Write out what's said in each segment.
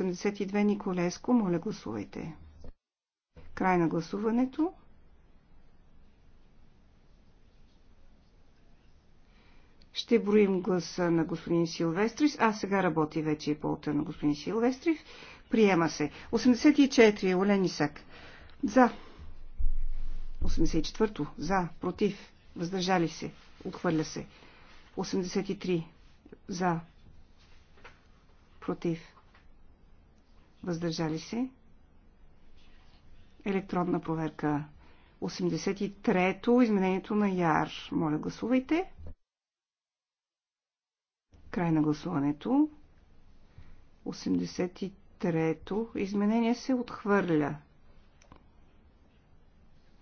82 Николеско. Моля, гласувайте. Край на гласуването. Ще броим гласа на господин Силвестрис. А сега работи вече и полта на господин Силвестрис. Приема се. 84. Олен Исак. За. 84-то. За. Против. Въздържали се. Отхвърля се. 83. За. Против въздържали се. Електронна проверка 83-то, изменението на Яр. Моля, гласувайте. Край на гласуването. 83-то изменение се отхвърля.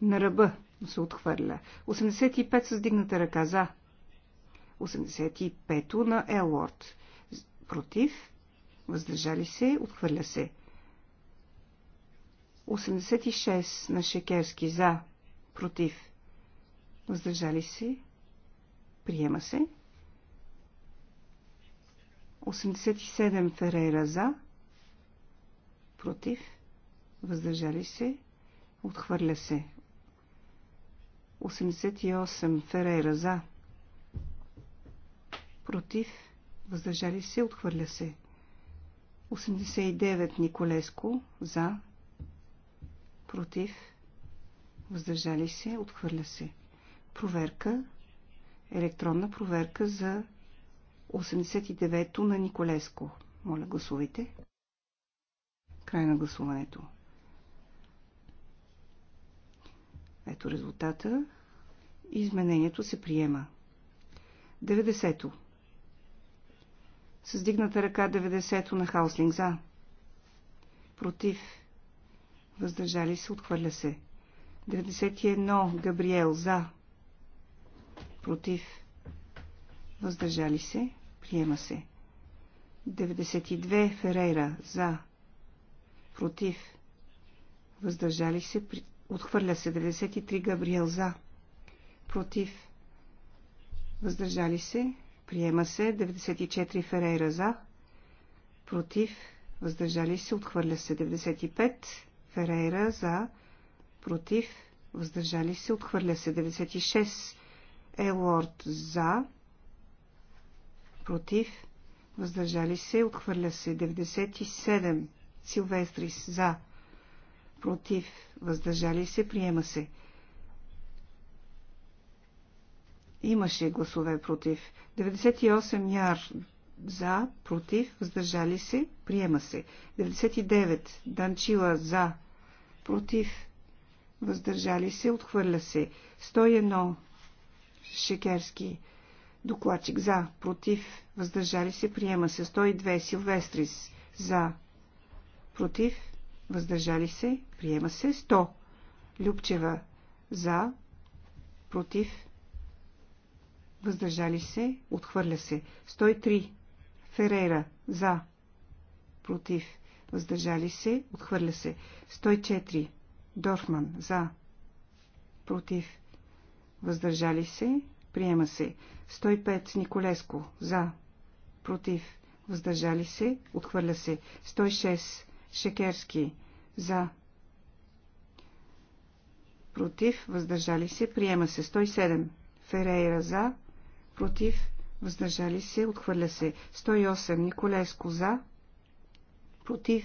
На ръба се отхвърля. 85 с дигната ръка за. 85-то на Елорд. Против въздържали се, отхвърля се. 86 на Шекерски за, против, въздържали се, приема се. 87 Ферейра за, против, въздържали се, отхвърля се. 88 Ферейра за, против, въздържали се, отхвърля се. 89 Николеско за, против, въздържали се, отхвърля се. Проверка, електронна проверка за 89-то на Николеско. Моля, гласувайте. Край на гласуването. Ето резултата. Изменението се приема. 90-то. С дигната ръка 90-то на Хауслинг за. Против. Въздържали се, отхвърля се. 91 Габриел за. Против. Въздържали се, приема се. 92 Ферейра за. Против. Въздържали се, при... отхвърля се. 93 Габриел за. Против. Въздържали се, Приема се 94 Ферейра за. Против. Въздържали се. Отхвърля се 95 Ферейра за. Против. Въздържали се. Отхвърля се 96 Елорд за. Против. Въздържали се. Отхвърля се 97 Силвестрис за. Против. Въздържали се. Приема се. Имаше гласове против. 98 яр за, против, въздържали се, приема се. 99 Данчила за, против, въздържали се, отхвърля се. 101 Шекерски докладчик за, против, въздържали се, приема се. 102 Силвестрис за, против, въздържали се, приема се. 100 Любчева за, против, въздържали се, отхвърля се. 103. Ферера, за, против, въздържали се, отхвърля се. 104. Дорфман, за, против, въздържали се, приема се. 105. Николеско, за, против, въздържали се, отхвърля се. 106. Шекерски, за, против, въздържали се, приема се. 107. Ферейра за, против, въздържали се, отхвърля се. 108. Николеско за, против,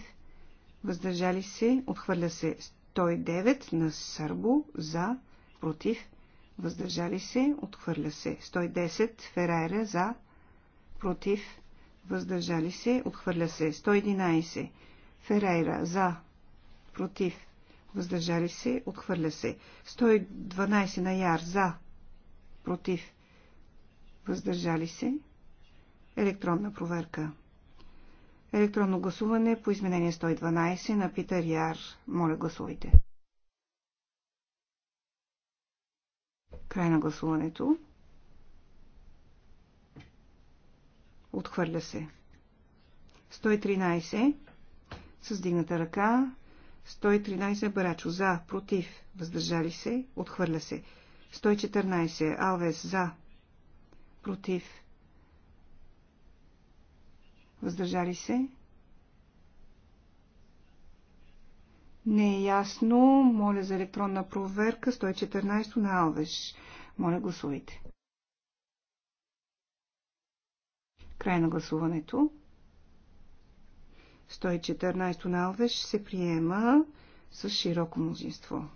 въздържали се, отхвърля се. 109 на Сърбо за, против, въздържали се, отхвърля се. 110 Ферайра за, против, въздържали се, отхвърля се. 111 Ферайра за, против, въздържали се, отхвърля се. 112 на Яр за, против, въздържали се, електронна проверка. Електронно гласуване по изменение 112 на Питър Яр. Моля гласувайте. Край на гласуването. Отхвърля се. 113 Създигната ръка. 113 Барачо за, против, въздържали се, отхвърля се. 114 Алвес за, против, въздържали се. Не е ясно. Моля за електронна проверка 114 на Алвеш. Моля гласувайте. Край на гласуването. 114 на Алвеш се приема с широко мнозинство.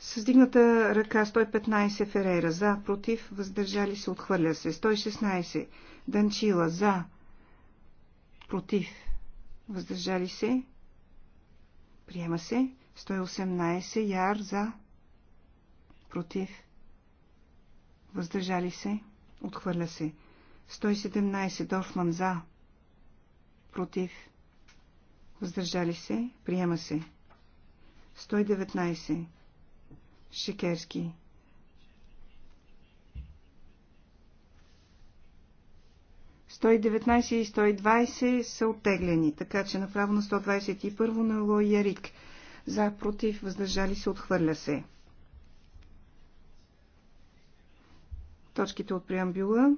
С дигната ръка 115 Ферейра за, против, въздържали се, отхвърля се. 116 Данчила за, против, въздържали се, приема се. 118 Яр за, против, въздържали се, отхвърля се. 117 Дорфман за, против, въздържали се, приема се. 119 Шикерски. Сто и 120 са оттеглени, така че направо на 121 на Лой Ярик. За, против, въздържали се, отхвърля се. Точките от преамбюла.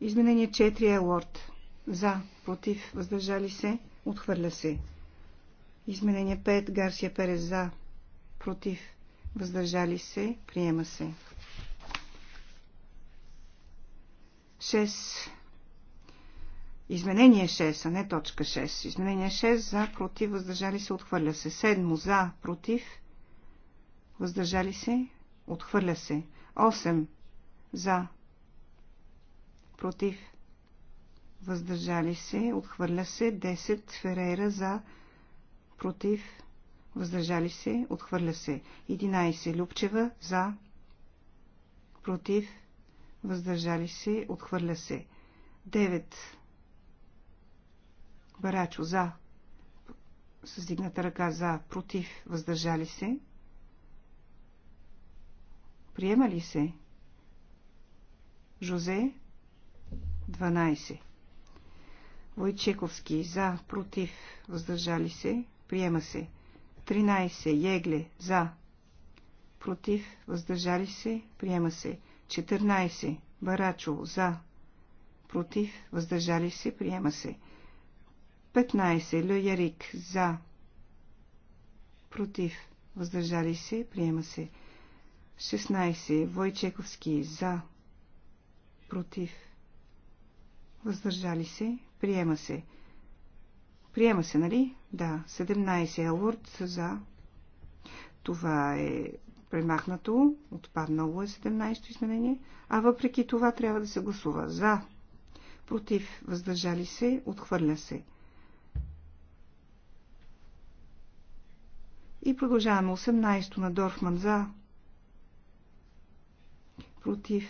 Изменение 4 е лорд. За, против, въздържали се, отхвърля се. Изменение 5. Гарсия Перес за. Против. Въздържали се. Приема се. 6. Изменение 6, а не точка 6. Изменение 6 за, против, въздържали се, отхвърля се. 7 за, против, въздържали се, отхвърля се. 8 за, против, въздържали се, отхвърля се. 10 ферера за, против, против, въздържали се, отхвърля се. 11. Любчева, за, против, въздържали се, отхвърля се. 9. Барачо, за, с дигната ръка, за, против, въздържали се. Приема ли се? Жозе, 12. Войчековски, за, против, въздържали се, Приема се. 13. Егле. За. Против. Въздържали се. Приема се. 14. Барачо. За. Против. Въздържали се. Приема се. 15. Люярик. За. Против. Въздържали се. Приема се. 16. Войчековски. За. Против. Въздържали се. Приема се. Приема се, нали? Да, 17 Елворд за. Това е премахнато, отпаднало е 17-то изменение, а въпреки това трябва да се гласува за, против, въздържали се, отхвърля се. И продължаваме 18-то на Дорфман за, против,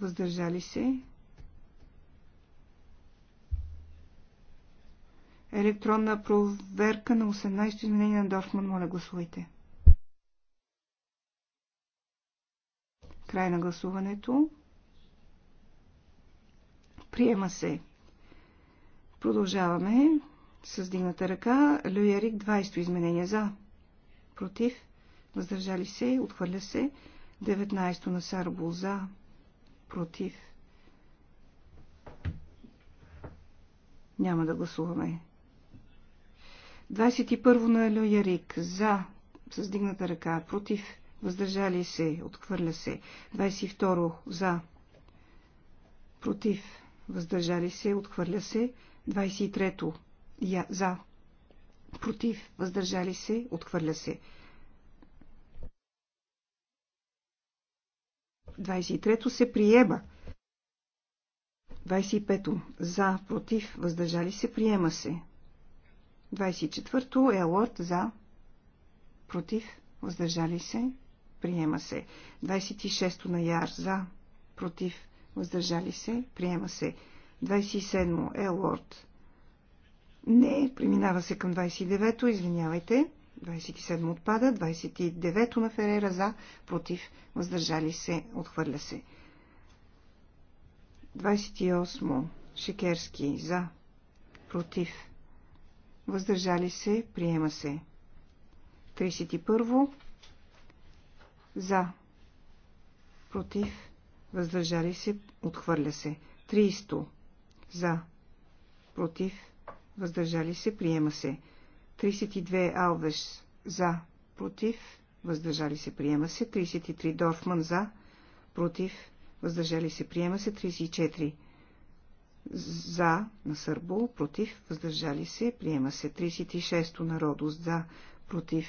въздържали се, електронна проверка на 18-то изменение на Дорфман. Моля, гласувайте. Край на гласуването. Приема се. Продължаваме с дигната ръка. Люярик 20-то изменение за. Против. Въздържали се. Отхвърля се. 19-то на Сарбо за. Против. Няма да гласуваме. 21 на Елоярик. За. създигната дигната ръка. Против. Въздържали се. Отхвърля се. 22. За. Против. Въздържали се. Отхвърля се. 23. Я, за. Против. Въздържали се. Отхвърля се. 23 се приема. 25. За, против, въздържали се, приема се. 24-то Елорд за, против, въздържали се, приема се. 26-то на Яр за, против, въздържали се, приема се. 27-мо Елорд. Не, преминава се към 29-то, извинявайте. 27 отпада, 29 то на Ферера за, против, въздържали се, отхвърля се. 28 Шекерски за, против, въздържали се, приема се. 31. За, против, въздържали се, отхвърля се. 30. За, против, въздържали се, приема се. 32. Алвеш, за, против, въздържали се, приема се. 33. Дорфман, за, против, въздържали се, приема се. 34 за на Сърбо, против, въздържали се, приема се. 36-то народо за, против,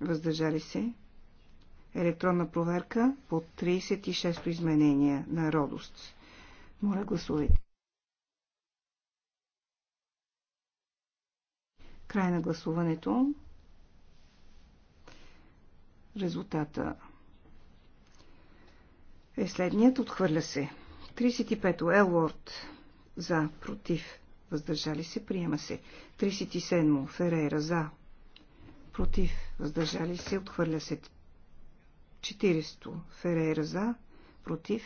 въздържали се. Електронна проверка по 36-то изменение на Родост. Моля, гласувайте. Край на гласуването. Резултата е следният. Отхвърля се. 35-то Елворд за, против, въздържали се, приема се. 37-мо Ферейра за, против, въздържали се, отхвърля се. 40-то Ферейра за, против,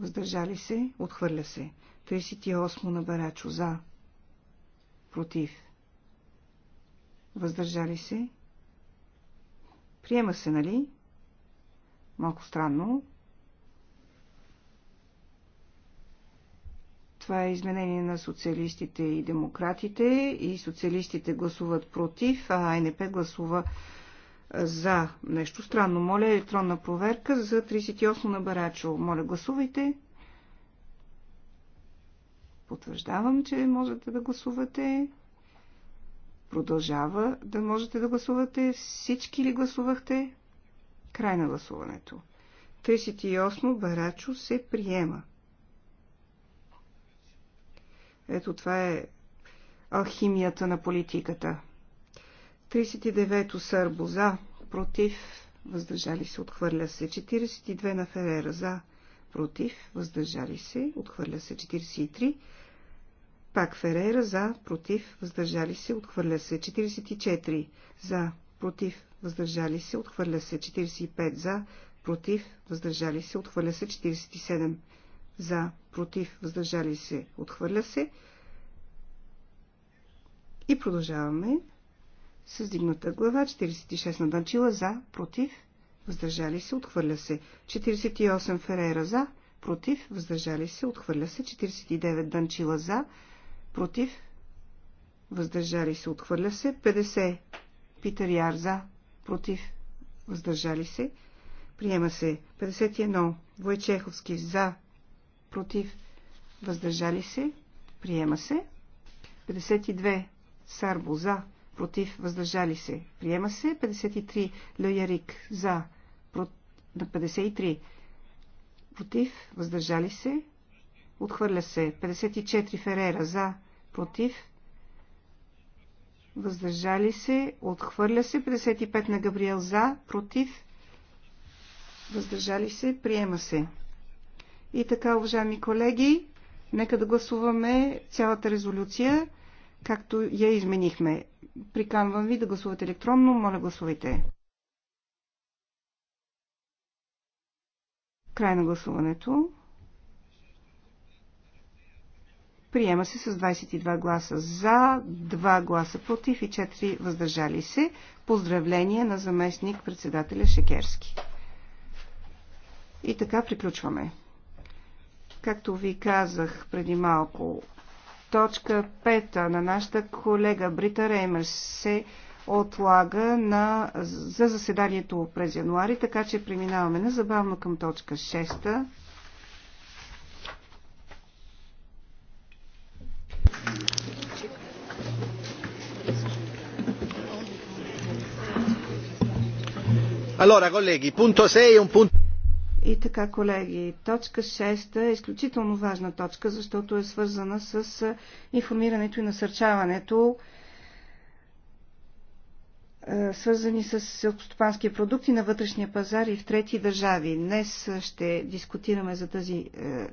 въздържали се, отхвърля се. 38-мо на Барачо за, против, въздържали се. Приема се, нали? Малко странно, Това е изменение на социалистите и демократите. И социалистите гласуват против, а АНП гласува за. Нещо странно. Моля електронна проверка за 38 на Барачо. Моля гласувайте. Потвърждавам, че можете да гласувате. Продължава да можете да гласувате. Всички ли гласувахте? Край на гласуването. 38 Барачо се приема. Ето това е алхимията на политиката. 39-то Сърбо за, против, въздържали се, отхвърля се. 42 на Ферера за, против, въздържали се, отхвърля се. 43 пак Ферера за, против, въздържали се, отхвърля се. 44 за, против, въздържали се, отхвърля се. 45 за, против, въздържали се, отхвърля се. 47 за, против, въздържали се, отхвърля се. И продължаваме с дигната глава. 46 на Данчила за, против, въздържали се, отхвърля се. 48 Ферера за, против, въздържали се, отхвърля се. 49 Данчила за, против, въздържали се, отхвърля се. 50 Питър Яр за, против, въздържали се. Приема се 51 Войчеховски за, против, въздържали се, приема се. 52 Сарбо за, против, въздържали се, приема се. 53 Лоярик за, на 53 против, въздържали се, отхвърля се. 54 Ферера за, против, въздържали се, отхвърля се. 55 на Габриел за, против, въздържали се, приема се. И така, уважаеми колеги, нека да гласуваме цялата резолюция, както я изменихме. Приканвам ви да гласувате електронно. Моля, гласувайте. Край на гласуването. Приема се с 22 гласа за, 2 гласа против и 4 въздържали се. Поздравление на заместник председателя Шекерски. И така приключваме. Както ви казах преди малко, точка 5 на нашата колега Брита Реймерс се отлага на, за заседанието през януари, така че преминаваме незабавно към точка 6. Allora, colleghi, punto 6 è un punto... И така, колеги, точка 6 е изключително важна точка, защото е свързана с информирането и насърчаването, свързани с селскостопански продукти на вътрешния пазар и в трети държави. Днес ще дискутираме за тази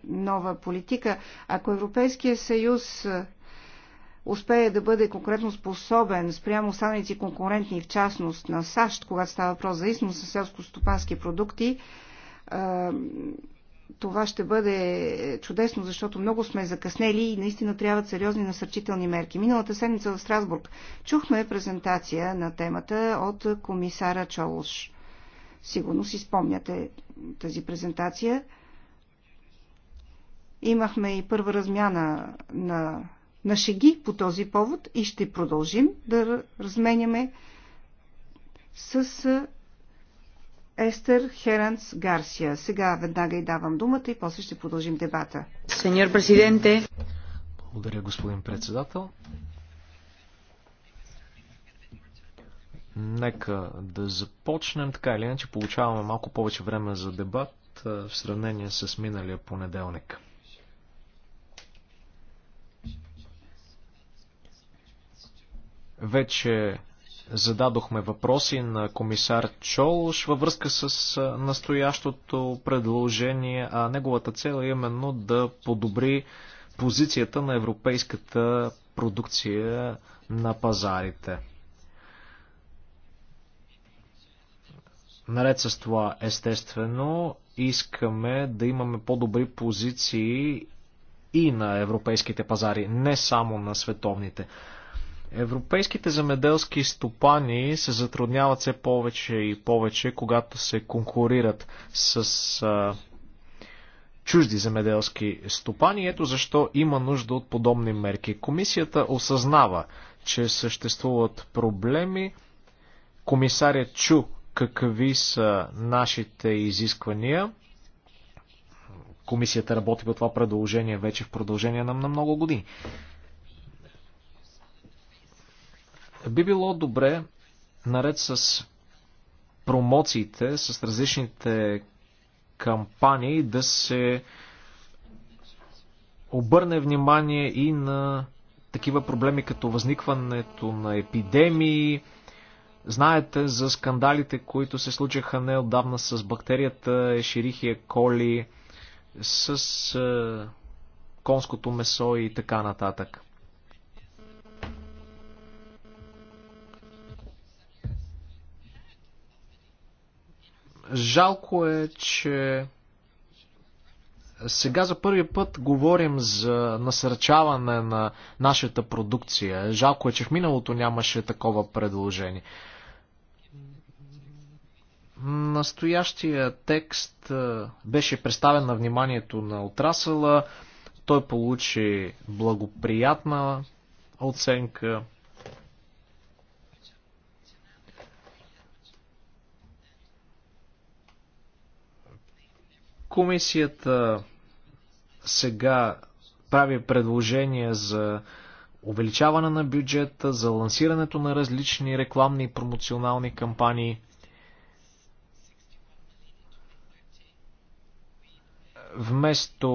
нова политика. Ако Европейския съюз успее да бъде конкретно способен спрямо останалите конкурентни, в частност на САЩ, когато става въпрос за износ на селско-стопански продукти, това ще бъде чудесно, защото много сме закъснели и наистина трябват сериозни насърчителни мерки. Миналата седмица в Страсбург чухме презентация на темата от комисара Чолош. Сигурно си спомняте тази презентация. Имахме и първа размяна на, на шеги по този повод и ще продължим да разменяме с Естер Херанс Гарсия. Сега веднага и давам думата и после ще продължим дебата. Сеньор президенте. Благодаря, господин председател. Нека да започнем така или иначе. Получаваме малко повече време за дебат в сравнение с миналия понеделник. Вече Зададохме въпроси на комисар Чолш във връзка с настоящото предложение, а неговата цел е именно да подобри позицията на европейската продукция на пазарите. Наред с това, естествено, искаме да имаме по-добри позиции и на европейските пазари, не само на световните. Европейските замеделски стопани се затрудняват все повече и повече, когато се конкурират с а, чужди замеделски стопани. Ето защо има нужда от подобни мерки. Комисията осъзнава, че съществуват проблеми. Комисарят чу какви са нашите изисквания. Комисията работи по това предложение вече в продължение на много години. Би било добре, наред с промоциите, с различните кампании, да се обърне внимание и на такива проблеми като възникването на епидемии. Знаете за скандалите, които се случиха неодавна с бактерията Ешерихия коли, с е, конското месо и така нататък. Жалко е, че сега за първи път говорим за насърчаване на нашата продукция. Жалко е, че в миналото нямаше такова предложение. Настоящия текст беше представен на вниманието на отрасъла. Той получи благоприятна оценка. Комисията сега прави предложение за увеличаване на бюджета, за лансирането на различни рекламни и промоционални кампании. Вместо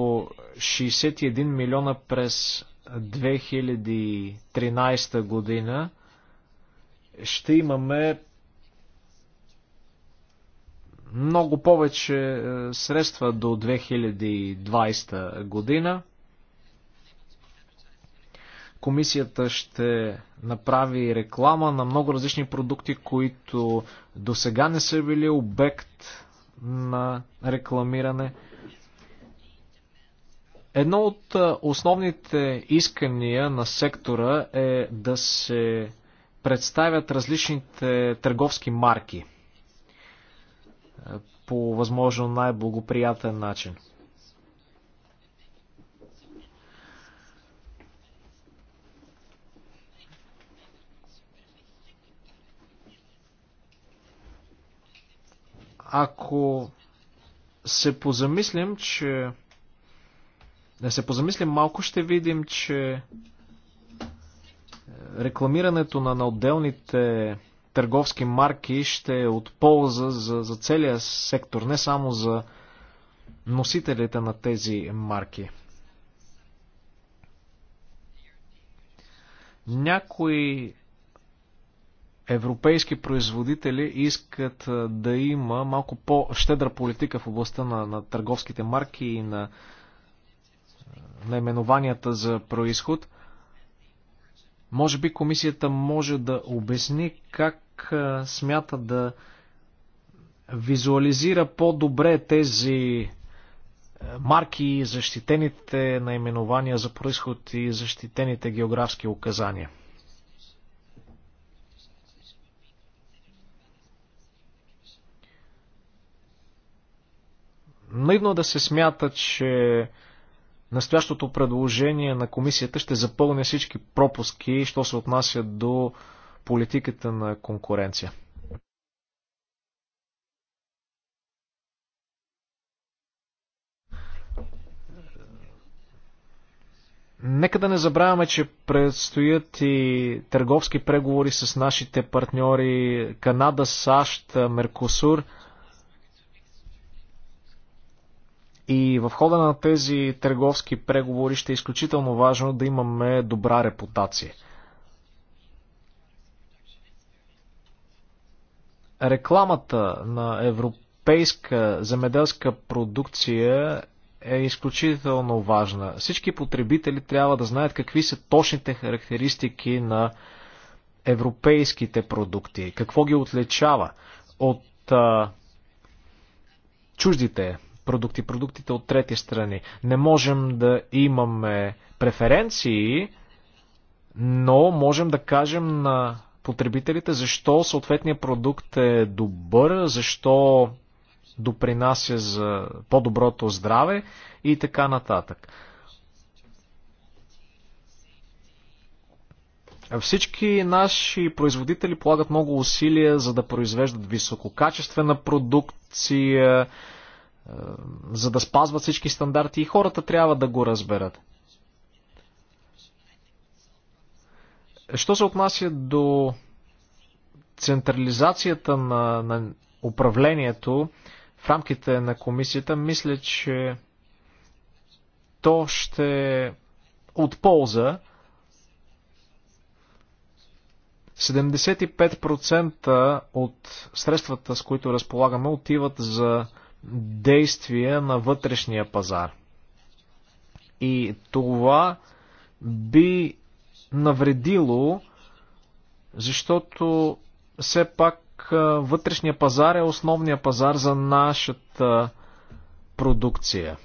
61 милиона през 2013 година ще имаме много повече е, средства до 2020 година. Комисията ще направи реклама на много различни продукти, които до сега не са били обект на рекламиране. Едно от е, основните искания на сектора е да се представят различните търговски марки по възможно най-благоприятен начин. Ако се позамислим, че да се позамислим малко, ще видим, че рекламирането на, на отделните търговски марки ще е от полза за, за целия сектор, не само за носителите на тези марки. Някои европейски производители искат да има малко по-щедра политика в областта на, на търговските марки и на наименованията за происход – може би комисията може да обясни как смята да визуализира по-добре тези марки, защитените наименования за происход и защитените географски указания. Наивно е да се смята, че Настоящото предложение на комисията ще запълне всички пропуски, що се отнася до политиката на конкуренция. Нека да не забравяме, че предстоят и търговски преговори с нашите партньори Канада, САЩ, Меркосур – И в хода на тези търговски преговори ще е изключително важно да имаме добра репутация. Рекламата на европейска земеделска продукция е изключително важна. Всички потребители трябва да знаят какви са точните характеристики на европейските продукти, какво ги отличава от а, чуждите продукти, продуктите от трети страни. Не можем да имаме преференции, но можем да кажем на потребителите защо съответният продукт е добър, защо допринася за по-доброто здраве и така нататък. Всички наши производители полагат много усилия за да произвеждат висококачествена продукция, е, за да спазват всички стандарти и хората трябва да го разберат. Що се отнася до централизацията на, на управлението в рамките на комисията, мисля, че то ще от полза 75% от средствата, с които разполагаме, отиват за действия на вътрешния пазар. И това би навредило, защото все пак вътрешния пазар е основния пазар за нашата продукция.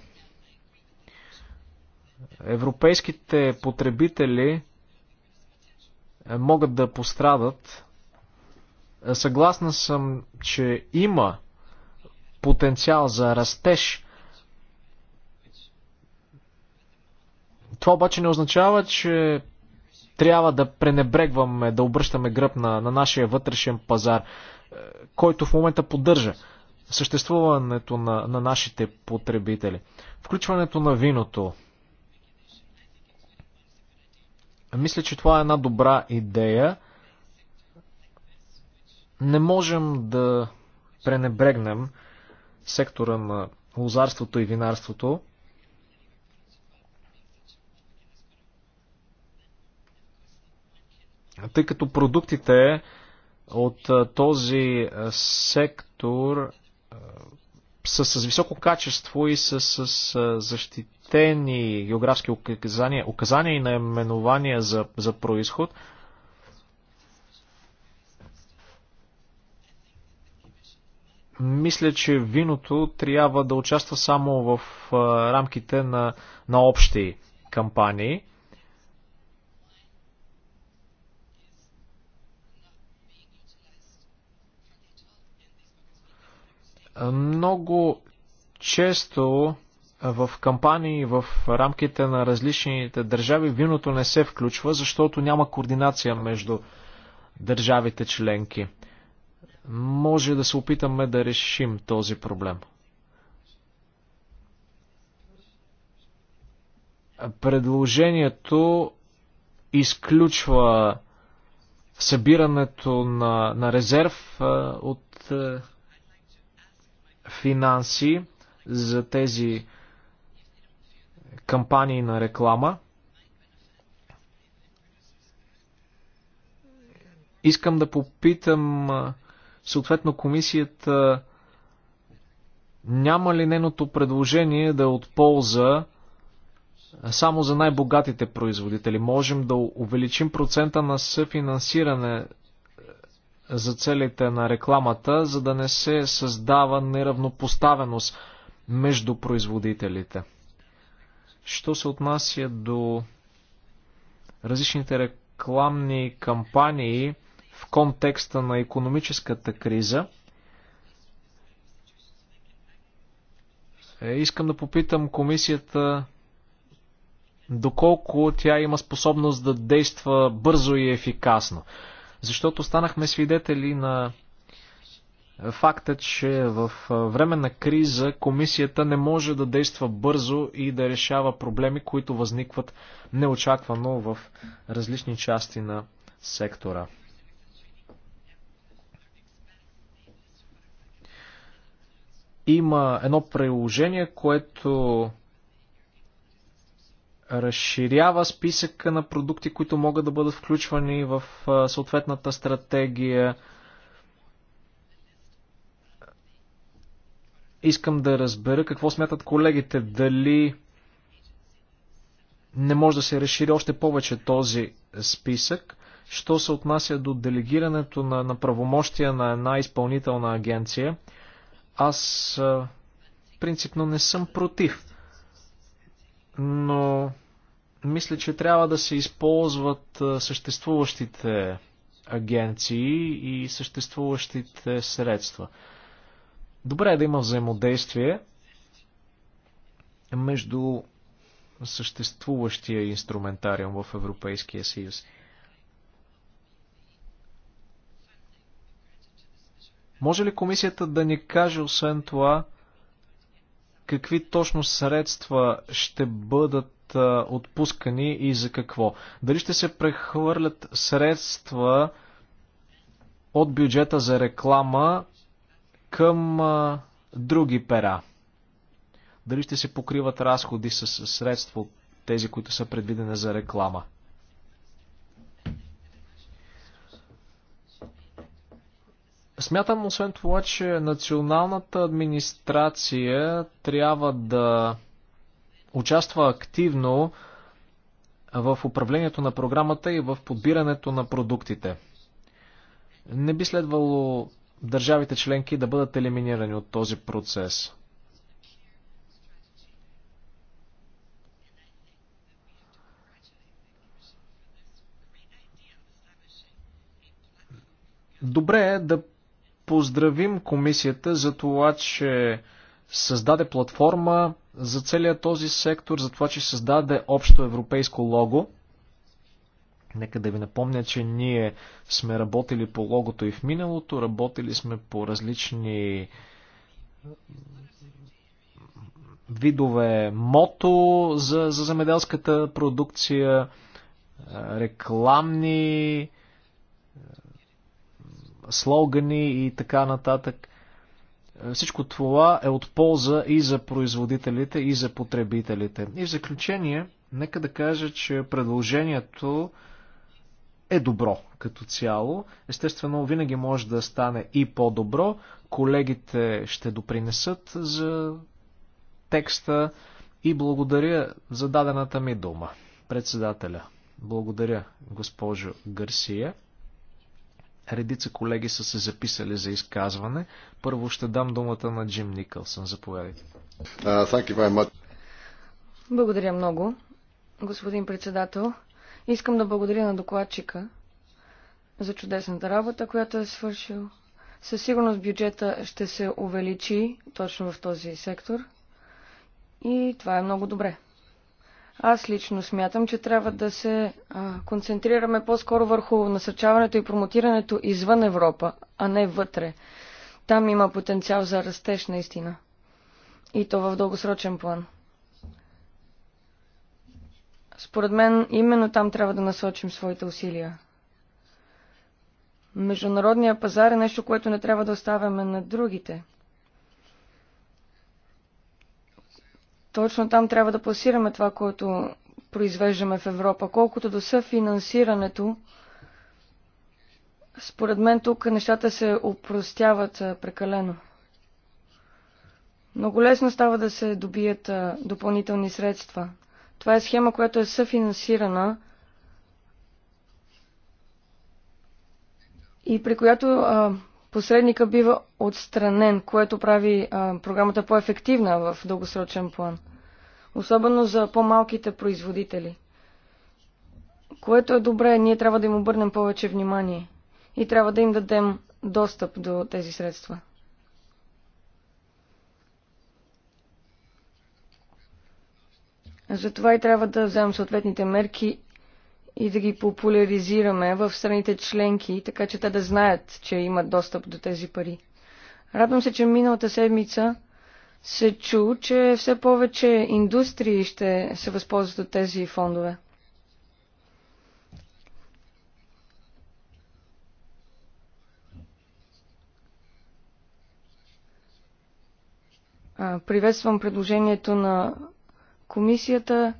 Европейските потребители е, могат да пострадат. Съгласна съм, че има потенциал за растеж. Това обаче не означава, че трябва да пренебрегваме, да обръщаме гръб на, на нашия вътрешен пазар, е, който в момента поддържа съществуването на, на нашите потребители. Включването на виното. Мисля, че това е една добра идея. Не можем да пренебрегнем сектора на лозарството и винарството. Тъй като продуктите от този сектор са с високо качество и са с защитени географски указания, указания и наименования за, за происход – мисля, че виното трябва да участва само в рамките на, на общи кампании. Много често в кампании в рамките на различните държави виното не се включва, защото няма координация между държавите членки може да се опитаме да решим този проблем. Предложението изключва събирането на, на резерв от финанси за тези кампании на реклама. Искам да попитам Съответно, комисията няма ли неното предложение да е от полза само за най-богатите производители? Можем да увеличим процента на съфинансиране е, за целите на рекламата, за да не се създава неравнопоставеност между производителите. Що се отнася до различните рекламни кампании, в контекста на економическата криза. Е, искам да попитам комисията доколко тя има способност да действа бързо и ефикасно. Защото станахме свидетели на факта, че в време на криза комисията не може да действа бързо и да решава проблеми, които възникват неочаквано в различни части на сектора. Има едно приложение, което разширява списъка на продукти, които могат да бъдат включвани в съответната стратегия. Искам да разбера какво смятат колегите. Дали не може да се разшири още повече този списък. Що се отнася до делегирането на, на правомощия на една изпълнителна агенция, аз принципно не съм против, но мисля, че трябва да се използват съществуващите агенции и съществуващите средства. Добре е да има взаимодействие между съществуващия инструментариум в Европейския съюз. Може ли комисията да ни каже, освен това, какви точно средства ще бъдат отпускани и за какво? Дали ще се прехвърлят средства от бюджета за реклама към а, други пера? Дали ще се покриват разходи с средства от тези, които са предвидени за реклама? Смятам, освен това, че националната администрация трябва да участва активно в управлението на програмата и в подбирането на продуктите. Не би следвало държавите членки да бъдат елиминирани от този процес. Добре е да поздравим комисията за това, че създаде платформа за целия този сектор, за това, че създаде общо европейско лого. Нека да ви напомня, че ние сме работили по логото и в миналото, работили сме по различни видове мото за, за земеделската продукция, рекламни слогани и така нататък. Е, всичко това е от полза и за производителите, и за потребителите. И в заключение, нека да кажа, че предложението е добро като цяло. Естествено, винаги може да стане и по-добро. Колегите ще допринесат за текста и благодаря за дадената ми дума. Председателя, благодаря, госпожо Гарсия. Редица колеги са се записали за изказване. Първо ще дам думата на Джим Никълсън. Заповядайте. Uh, Благодаря много, господин председател. Искам да благодаря на докладчика за чудесната работа, която е свършил. Със сигурност бюджета ще се увеличи точно в този сектор и това е много добре. Аз лично смятам, че трябва да се а, концентрираме по-скоро върху насърчаването и промотирането извън Европа, а не вътре. Там има потенциал за растеж наистина. И то в дългосрочен план. Според мен именно там трябва да насочим своите усилия. Международният пазар е нещо, което не трябва да оставяме на другите – Точно там трябва да пласираме това, което произвеждаме в Европа. Колкото до съфинансирането, според мен тук нещата се упростяват прекалено. Много лесно става да се добият допълнителни средства. Това е схема, която е съфинансирана и при която а, посредника бива отстранен, което прави а, програмата по-ефективна в дългосрочен план. Особено за по-малките производители. Което е добре, ние трябва да им обърнем повече внимание и трябва да им дадем достъп до тези средства. Затова и трябва да вземем съответните мерки и да ги популяризираме в страните членки, така че те да знаят, че имат достъп до тези пари. Радвам се, че миналата седмица се чу, че все повече индустрии ще се възползват от тези фондове. Приветствам предложението на комисията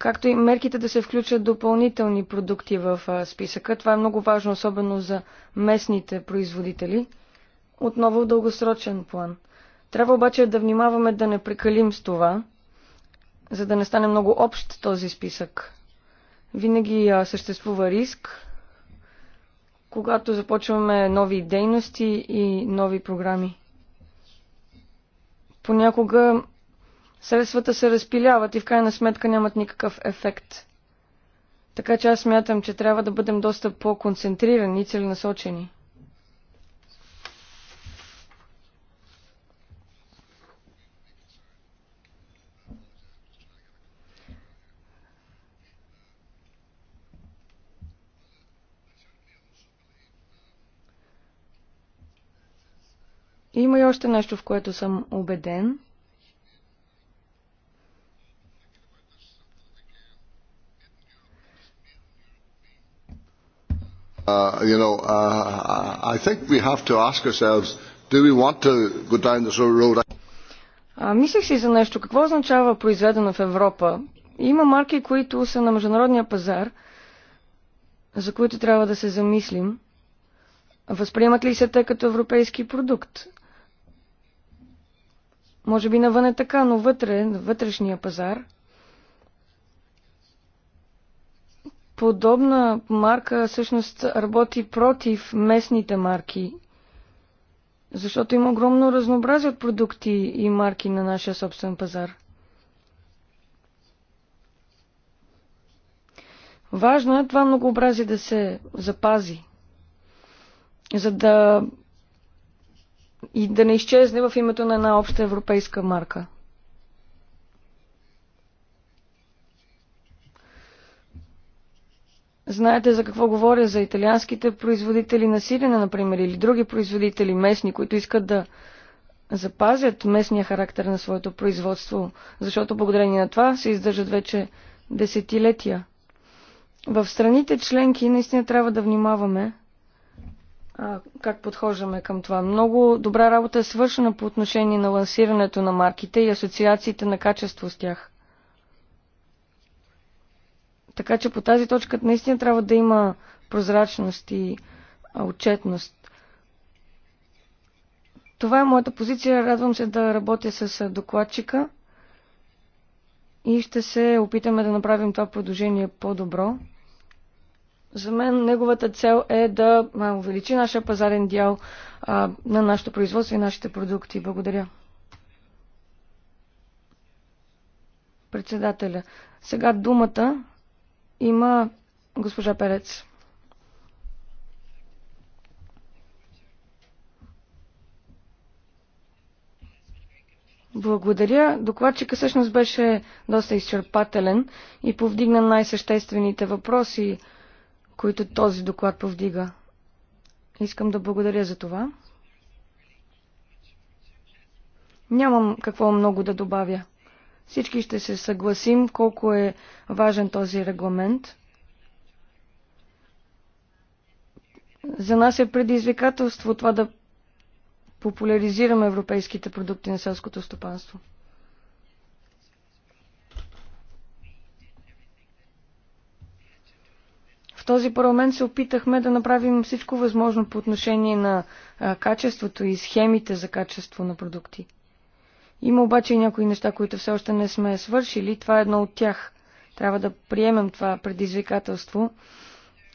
както и мерките да се включат допълнителни продукти в списъка. Това е много важно, особено за местните производители. Отново в дългосрочен план. Трябва обаче да внимаваме да не прекалим с това, за да не стане много общ този списък. Винаги съществува риск, когато започваме нови дейности и нови програми. Понякога Средствата се разпиляват и в крайна сметка нямат никакъв ефект. Така че аз смятам, че трябва да бъдем доста по-концентрирани и целенасочени. Има и още нещо, в което съм убеден – Uh, you know, uh, I think we have to ask ourselves, do we want to go down this road? А, си за нещо. Какво означава произведено в Европа? Има марки, които са на международния пазар, за които трябва да се замислим. Възприемат ли се те като европейски продукт? Може би навън е така, но вътре, на вътрешния пазар – подобна марка всъщност работи против местните марки, защото има огромно разнообразие от продукти и марки на нашия собствен пазар. Важно е това многообразие да се запази, за да и да не изчезне в името на една обща европейска марка. Знаете за какво говоря, за италианските производители на сирена, например, или други производители местни, които искат да запазят местния характер на своето производство, защото благодарение на това се издържат вече десетилетия. В страните членки наистина трябва да внимаваме а, как подхождаме към това. Много добра работа е свършена по отношение на лансирането на марките и асоциациите на качество с тях. Така че по тази точка наистина трябва да има прозрачност и отчетност. Това е моята позиция. Радвам се да работя с докладчика и ще се опитаме да направим това предложение по-добро. За мен неговата цел е да увеличи нашия пазарен дял а, на нашето производство и нашите продукти. Благодаря. Председателя. Сега думата има госпожа Перец. Благодаря. Докладчика всъщност беше доста изчерпателен и повдигна най-съществените въпроси, които този доклад повдига. Искам да благодаря за това. Нямам какво много да добавя. Всички ще се съгласим колко е важен този регламент. За нас е предизвикателство това да популяризираме европейските продукти на селското стопанство. В този парламент се опитахме да направим всичко възможно по отношение на качеството и схемите за качество на продукти. Има обаче и някои неща, които все още не сме свършили. Това е едно от тях. Трябва да приемем това предизвикателство.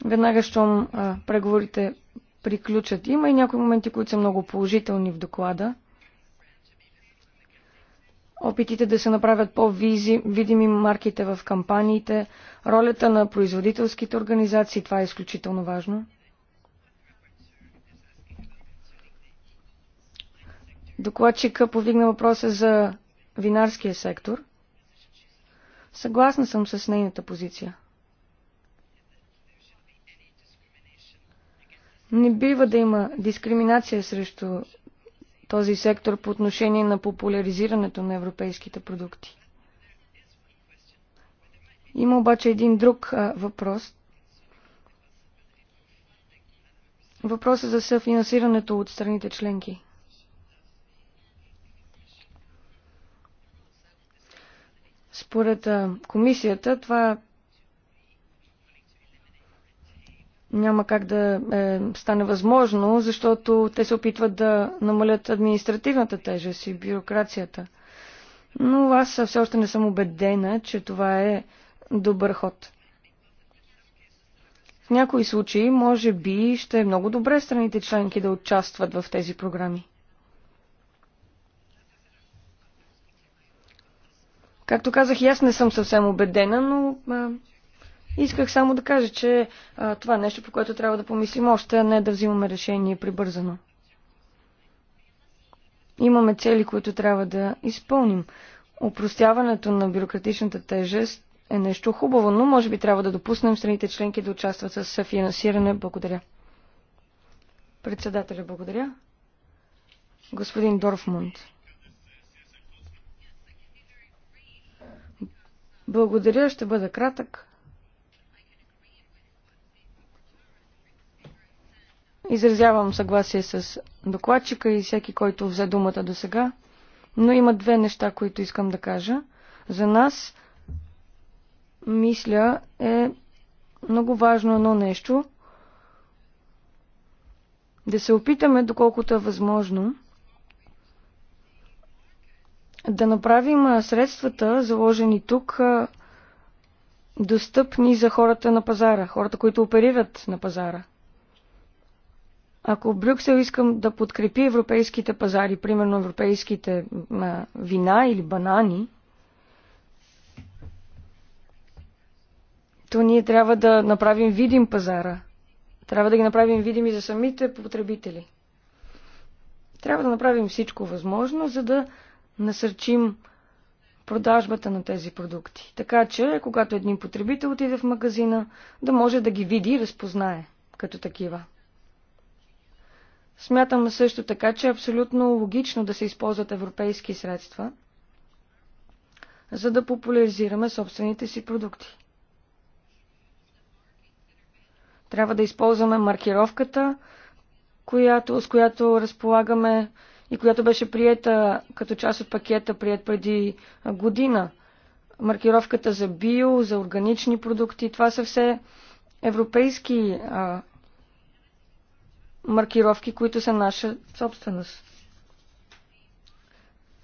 Веднага, щом а, преговорите приключат. Има и някои моменти, които са много положителни в доклада. Опитите да се направят по-видими марките в кампаниите, ролята на производителските организации, това е изключително важно. Докладчика повигна въпроса за винарския сектор. Съгласна съм с нейната позиция. Не бива да има дискриминация срещу този сектор по отношение на популяризирането на европейските продукти. Има обаче един друг а, въпрос. Въпросът за съфинансирането от страните членки. Според комисията това няма как да е, стане възможно, защото те се опитват да намалят административната тежест и бюрокрацията. Но аз все още не съм убедена, че това е добър ход. В някои случаи, може би, ще е много добре страните членки да участват в тези програми. Както казах, и аз не съм съвсем убедена, но а, исках само да кажа, че а, това е нещо, по което трябва да помислим още, а не да взимаме решение прибързано. Имаме цели, които трябва да изпълним. Опростяването на бюрократичната тежест е нещо хубаво, но може би трябва да допуснем страните членки да участват с финансиране. Благодаря. Председателя, благодаря. Господин Дорфмунд. Благодаря, ще бъда кратък. Изразявам съгласие с докладчика и всеки, който взе думата до сега, но има две неща, които искам да кажа. За нас, мисля, е много важно едно нещо. Да се опитаме, доколкото е възможно, да направим средствата, заложени тук, достъпни за хората на пазара, хората, които оперират на пазара. Ако Брюксел искам да подкрепи европейските пазари, примерно европейските вина или банани, то ние трябва да направим видим пазара. Трябва да ги направим видими за самите потребители. Трябва да направим всичко възможно, за да насърчим продажбата на тези продукти. Така че, когато един потребител отиде в магазина, да може да ги види и разпознае като такива. Смятам също така, че е абсолютно логично да се използват европейски средства, за да популяризираме собствените си продукти. Трябва да използваме маркировката, която, с която разполагаме и която беше приета като част от пакета, прият преди година. Маркировката за био, за органични продукти, това са все европейски а, маркировки, които са наша собственост.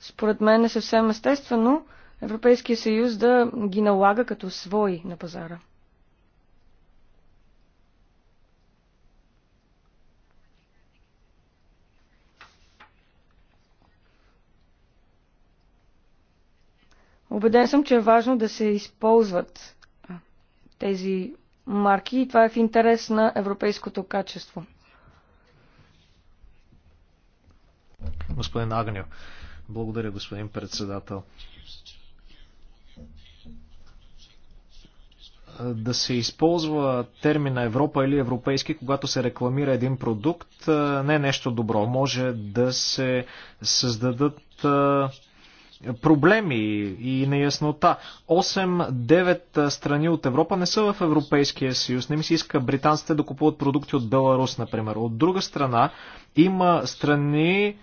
Според мен е съвсем естествено Европейския съюз да ги налага като свои на пазара. Обеден съм, че е важно да се използват тези марки и това е в интерес на европейското качество. Господин Агнио, благодаря, господин председател. да се използва термина Европа или европейски, когато се рекламира един продукт, не е нещо добро. Може да се създадат проблеми и неяснота. 8-9 страни от Европа не са в Европейския съюз. Не ми се иска британците да купуват продукти от Беларус, например. От друга страна, има страни,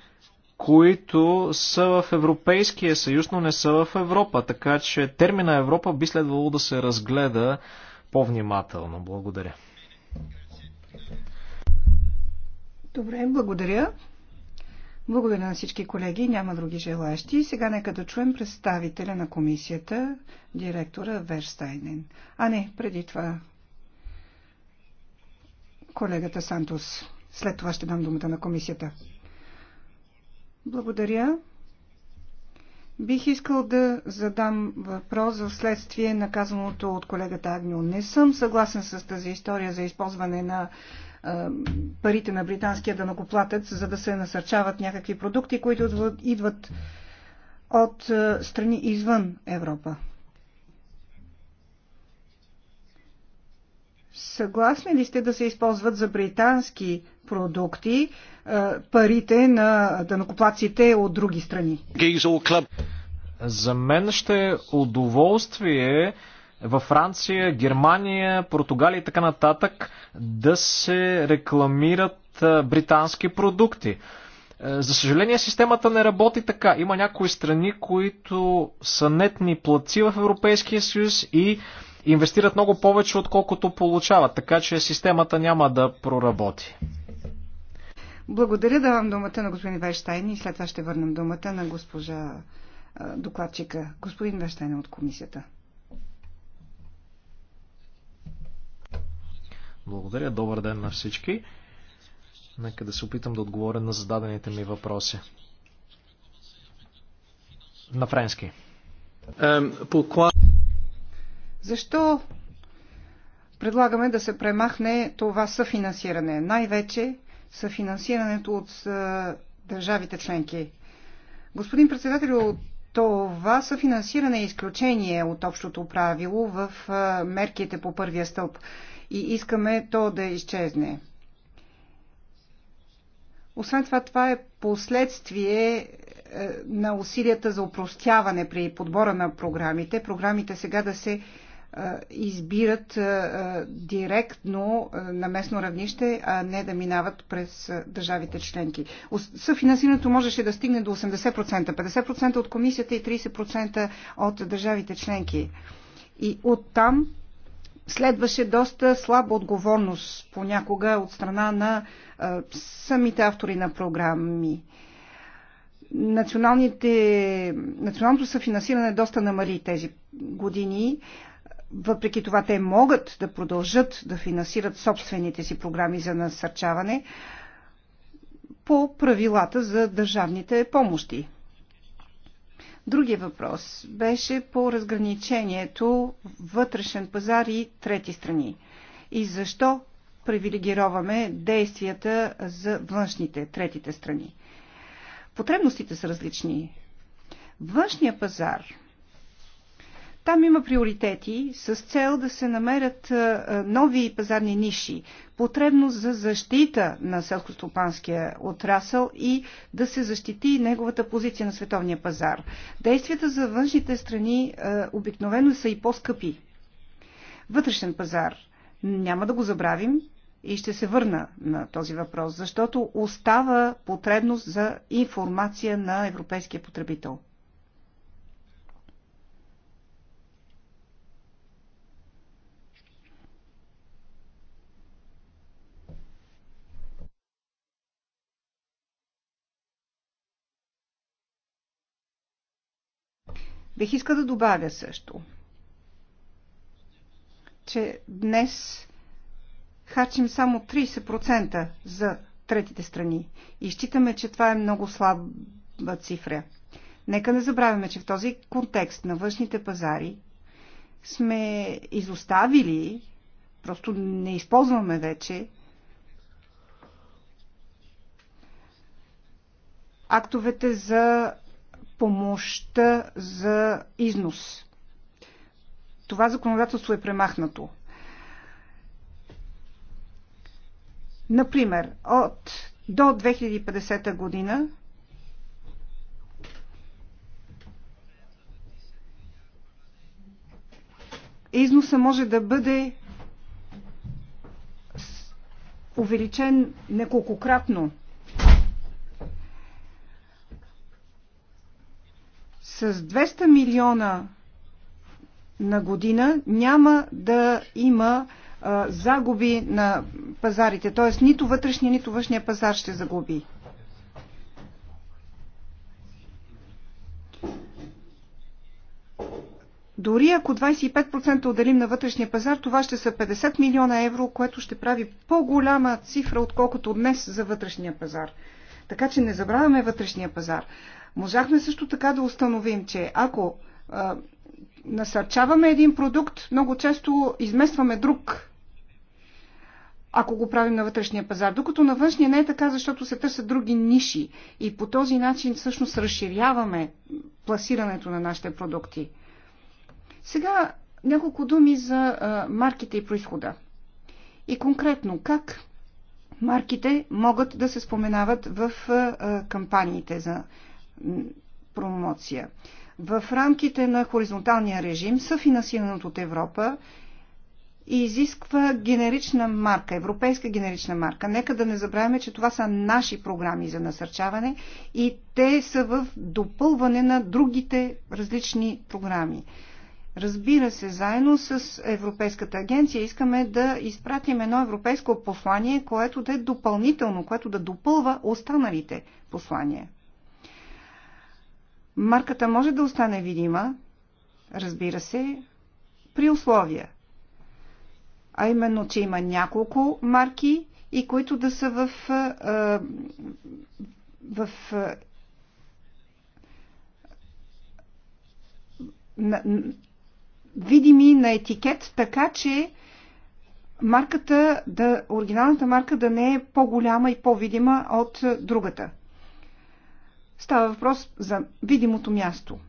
които са в Европейския съюз, но не са в Европа. Така че термина Европа би следвало да се разгледа по-внимателно. Благодаря. Добре, благодаря. Благодаря на всички колеги. Няма други желащи. Сега нека да чуем представителя на комисията, директора Верстайнен. А не, преди това колегата Сантос. След това ще дам думата на комисията. Благодаря. Бих искал да задам въпрос в следствие на казаното от колегата Агнио. Не съм съгласен с тази история за използване на парите на британския данокоплатец, за да се насърчават някакви продукти, които идват от страни извън Европа. Съгласни ли сте да се използват за британски продукти парите на данокоплаците от други страни? За мен ще е удоволствие във Франция, Германия, Португалия и така нататък да се рекламират британски продукти. За съжаление, системата не работи така. Има някои страни, които са нетни платци в Европейския съюз и инвестират много повече, отколкото получават. Така че системата няма да проработи. Благодаря, давам думата на господин Вайштайн и след това ще върнем думата на госпожа докладчика, господин Вайштайн от комисията. Благодаря. Добър ден на всички. Нека да се опитам да отговоря на зададените ми въпроси. На френски. Защо предлагаме да се премахне това съфинансиране? Най-вече съфинансирането от е, държавите членки. Господин председател, това съфинансиране е изключение от общото правило в е, мерките по първия стълб и искаме то да изчезне. Освен това, това е последствие е, на усилията за упростяване при подбора на програмите. Програмите сега да се е, избират е, директно на местно равнище, а не да минават през държавите членки. Съфинансирането можеше да стигне до 80%, 50% от комисията и 30% от държавите членки. И оттам следваше доста слаба отговорност понякога от страна на а, самите автори на програми. Националните, националното съфинансиране доста намали тези години. Въпреки това те могат да продължат да финансират собствените си програми за насърчаване по правилата за държавните помощи. Другия въпрос беше по разграничението вътрешен пазар и трети страни. И защо привилегироваме действията за външните, третите страни? Потребностите са различни. Външния пазар там има приоритети с цел да се намерят нови пазарни ниши, потребност за защита на селскостопанския отрасъл и да се защити неговата позиция на световния пазар. Действията за външните страни обикновено са и по-скъпи. Вътрешен пазар. Няма да го забравим, и ще се върна на този въпрос, защото остава потребност за информация на европейския потребител. Бих иска да добавя също, че днес харчим само 30% за третите страни и считаме, че това е много слаба цифра. Нека не забравяме, че в този контекст на външните пазари сме изоставили, просто не използваме вече актовете за помощта за износ. Това законодателство е премахнато. Например, от до 2050 година износа може да бъде увеличен неколкократно. с 200 милиона на година няма да има а, загуби на пазарите, т.е. нито вътрешния, нито външния пазар ще загуби. Дори ако 25% отделим на вътрешния пазар, това ще са 50 милиона евро, което ще прави по-голяма цифра, отколкото днес за вътрешния пазар. Така че не забравяме вътрешния пазар. Можахме също така да установим, че ако а, насърчаваме един продукт, много често изместваме друг ако го правим на вътрешния пазар. Докато на външния не е така, защото се търсят други ниши и по този начин всъщност разширяваме пласирането на нашите продукти. Сега няколко думи за а, марките и происхода. И конкретно как марките могат да се споменават в а, кампаниите за промоция. В рамките на хоризонталния режим, съфинансираното от Европа, и изисква генерична марка, европейска генерична марка. Нека да не забравяме, че това са наши програми за насърчаване и те са в допълване на другите различни програми. Разбира се, заедно с Европейската агенция искаме да изпратим едно европейско послание, което да е допълнително, което да допълва останалите послания. Марката може да остане видима, разбира се, при условия. А именно, че има няколко марки и които да са в, в на, видими на етикет, така че марката да, оригиналната марка да не е по-голяма и по-видима от другата. Става въпрос за видимото място.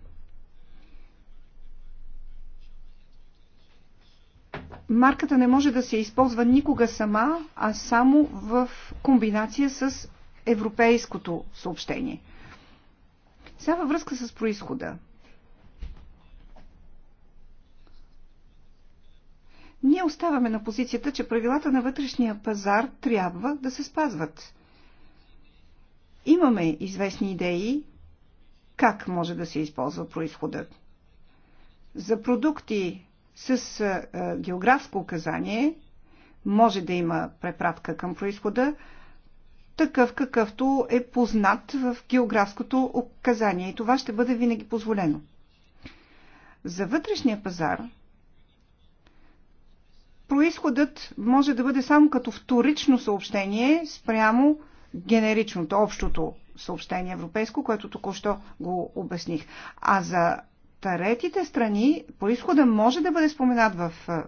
Марката не може да се използва никога сама, а само в комбинация с европейското съобщение. Сега във връзка с происхода. Ние оставаме на позицията, че правилата на вътрешния пазар трябва да се спазват. Имаме известни идеи как може да се използва происходът. За продукти с а, географско указание може да има препратка към происхода, такъв какъвто е познат в географското указание и това ще бъде винаги позволено. За вътрешния пазар происходът може да бъде само като вторично съобщение спрямо генеричното, общото съобщение европейско, което току-що го обясних. А за третите страни происхода може да бъде споменат в е,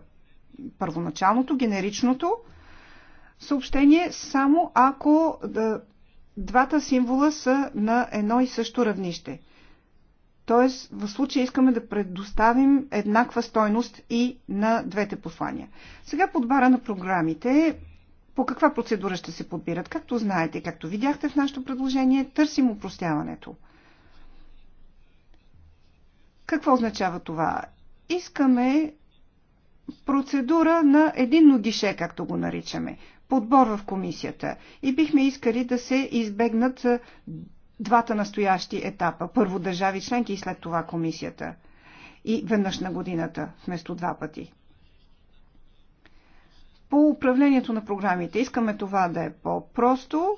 първоначалното, генеричното съобщение, само ако да, двата символа са на едно и също равнище. Тоест, в случая искаме да предоставим еднаква стойност и на двете послания. Сега подбара на програмите по каква процедура ще се подбират? Както знаете, както видяхте в нашето предложение, търсим упростяването. Какво означава това? Искаме процедура на единно гише, както го наричаме, подбор в комисията. И бихме искали да се избегнат двата настоящи етапа. Първо държави членки и след това комисията. И веднъж на годината, вместо два пъти по управлението на програмите. Искаме това да е по-просто,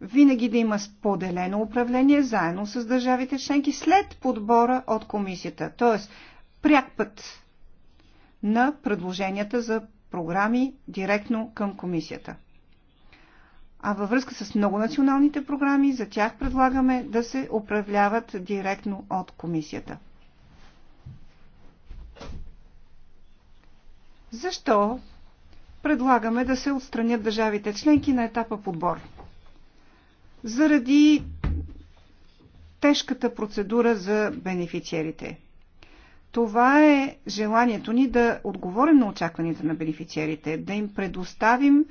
винаги да има споделено управление заедно с държавите членки след подбора от комисията. Тоест, пряк път на предложенията за програми директно към комисията. А във връзка с много националните програми, за тях предлагаме да се управляват директно от комисията. Защо предлагаме да се отстранят държавите членки на етапа подбор? Заради тежката процедура за бенефициерите. Това е желанието ни да отговорим на очакванията на бенефициерите, да им предоставим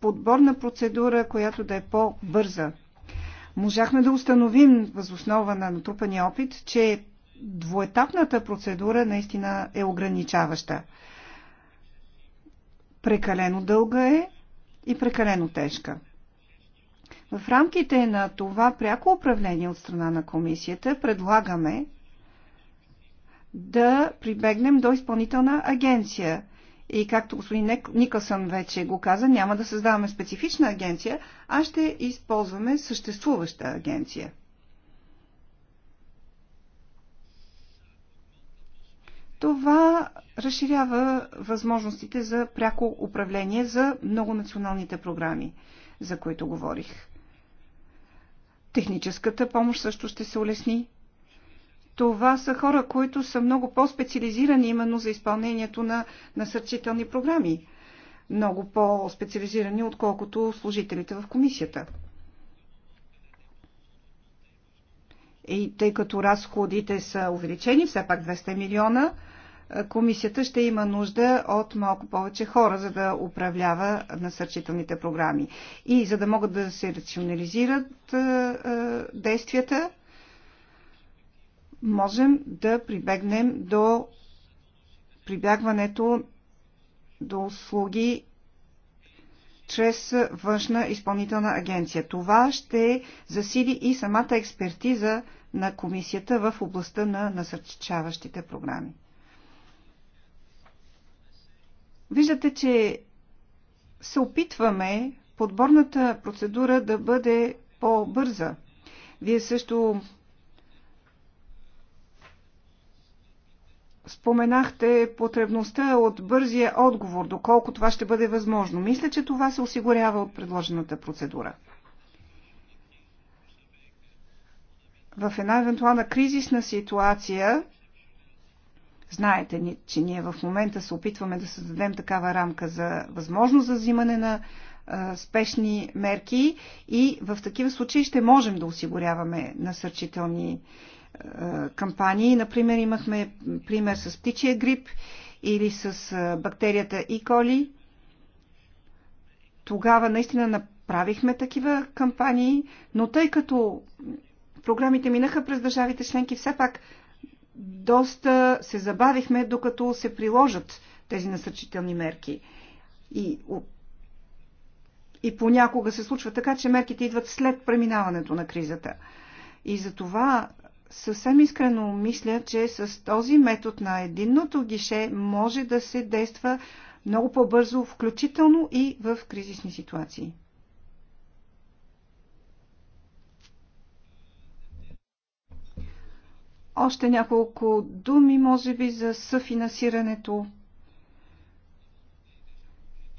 подборна процедура, която да е по-бърза. Можахме да установим, възоснова на натрупания опит, че двоетапната процедура наистина е ограничаваща. Прекалено дълга е и прекалено тежка. В рамките на това пряко управление от страна на комисията предлагаме да прибегнем до изпълнителна агенция. И както господин Никълсън вече го каза, няма да създаваме специфична агенция, а ще използваме съществуваща агенция. Това разширява възможностите за пряко управление за многонационалните програми, за които говорих. Техническата помощ също ще се улесни. Това са хора, които са много по-специализирани именно за изпълнението на насърчителни програми. Много по-специализирани, отколкото служителите в комисията. и тъй като разходите са увеличени, все пак 200 милиона, е, комисията ще има нужда от малко повече хора, за да управлява насърчителните програми. И за да могат да се рационализират е, е, действията, можем да прибегнем до прибягването до услуги чрез външна изпълнителна агенция. Това ще засили и самата експертиза на комисията в областта на насърчаващите програми. Виждате, че се опитваме подборната процедура да бъде по-бърза. Вие също споменахте потребността от бързия отговор, доколко това ще бъде възможно. Мисля, че това се осигурява от предложената процедура. в една евентуална кризисна ситуация, знаете, че ние в момента се опитваме да създадем такава рамка за възможност за взимане на спешни мерки и в такива случаи ще можем да осигуряваме насърчителни кампании. Например, имахме пример с птичия грип или с бактерията И. коли. Тогава наистина направихме такива кампании, но тъй като програмите минаха през държавите членки, все пак доста се забавихме, докато се приложат тези насърчителни мерки. И, и понякога се случва така, че мерките идват след преминаването на кризата. И за това съвсем искрено мисля, че с този метод на единното гише може да се действа много по-бързо, включително и в кризисни ситуации. Още няколко думи, може би, за съфинансирането.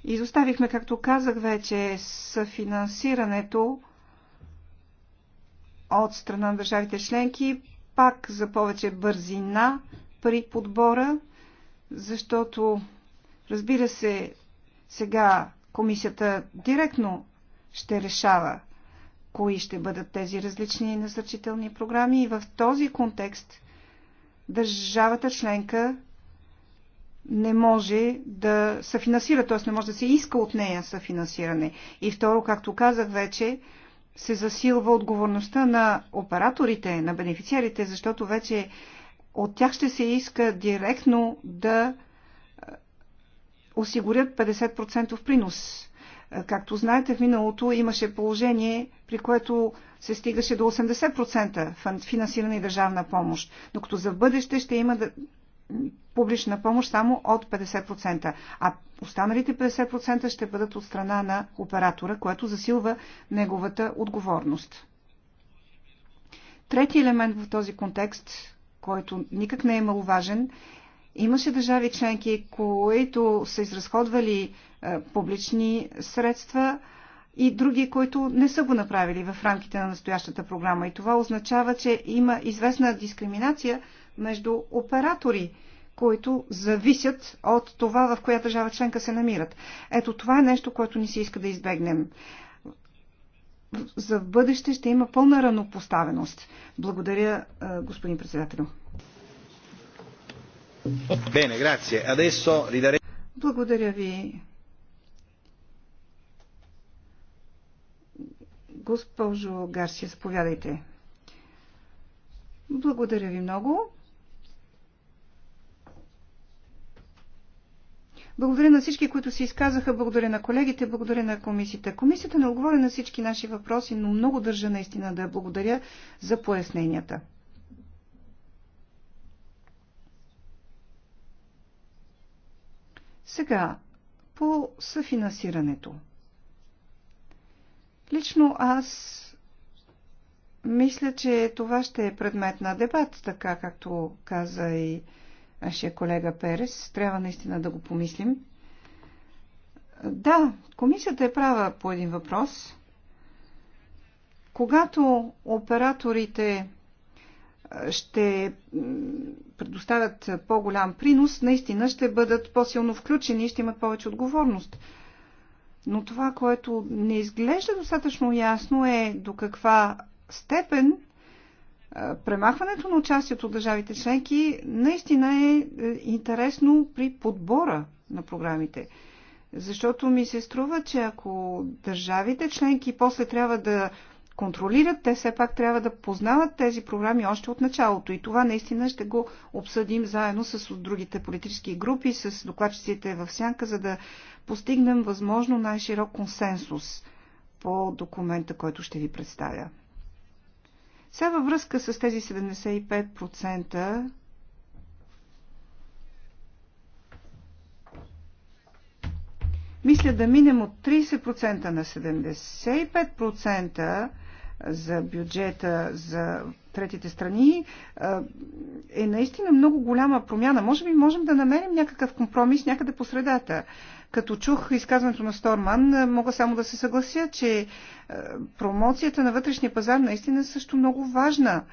Изоставихме, както казах вече, съфинансирането от страна на държавите членки, пак за повече бързина при подбора, защото, разбира се, сега комисията директно ще решава кои ще бъдат тези различни насърчителни програми и в този контекст държавата членка не може да съфинансира, т.е. не може да се иска от нея съфинансиране. И второ, както казах вече, се засилва отговорността на операторите, на бенефициарите, защото вече от тях ще се иска директно да осигурят 50% принос Както знаете, в миналото имаше положение, при което се стигаше до 80% финансиране и държавна помощ, докато за бъдеще ще има публична помощ само от 50%, а останалите 50% ще бъдат от страна на оператора, което засилва неговата отговорност. Трети елемент в този контекст, който никак не е маловажен, Имаше държави членки, които са изразходвали е, публични средства и други, които не са го направили в рамките на настоящата програма. И това означава, че има известна дискриминация между оператори, които зависят от това, в коя държава членка се намират. Ето това е нещо, което ни се иска да избегнем. За бъдеще ще има пълна равнопоставеност. Благодаря, е, господин председател. Благодаря ви. Госпожо Гарсия, заповядайте. Благодаря ви много. Благодаря на всички, които се изказаха, благодаря на колегите, благодаря на комисията. Комисията не отговори на всички наши въпроси, но много държа наистина да я благодаря за поясненията. Сега, по съфинансирането. Лично аз мисля, че това ще е предмет на дебат, така както каза и нашия колега Перес. Трябва наистина да го помислим. Да, комисията е права по един въпрос. Когато операторите ще предоставят по-голям принос, наистина ще бъдат по-силно включени и ще имат повече отговорност. Но това, което не изглежда достатъчно ясно е до каква степен премахването на участието от държавите членки наистина е, е интересно при подбора на програмите. Защото ми се струва, че ако държавите членки после трябва да контролират, те все пак трябва да познават тези програми още от началото. И това наистина ще го обсъдим заедно с другите политически групи, с докладчиците в сянка, за да постигнем възможно най-широк консенсус по документа, който ще ви представя. Сега във връзка с тези 75%, мисля да минем от 30% на 75%, за бюджета за третите страни е наистина много голяма промяна. Може би можем да намерим някакъв компромис някъде по средата. Като чух изказването на Сторман, мога само да се съглася, че е, промоцията на вътрешния пазар наистина е също много важна.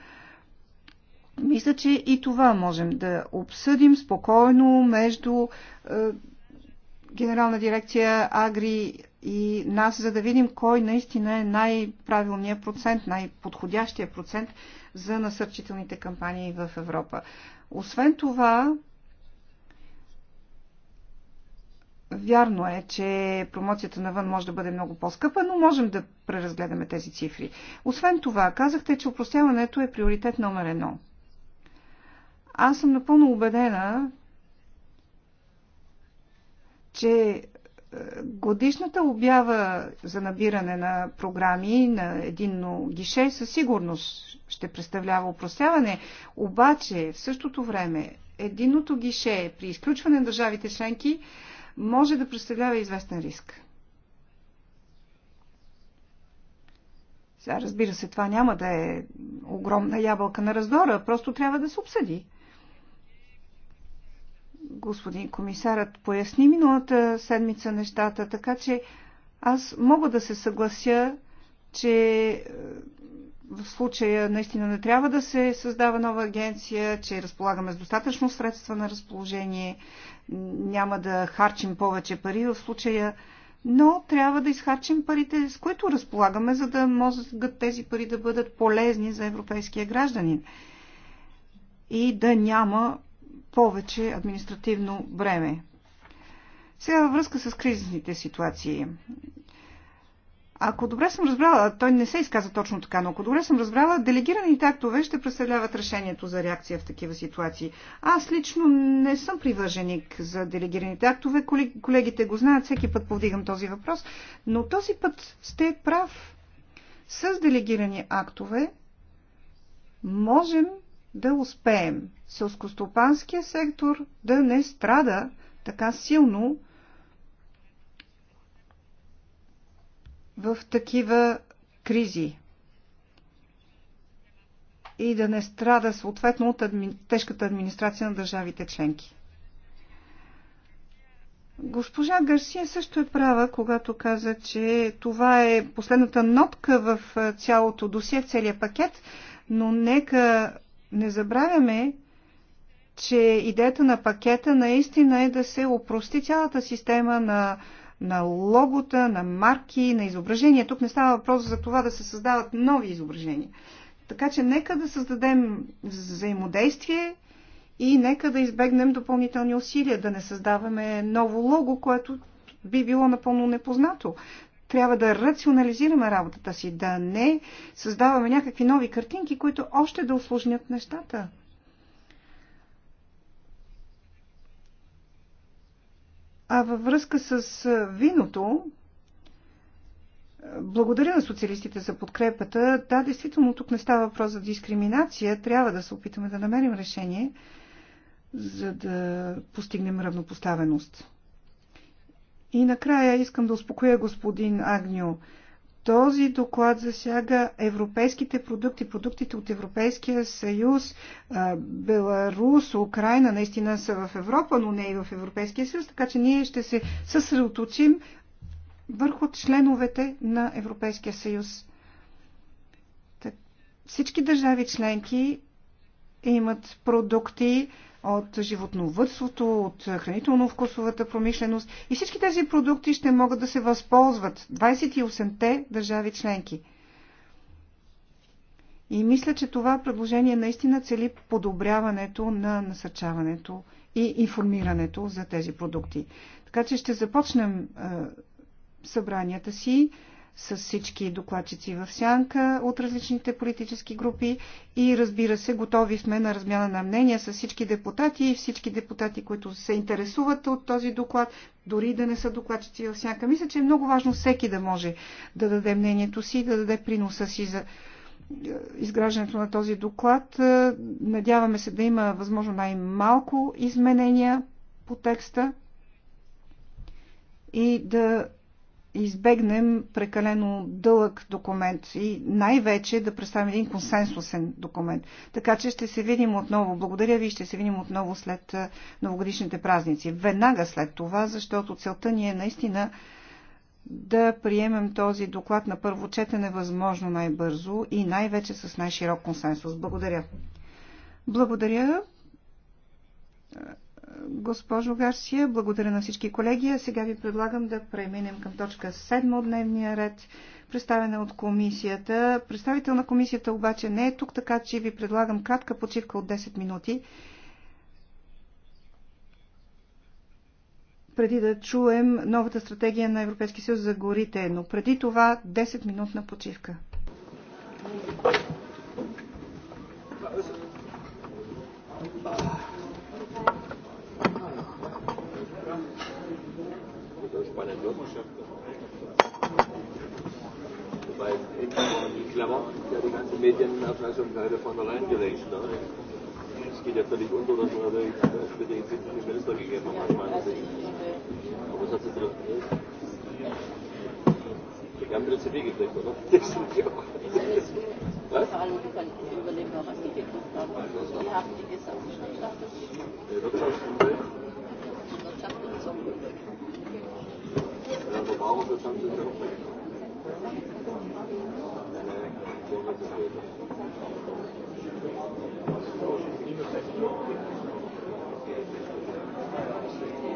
Мисля, че и това можем да обсъдим спокойно между е, Генерална дирекция Агри и нас, за да видим кой наистина е най-правилният процент, най-подходящия процент за насърчителните кампании в Европа. Освен това, Вярно е, че промоцията навън може да бъде много по-скъпа, но можем да преразгледаме тези цифри. Освен това, казахте, че упростяването е приоритет номер едно. Аз съм напълно убедена, че Годишната обява за набиране на програми на единно гише със сигурност ще представлява упростяване, обаче в същото време единното гише при изключване на държавите членки може да представлява известен риск. Сега, разбира се, това няма да е огромна ябълка на раздора, просто трябва да се обсъди господин комисарът поясни миналата седмица нещата, така че аз мога да се съглася, че е, в случая наистина не трябва да се създава нова агенция, че разполагаме с достатъчно средства на разположение, няма да харчим повече пари в случая, но трябва да изхарчим парите, с които разполагаме, за да могат тези пари да бъдат полезни за европейския гражданин и да няма повече административно бреме. Сега във връзка с кризисните ситуации. Ако добре съм разбрала, той не се изказа точно така, но ако добре съм разбрала, делегираните актове ще представляват решението за реакция в такива ситуации. Аз лично не съм привърженик за делегираните актове, колегите го знаят, всеки път повдигам този въпрос, но този път сте прав. С делегирани актове можем да успеем селскостопанския сектор да не страда така силно в такива кризи и да не страда съответно от адми... тежката администрация на държавите членки. Госпожа Гарсия също е права, когато каза, че това е последната нотка в цялото досие, в целият пакет, но нека не забравяме, че идеята на пакета наистина е да се опрости цялата система на, на логота, на марки, на изображения. Тук не става въпрос за това да се създават нови изображения. Така че нека да създадем взаимодействие и нека да избегнем допълнителни усилия, да не създаваме ново лого, което би било напълно непознато. Трябва да рационализираме работата си, да не създаваме някакви нови картинки, които още да осложнят нещата. А във връзка с виното, благодаря на социалистите за подкрепата. Да, действително тук не става въпрос за дискриминация. Трябва да се опитаме да намерим решение, за да постигнем равнопоставеност. И накрая искам да успокоя господин Агню. Този доклад засяга европейските продукти, продуктите от Европейския съюз, Беларус, Украина, наистина са в Европа, но не и в Европейския съюз, така че ние ще се съсредоточим върху членовете на Европейския съюз. Так, всички държави членки имат продукти, от животновътството, от хранително-вкусовата промишленост и всички тези продукти ще могат да се възползват 28-те държави членки. И мисля, че това предложение наистина цели подобряването на насърчаването и информирането за тези продукти. Така че ще започнем е, събранията си с всички докладчици в сянка от различните политически групи и разбира се, готови сме на размяна на мнения с всички депутати и всички депутати, които се интересуват от този доклад, дори да не са докладчици в сянка. Мисля, че е много важно всеки да може да даде мнението си, да даде приноса си за е, изграждането на този доклад. Е, надяваме се да има възможно най-малко изменения по текста и да избегнем прекалено дълъг документ и най-вече да представим един консенсусен документ. Така че ще се видим отново. Благодаря ви, ще се видим отново след новогодишните празници. Веднага след това, защото целта ни е наистина да приемем този доклад на първо четене възможно най-бързо и най-вече с най-широк консенсус. Благодаря. Благодаря госпожо Гарсия. Благодаря на всички колеги. А сега ви предлагам да преминем към точка 7 от дневния ред, представена от комисията. Представител на комисията обаче не е тук, така че ви предлагам кратка почивка от 10 минути. преди да чуем новата стратегия на Европейския съюз за горите, но преди това 10-минутна почивка. Ah. spannenden Job. Wobei die Klammer ja die ganze Medienaufmerksamkeit von allein gelegt. Ne? Es geht ja völlig unter, dass man natürlich mit den sitzenden Minister gegeben hat, aus meiner Sicht. Aber es hat sich doch. Wir haben wieder CD gekriegt, oder? Das sind die auch. Was? Vor allem die überleben auch, was die gekriegt haben. Die haben die gesagt. Wirtschaft und vamos a tanto interrumpir. Thank you.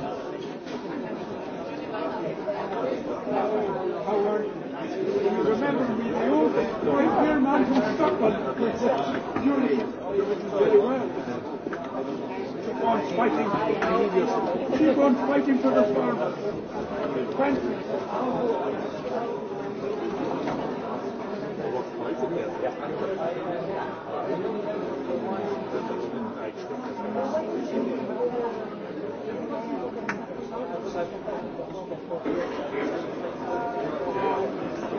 on fighting. Keep on fighting for the farmers. Thank you.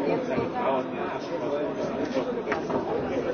Jetzt geht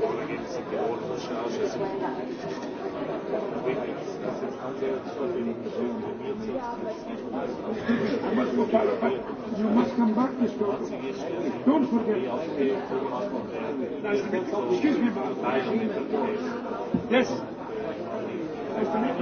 born again ist die Ordnungsschau. You must come back, Mr. Don't forget. Excuse me, Yes. Nice to meet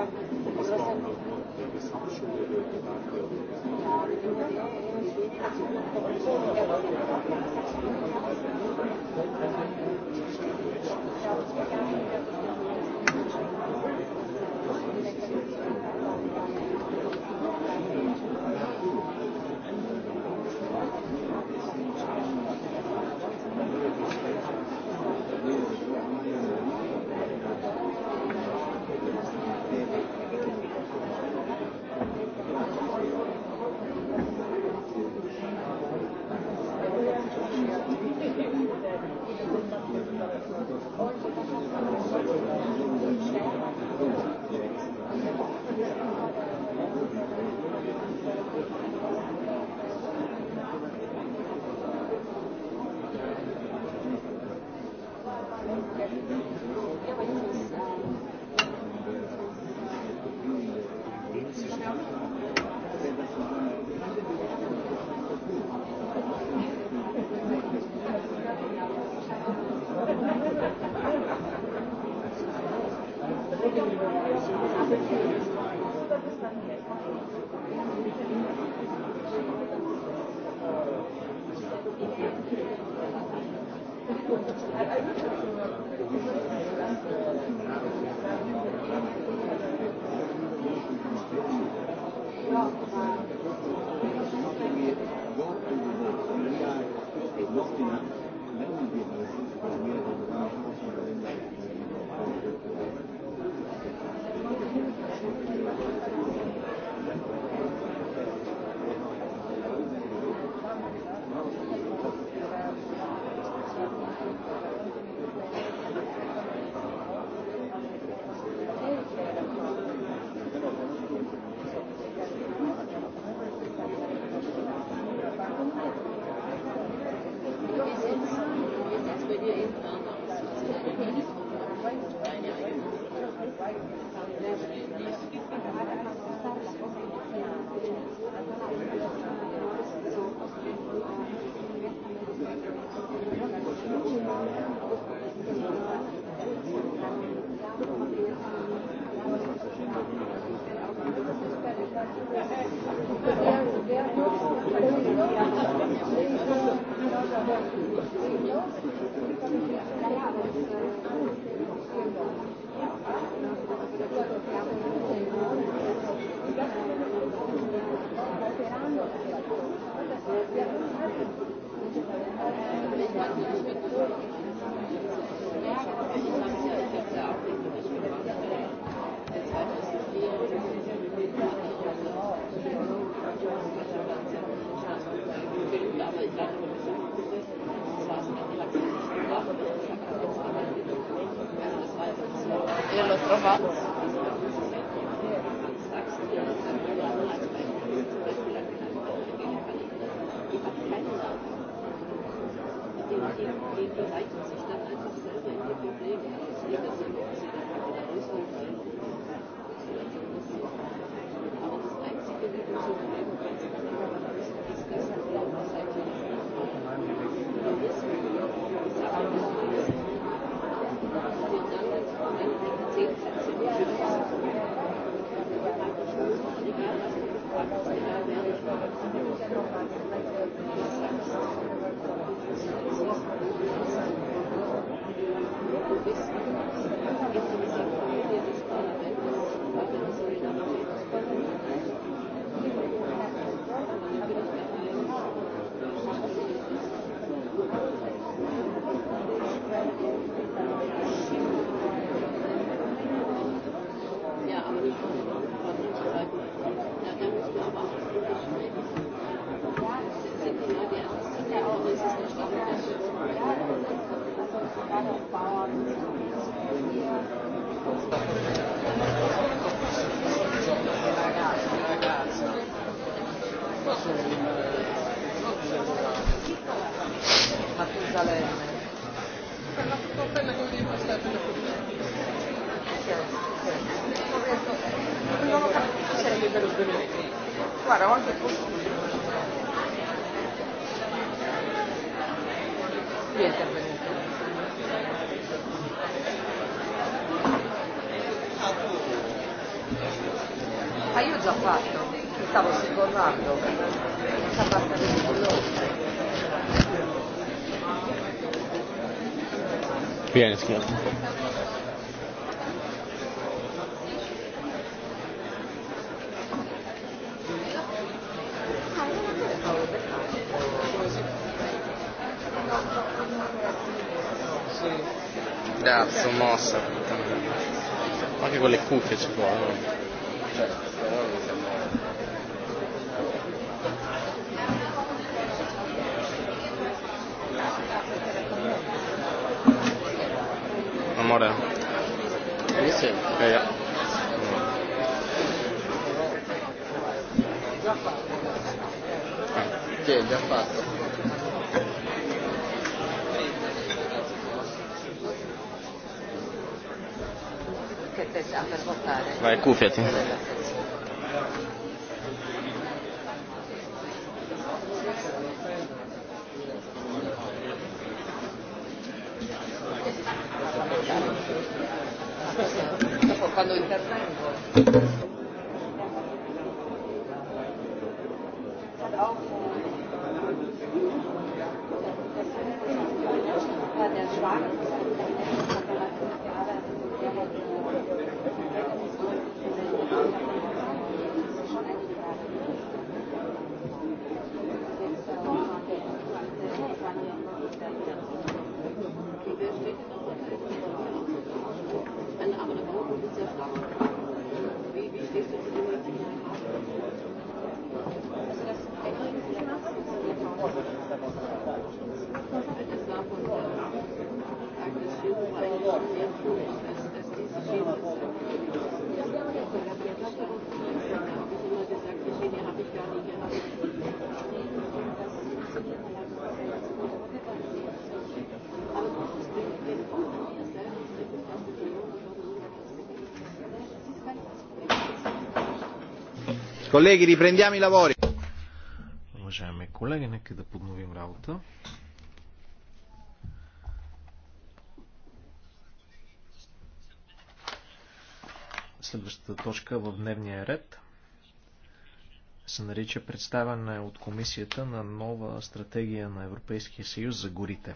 Thank you. asking Kufetin. Cuando intervengo. Колеги, riprendiamo i Уважаеми колеги, нека да подновим работа. Следващата точка в дневния ред се нарича представяне от комисията на нова стратегия на Европейския съюз за горите.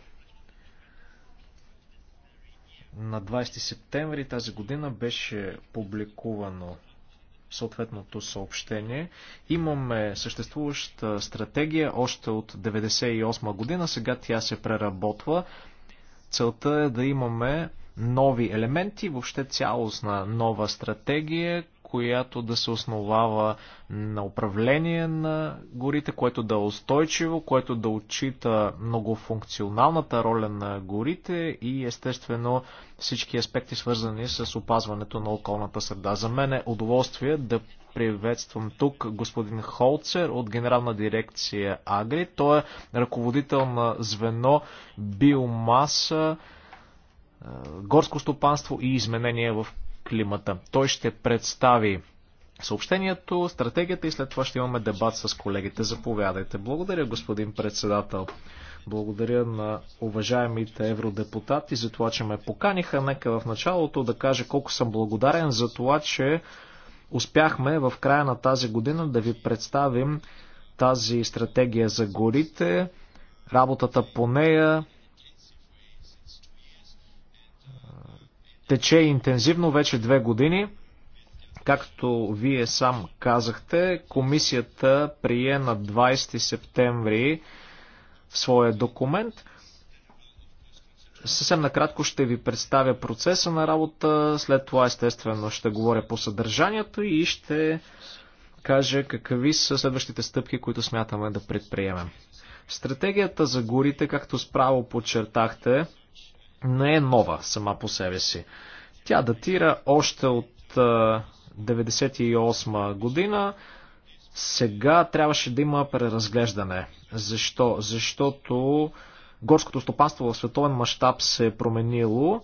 На 20 септември тази година беше публикувано съответното съобщение. Имаме съществуваща стратегия още от 1998 година, сега тя се преработва. Целта е да имаме нови елементи, въобще цялостна нова стратегия, която да се основава на управление на горите, което да е устойчиво, което да отчита многофункционалната роля на горите и естествено всички аспекти свързани с опазването на околната среда. За мен е удоволствие да приветствам тук господин Холцер от Генерална дирекция Агри. Той е ръководител на звено биомаса, е, горско стопанство и изменения в климата. Той ще представи съобщението, стратегията и след това ще имаме дебат с колегите. Заповядайте. Благодаря, господин председател. Благодаря на уважаемите евродепутати за това, че ме поканиха. Нека в началото да кажа колко съм благодарен за това, че успяхме в края на тази година да ви представим тази стратегия за горите, работата по нея, тече интензивно вече две години. Както вие сам казахте, комисията прие на 20 септември своя документ. Съвсем накратко ще ви представя процеса на работа, след това естествено ще говоря по съдържанието и ще кажа какви са следващите стъпки, които смятаме да предприемем. Стратегията за горите, както справо подчертахте, не е нова сама по себе си. Тя датира още от 1998 година. Сега трябваше да има преразглеждане. Защо? Защото горското стопанство в световен мащаб се е променило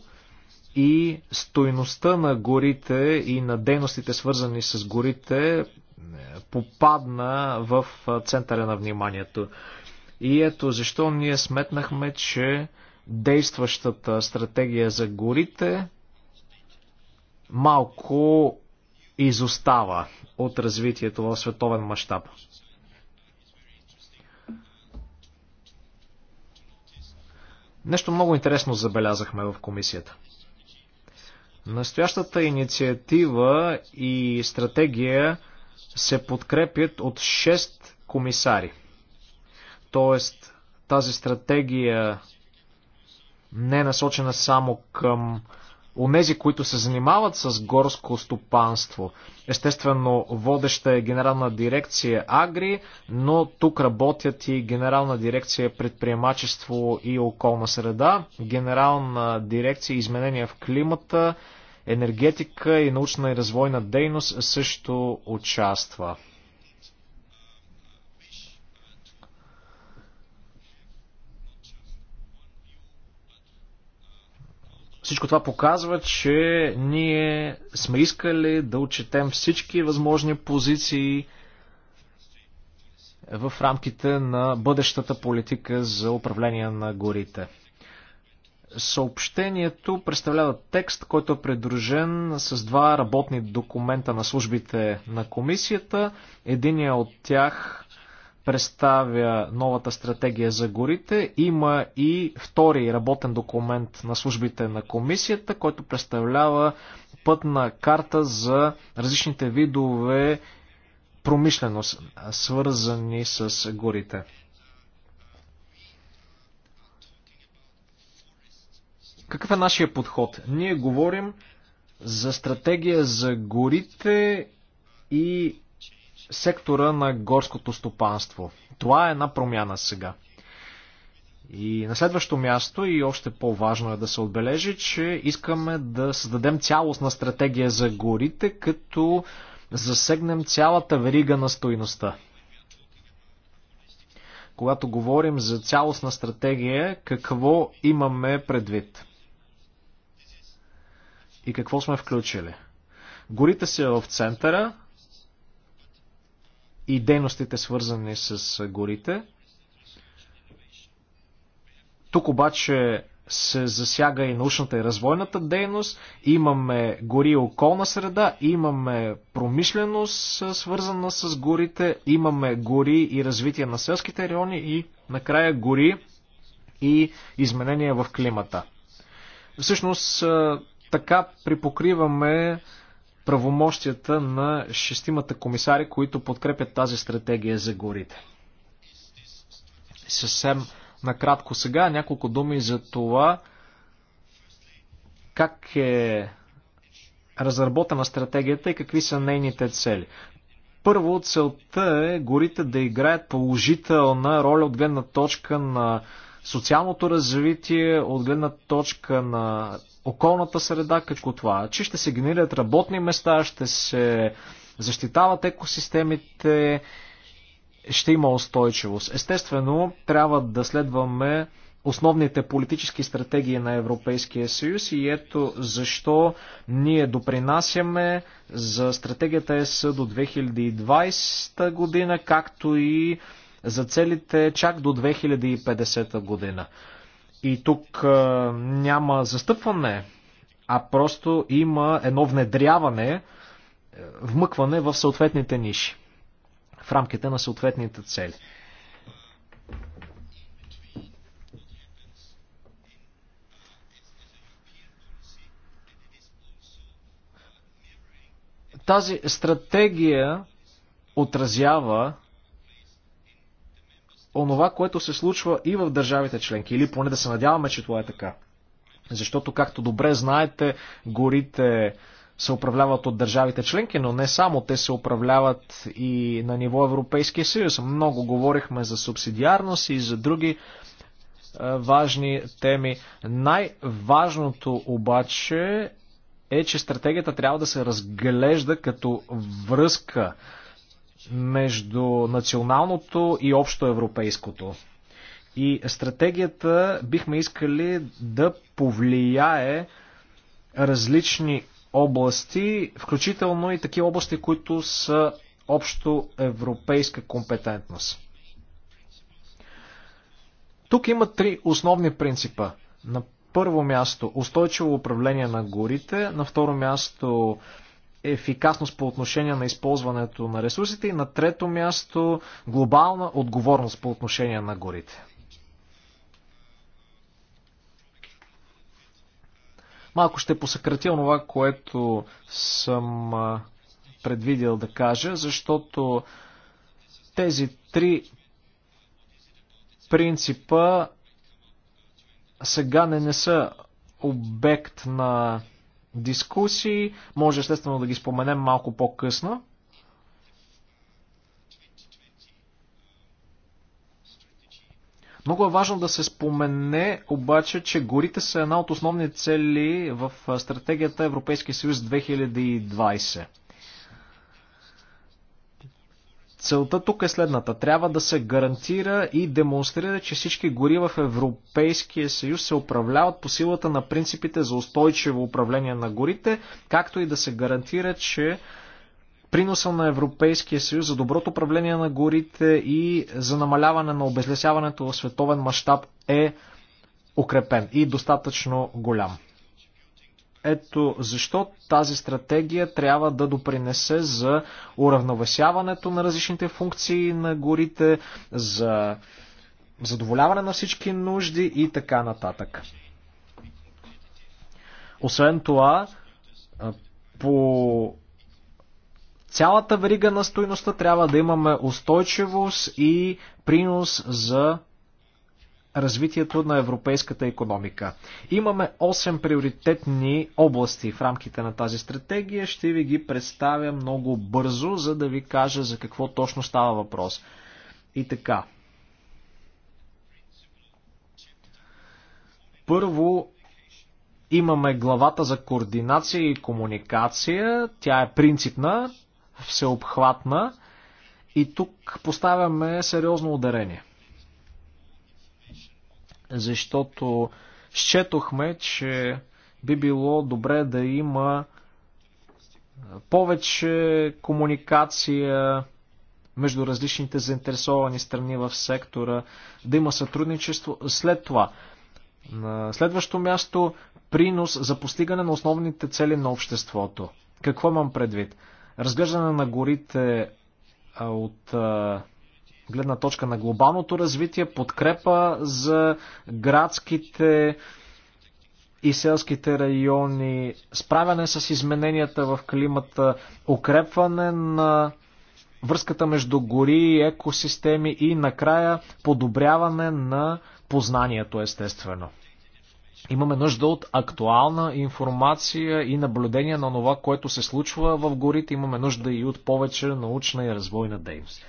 и стойността на горите и на дейностите свързани с горите е, попадна в центъра на вниманието. И ето защо ние сметнахме, че действащата стратегия за горите малко изостава от развитието в световен мащаб. Нещо много интересно забелязахме в комисията. Настоящата инициатива и стратегия се подкрепят от 6 комисари. Тоест, тази стратегия не е насочена само към онези, които се занимават с горско стопанство. Естествено, водеща е генерална дирекция Агри, но тук работят и генерална дирекция предприемачество и околна среда, генерална дирекция изменения в климата, енергетика и научна и развойна дейност също участва. Всичко това показва, че ние сме искали да отчетем всички възможни позиции в рамките на бъдещата политика за управление на горите. Съобщението представлява текст, който е придружен с два работни документа на службите на комисията. Единият от тях представя новата стратегия за горите. Има и втори работен документ на службите на комисията, който представлява пътна карта за различните видове промишленост, свързани с горите. Какъв е нашия подход? Ние говорим за стратегия за горите и сектора на горското стопанство. Това е една промяна сега. И на следващо място, и още по-важно е да се отбележи, че искаме да създадем цялостна стратегия за горите, като засегнем цялата верига на стоиността. Когато говорим за цялостна стратегия, какво имаме предвид? И какво сме включили? Горите са в центъра, и дейностите свързани с горите. Тук обаче се засяга и научната и развойната дейност, имаме гори и околна среда, имаме промишленост свързана с горите, имаме гори и развитие на селските райони и накрая гори и изменения в климата. Всъщност така припокриваме правомощията на шестимата комисари, които подкрепят тази стратегия за горите. Съвсем накратко сега няколко думи за това как е разработена стратегията и какви са нейните цели. Първо, целта е горите да играят положителна роля от гледна точка на социалното развитие, от гледна точка на околната среда, като това, че ще се генерират работни места, ще се защитават екосистемите, ще има устойчивост. Естествено, трябва да следваме основните политически стратегии на Европейския съюз и ето защо ние допринасяме за стратегията ЕС до 2020 година, както и за целите чак до 2050 година. И тук няма застъпване, а просто има едно внедряване, е, вмъкване в съответните ниши, в рамките на съответните цели. Тази стратегия отразява онова, което се случва и в държавите членки, или поне да се надяваме, че това е така. Защото, както добре знаете, горите се управляват от държавите членки, но не само. Те се управляват и на ниво Европейския съюз. Много говорихме за субсидиарност и за други е, важни теми. Най-важното обаче е, че стратегията трябва да се разглежда като връзка между националното и общоевропейското. И стратегията бихме искали да повлияе различни области, включително и такива области, които са общо европейска компетентност. Тук има три основни принципа. На първо място устойчиво управление на горите, на второ място ефикасност по отношение на използването на ресурсите и на трето място глобална отговорност по отношение на горите. Малко ще посъкратя това, което съм предвидел да кажа, защото тези три принципа сега не, не са обект на дискусии. Може естествено да ги споменем малко по-късно. Много е важно да се спомене обаче, че горите са една от основни цели в стратегията Европейски съюз 2020. Целта тук е следната. Трябва да се гарантира и демонстрира, че всички гори в Европейския съюз се управляват по силата на принципите за устойчиво управление на горите, както и да се гарантира, че приноса на Европейския съюз за доброто управление на горите и за намаляване на обезлесяването в световен мащаб е укрепен и достатъчно голям. Ето защо тази стратегия трябва да допринесе за уравновесяването на различните функции на горите, за задоволяване на всички нужди и така нататък. Освен това, по цялата верига на стойността трябва да имаме устойчивост и принос за развитието на европейската економика. Имаме 8 приоритетни области в рамките на тази стратегия. Ще ви ги представя много бързо, за да ви кажа за какво точно става въпрос. И така. Първо имаме главата за координация и комуникация. Тя е принципна, всеобхватна и тук поставяме сериозно ударение защото счетохме, че би било добре да има повече комуникация между различните заинтересовани страни в сектора, да има сътрудничество. След това, на следващо място, принос за постигане на основните цели на обществото. Какво имам предвид? Разглеждане на горите от гледна точка на глобалното развитие, подкрепа за градските и селските райони, справяне с измененията в климата, укрепване на връзката между гори и екосистеми и накрая подобряване на познанието, естествено. Имаме нужда от актуална информация и наблюдение на това, което се случва в горите. Имаме нужда и от повече научна и развойна дейност.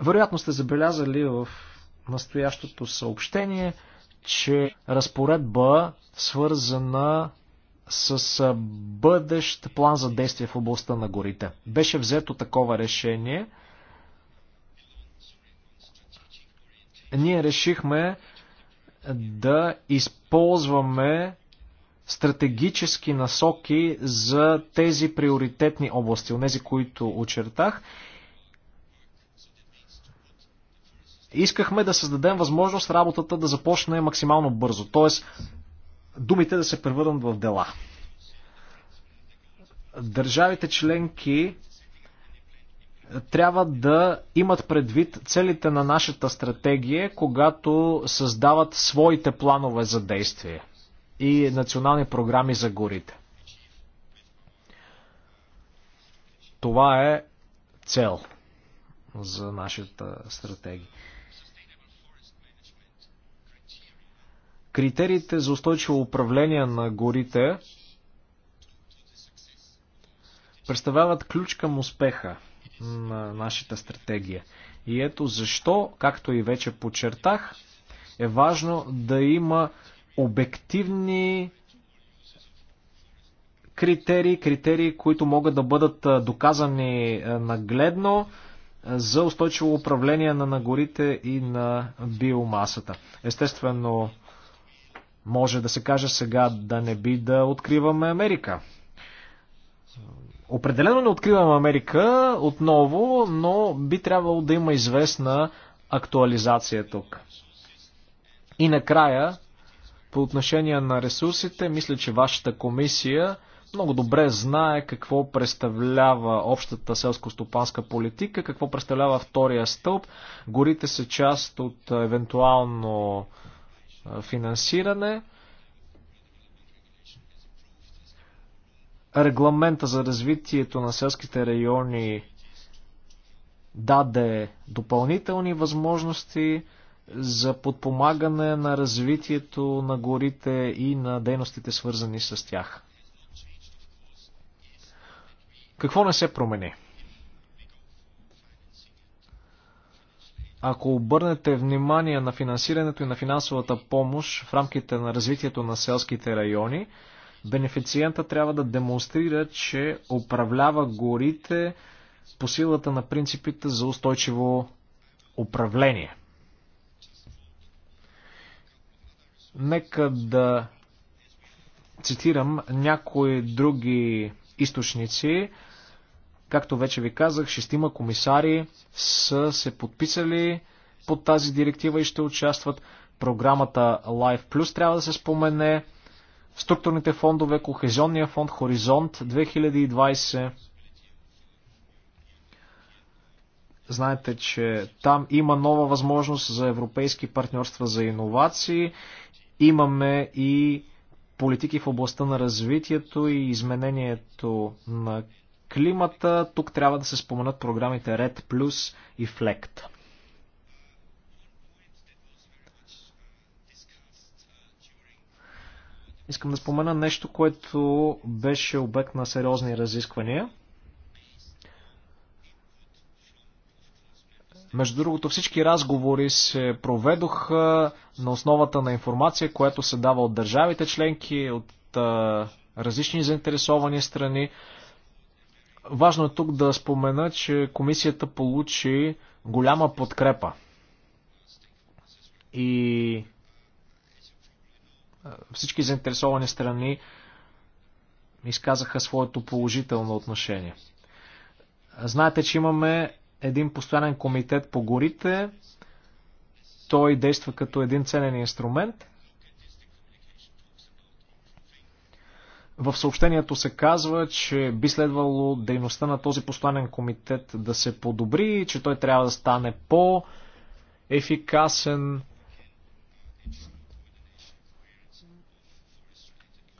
Вероятно сте забелязали в настоящото съобщение, че разпоредба, свързана с бъдещ план за действие в областта на горите. Беше взето такова решение. Ние решихме да използваме стратегически насоки за тези приоритетни области, от тези, които очертах, Искахме да създадем възможност работата да започне максимално бързо, т.е. думите да се превърнат в дела. Държавите членки трябва да имат предвид целите на нашата стратегия, когато създават своите планове за действие и национални програми за горите. Това е цел за нашата стратегия. Критериите за устойчиво управление на горите представляват ключ към успеха на нашата стратегия. И ето защо, както и вече подчертах, е важно да има обективни критерии, критерии, които могат да бъдат доказани нагледно за устойчиво управление на нагорите и на биомасата. Естествено, може да се каже сега да не би да откриваме Америка. Определено не откриваме Америка отново, но би трябвало да има известна актуализация тук. И накрая, по отношение на ресурсите, мисля, че вашата комисия много добре знае какво представлява общата селско-стопанска политика, какво представлява втория стълб. Горите са част от евентуално финансиране. Регламента за развитието на селските райони даде допълнителни възможности за подпомагане на развитието на горите и на дейностите свързани с тях. Какво не се промени? Ако обърнете внимание на финансирането и на финансовата помощ в рамките на развитието на селските райони, бенефициента трябва да демонстрира, че управлява горите по силата на принципите за устойчиво управление. Нека да цитирам някои други източници. Както вече ви казах, шестима комисари са се подписали под тази директива и ще участват. Програмата Life Plus трябва да се спомене. Структурните фондове, Кохезионния фонд, Хоризонт 2020. Знаете, че там има нова възможност за европейски партньорства за иновации. Имаме и политики в областта на развитието и изменението на климата. Тук трябва да се споменат програмите Red Plus и FLECT. Искам да спомена нещо, което беше обект на сериозни разисквания. Между другото, всички разговори се проведоха на основата на информация, която се дава от държавите членки, от а, различни заинтересовани страни. Важно е тук да спомена, че комисията получи голяма подкрепа. И всички заинтересовани страни изказаха своето положително отношение. Знаете, че имаме един постоянен комитет по горите. Той действа като един ценен инструмент. В съобщението се казва, че би следвало дейността на този постоянен комитет да се подобри, че той трябва да стане по-ефикасен.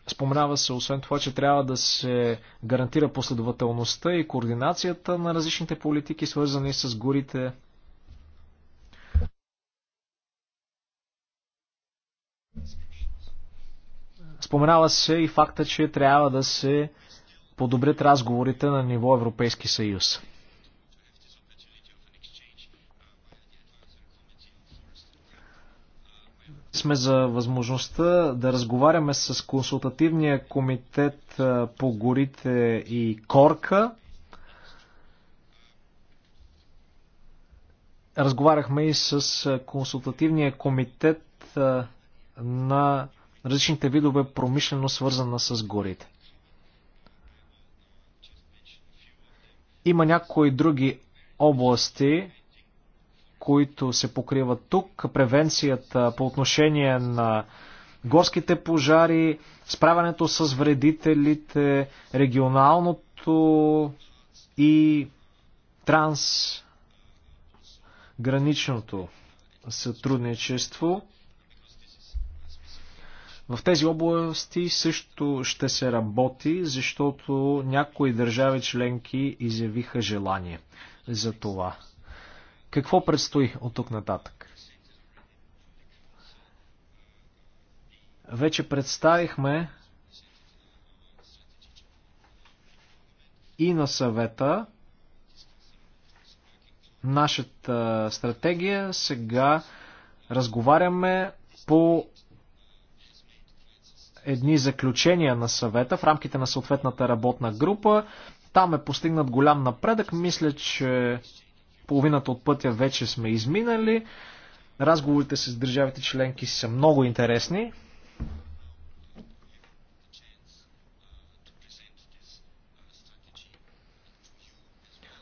Споменава се освен това, че трябва да се гарантира последователността и координацията на различните политики, свързани с горите. Споменава се и факта, че трябва да се подобрят разговорите на ниво Европейски съюз. сме за възможността да разговаряме с консултативния комитет по горите и Корка. Разговаряхме и с консултативния комитет на различните видове промишлено свързана с горите. Има някои други области, които се покриват тук. Превенцията по отношение на горските пожари, справянето с вредителите, регионалното и трансграничното сътрудничество. В тези области също ще се работи, защото някои държави членки изявиха желание за това. Какво предстои от тук нататък? Вече представихме и на съвета нашата стратегия. Сега разговаряме по едни заключения на съвета в рамките на съответната работна група. Там е постигнат голям напредък. Мисля, че половината от пътя вече сме изминали. Разговорите с държавите членки са много интересни.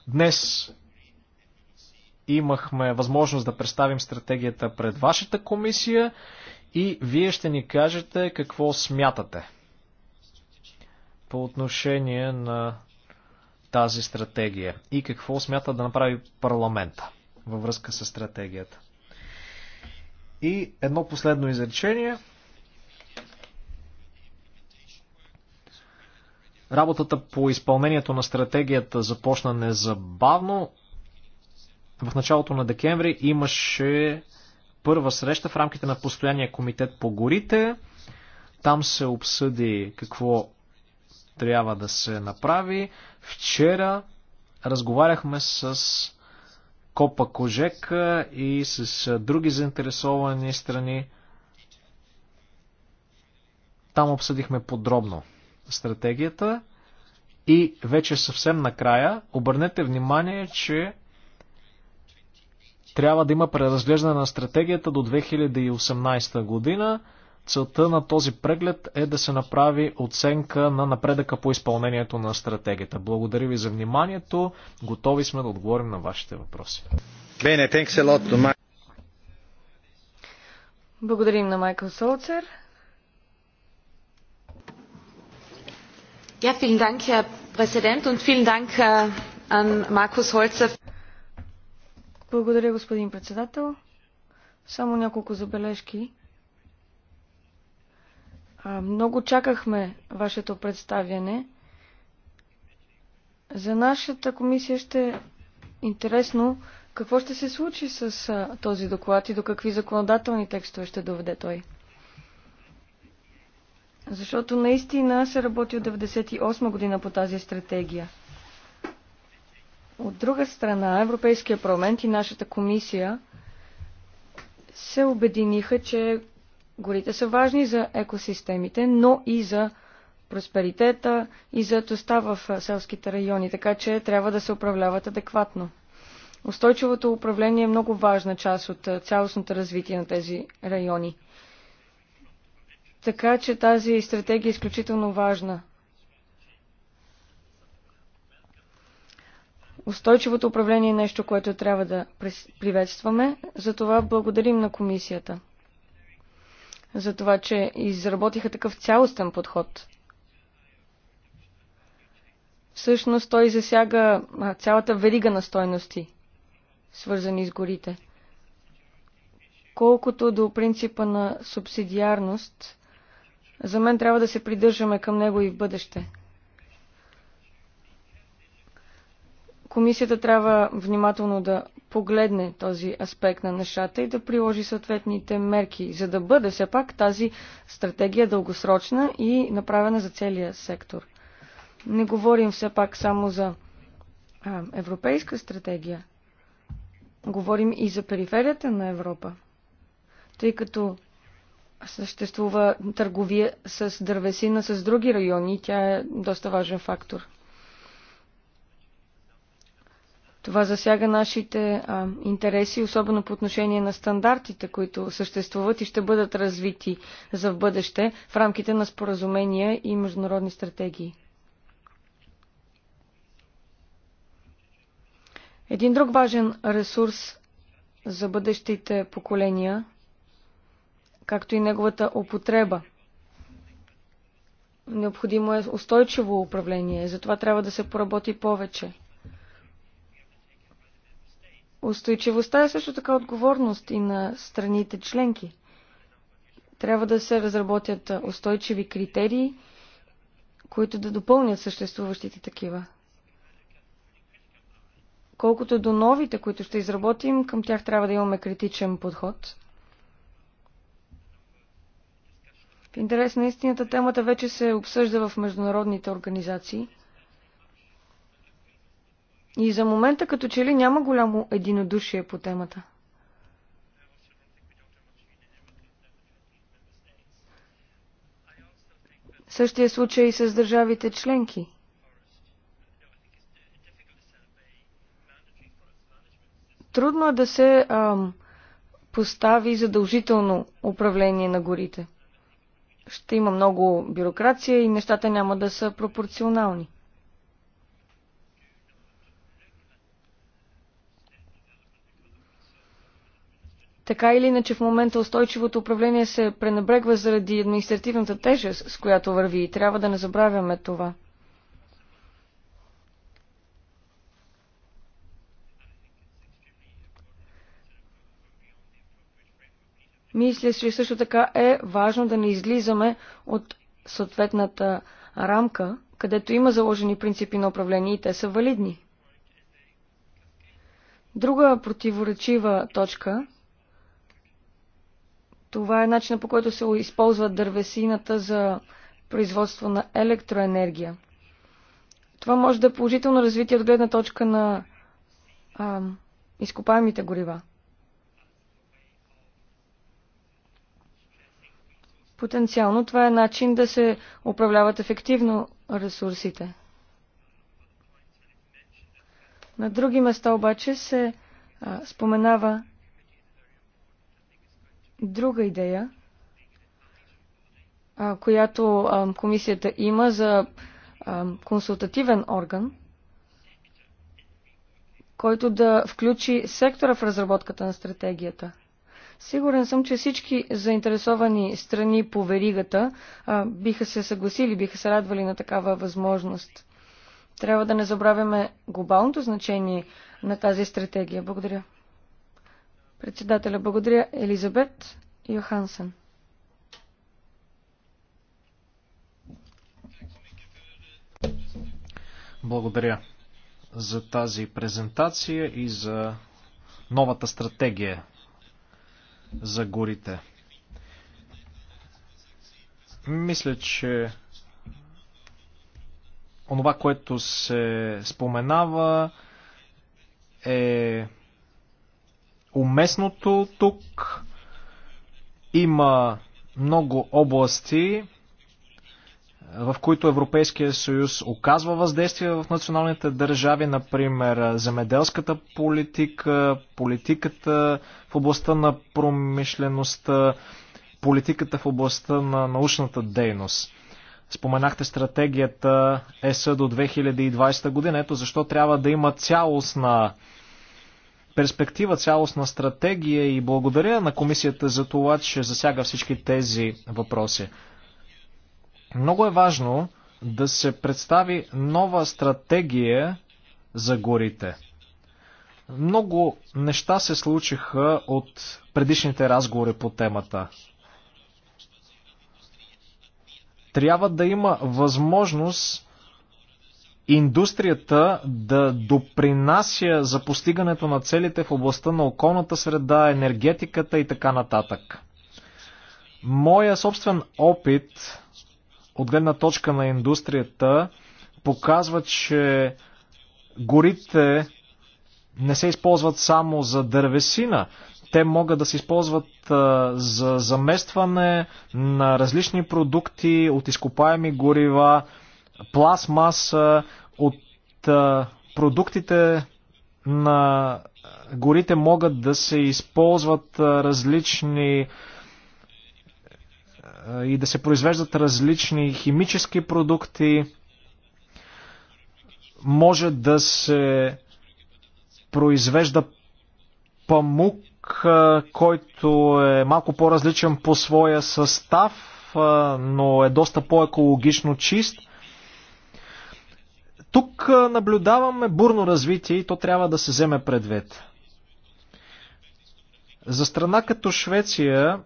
Днес имахме възможност да представим стратегията пред вашата комисия и вие ще ни кажете какво смятате по отношение на тази стратегия и какво смята да направи парламента във връзка с стратегията. И едно последно изречение. Работата по изпълнението на стратегията започна незабавно. В началото на декември имаше първа среща в рамките на постоянния комитет по горите. Там се обсъди какво трябва да се направи. Вчера разговаряхме с Копа Кожека и с други заинтересовани страни. Там обсъдихме подробно стратегията и вече съвсем накрая обърнете внимание, че трябва да има преразглеждане на стратегията до 2018 година. Целта на този преглед е да се направи оценка на напредъка по изпълнението на стратегията. Благодаря ви за вниманието. Готови сме да отговорим на вашите въпроси. Bene, thanks a lot Благодарим на Майкъл Солцер. Ja, vielen Dank, Herr Präsident, und vielen Dank äh, an Markus Holzer. Благодаря, господин председател. Само няколко забележки. Много чакахме вашето представяне. За нашата комисия ще е интересно какво ще се случи с а, този доклад и до какви законодателни текстове ще доведе той. Защото наистина се работи от 1998 година по тази стратегия. От друга страна, Европейския парламент и нашата комисия се обединиха, че горите са важни за екосистемите, но и за просперитета и за тоста в селските райони, така че трябва да се управляват адекватно. Устойчивото управление е много важна част от цялостното развитие на тези райони. Така че тази стратегия е изключително важна. Устойчивото управление е нещо, което трябва да приветстваме. Затова благодарим на комисията. За това, че изработиха такъв цялостен подход. Всъщност той засяга цялата верига на стойности, свързани с горите. Колкото до принципа на субсидиарност, за мен трябва да се придържаме към него и в бъдеще. Комисията трябва внимателно да погледне този аспект на нещата и да приложи съответните мерки, за да бъде все пак тази стратегия дългосрочна и направена за целия сектор. Не говорим все пак само за а, европейска стратегия. Говорим и за периферията на Европа, тъй като съществува търговия с дървесина с други райони и тя е доста важен фактор. Това засяга нашите а, интереси, особено по отношение на стандартите, които съществуват и ще бъдат развити за в бъдеще в рамките на споразумения и международни стратегии. Един друг важен ресурс за бъдещите поколения, както и неговата употреба. Необходимо е устойчиво управление, затова трябва да се поработи повече – Устойчивостта е също така отговорност и на страните членки. Трябва да се разработят устойчиви критерии, които да допълнят съществуващите такива. Колкото до новите, които ще изработим, към тях трябва да имаме критичен подход. В интерес на истината темата вече се обсъжда в международните организации – и за момента като че ли няма голямо единодушие по темата. Същия случай и с държавите членки. Трудно е да се ам, постави задължително управление на горите. Ще има много бюрокрация и нещата няма да са пропорционални. Така или иначе в момента устойчивото управление се пренебрегва заради административната тежест, с която върви и трябва да не забравяме това. Мисля, че също така е важно да не излизаме от съответната рамка, където има заложени принципи на управление и те са валидни. Друга противоречива точка това е начинът по който се използва дървесината за производство на електроенергия. Това може да е положително развитие от гледна точка на а, изкопаемите горива. Потенциално това е начин да се управляват ефективно ресурсите. На други места обаче се а, споменава друга идея, която комисията има за консултативен орган, който да включи сектора в разработката на стратегията. Сигурен съм, че всички заинтересовани страни по веригата а, биха се съгласили, биха се радвали на такава възможност. Трябва да не забравяме глобалното значение на тази стратегия. Благодаря. Председателя, благодаря Елизабет Йохансен. Благодаря за тази презентация и за новата стратегия за горите. Мисля, че онова, което се споменава е уместното тук. Има много области, в които Европейския съюз оказва въздействие в националните държави, например земеделската политика, политиката в областта на промишлеността, политиката в областта на научната дейност. Споменахте стратегията ЕС до 2020 година, ето защо трябва да има цялостна перспектива, цялостна стратегия и благодаря на комисията за това, че засяга всички тези въпроси. Много е важно да се представи нова стратегия за горите. Много неща се случиха от предишните разговори по темата. Трябва да има възможност индустрията да допринася за постигането на целите в областта на околната среда, енергетиката и така нататък. Моя собствен опит от гледна точка на индустрията показва, че горите не се използват само за дървесина. Те могат да се използват а, за заместване на различни продукти от изкопаеми горива, пластмаса, от продуктите на горите могат да се използват различни и да се произвеждат различни химически продукти. Може да се произвежда памук, който е малко по-различен по своя състав, но е доста по-екологично чист. Тук наблюдаваме бурно развитие и то трябва да се вземе предвид. За страна като Швеция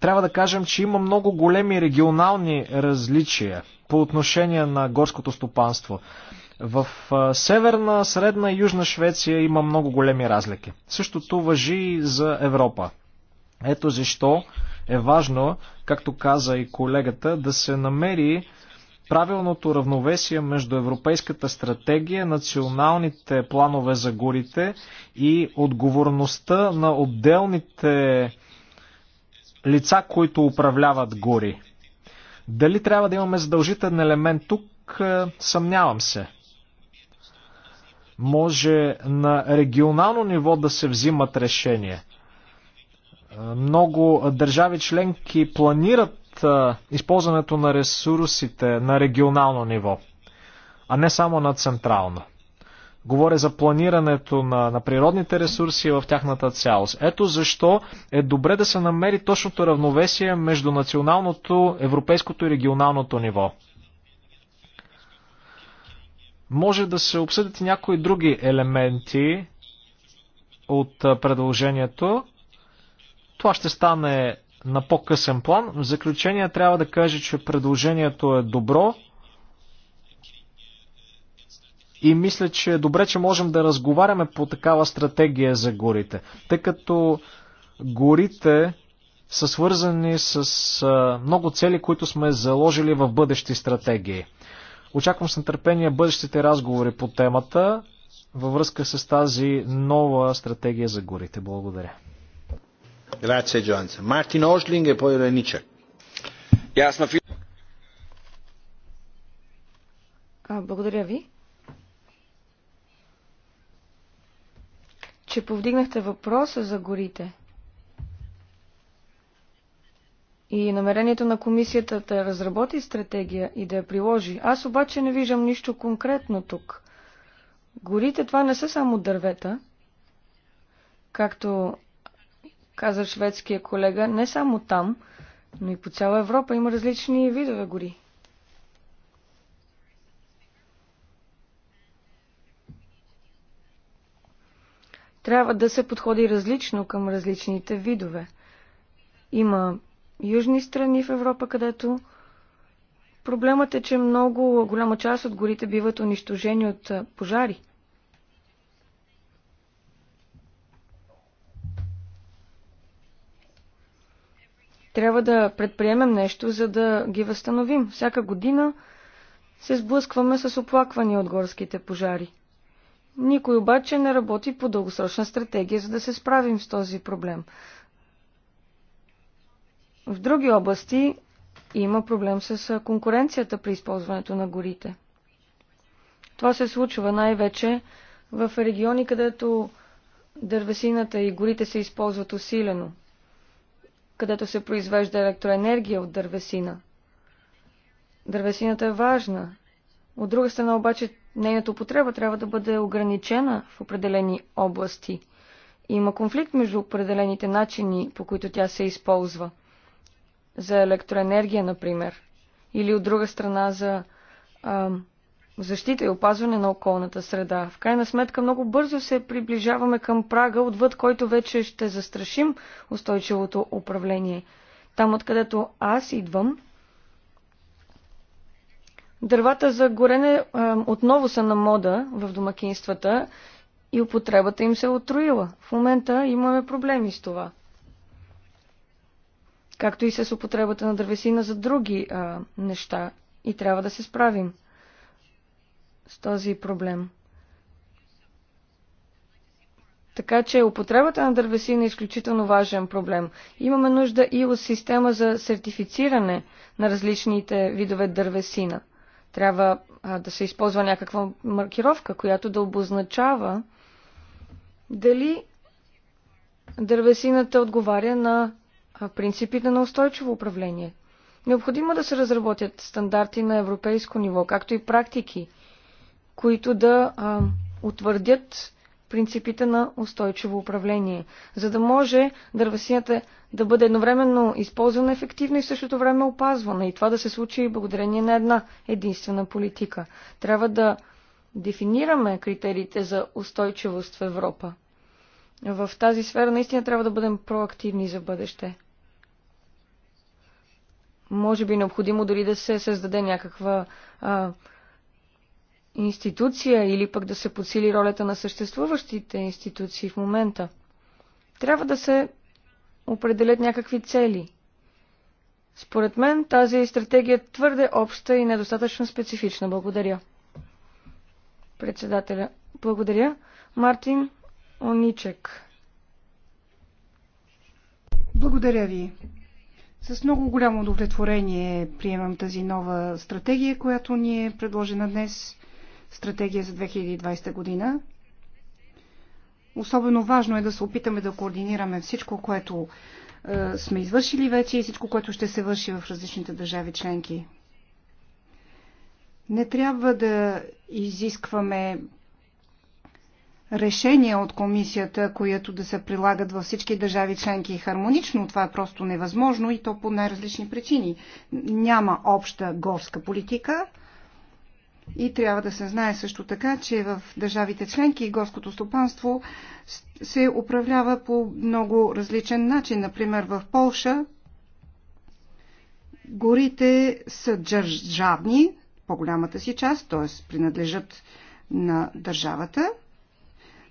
трябва да кажем, че има много големи регионални различия по отношение на горското стопанство. В северна, средна и южна Швеция има много големи разлики. Същото въжи и за Европа. Ето защо е важно, както каза и колегата, да се намери правилното равновесие между Европейската стратегия, националните планове за горите и отговорността на отделните лица, които управляват гори. Дали трябва да имаме задължителен елемент тук, е, съмнявам се. Може на регионално ниво да се взимат решения. Е, много държави членки планират използването на ресурсите на регионално ниво, а не само на централно. Говоря за планирането на, на природните ресурси в тяхната цялост. Ето защо е добре да се намери точното равновесие между националното, европейското и регионалното ниво. Може да се обсъдят и някои други елементи от предложението. Това ще стане на по-късен план. В заключение трябва да кажа, че предложението е добро и мисля, че е добре, че можем да разговаряме по такава стратегия за горите, тъй като горите са свързани с много цели, които сме заложили в бъдещи стратегии. Очаквам с нетърпение бъдещите разговори по темата във връзка с тази нова стратегия за горите. Благодаря. Ошлинг и e Благодаря ви. че повдигнахте въпроса за горите и намерението на комисията да разработи стратегия и да я приложи. Аз обаче не виждам нищо конкретно тук. Горите това не са само дървета, както каза шведския колега, не само там, но и по цяла Европа има различни видове гори. Трябва да се подходи различно към различните видове. Има южни страни в Европа, където проблемът е, че много голяма част от горите биват унищожени от пожари – Трябва да предприемем нещо, за да ги възстановим. Всяка година се сблъскваме с оплаквания от горските пожари. Никой обаче не работи по дългосрочна стратегия, за да се справим с този проблем. В други области има проблем с конкуренцията при използването на горите. Това се случва най-вече в региони, където дървесината и горите се използват усилено където се произвежда електроенергия от дървесина. Дървесината е важна. От друга страна обаче нейната употреба трябва да бъде ограничена в определени области. Има конфликт между определените начини, по които тя се използва. За електроенергия, например. Или от друга страна за ам, защита и опазване на околната среда. В крайна сметка много бързо се приближаваме към прага, отвъд който вече ще застрашим устойчивото управление. Там, откъдето аз идвам, дървата за горене а, отново са на мода в домакинствата и употребата им се е отруила. В момента имаме проблеми с това. Както и с употребата на дървесина за други а, неща. И трябва да се справим с този проблем. Така че употребата на дървесина е изключително важен проблем. Имаме нужда и от система за сертифициране на различните видове дървесина. Трябва а, да се използва някаква маркировка, която да обозначава дали дървесината отговаря на принципите на устойчиво управление. Необходимо да се разработят стандарти на европейско ниво, както и практики – които да а, утвърдят принципите на устойчиво управление, за да може дървесината да бъде едновременно използвана ефективно и в същото време опазвана. И това да се случи и благодарение на една единствена политика. Трябва да дефинираме критериите за устойчивост в Европа. В тази сфера наистина трябва да бъдем проактивни за бъдеще. Може би е необходимо дори да се създаде някаква а, институция или пък да се подсили ролята на съществуващите институции в момента. Трябва да се определят някакви цели. Според мен тази стратегия е твърде обща и недостатъчно специфична. Благодаря. Председателя. Благодаря. Мартин Оничек. Благодаря ви. С много голямо удовлетворение приемам тази нова стратегия, която ни е предложена днес стратегия за 2020 година. Особено важно е да се опитаме да координираме всичко, което е, сме извършили вече и всичко, което ще се върши в различните държави членки. Не трябва да изискваме решения от комисията, които да се прилагат във всички държави членки хармонично. Това е просто невъзможно и то по най-различни причини. Няма обща горска политика, и трябва да се знае също така, че в държавите членки горското стопанство се управлява по много различен начин. Например, в Полша горите са държавни, по-голямата си част, т.е. принадлежат на държавата,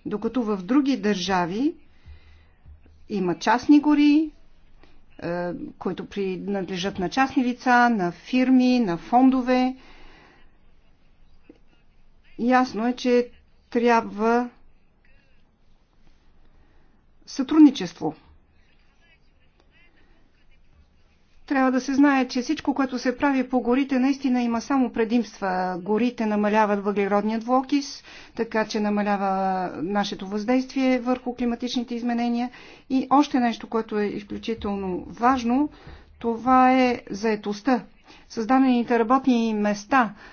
докато в други държави има частни гори, е, които принадлежат на частни лица, на фирми, на фондове, Ясно е, че трябва сътрудничество. Трябва да се знае, че всичко, което се прави по горите, наистина има само предимства. Горите намаляват въглеродния двуокис, така че намалява нашето въздействие върху климатичните изменения. И още нещо, което е изключително важно, това е заетостта. Създадените работни места –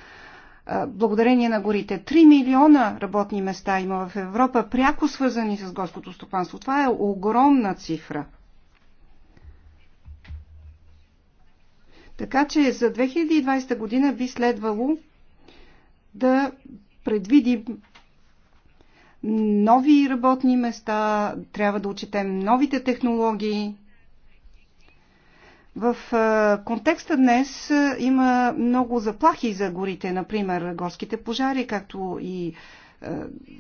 благодарение на горите. 3 милиона работни места има в Европа, пряко свързани с горското стопанство. Това е огромна цифра. Така че за 2020 година би следвало да предвидим нови работни места, трябва да учетем новите технологии, в контекста днес има много заплахи за горите, например горските пожари, както и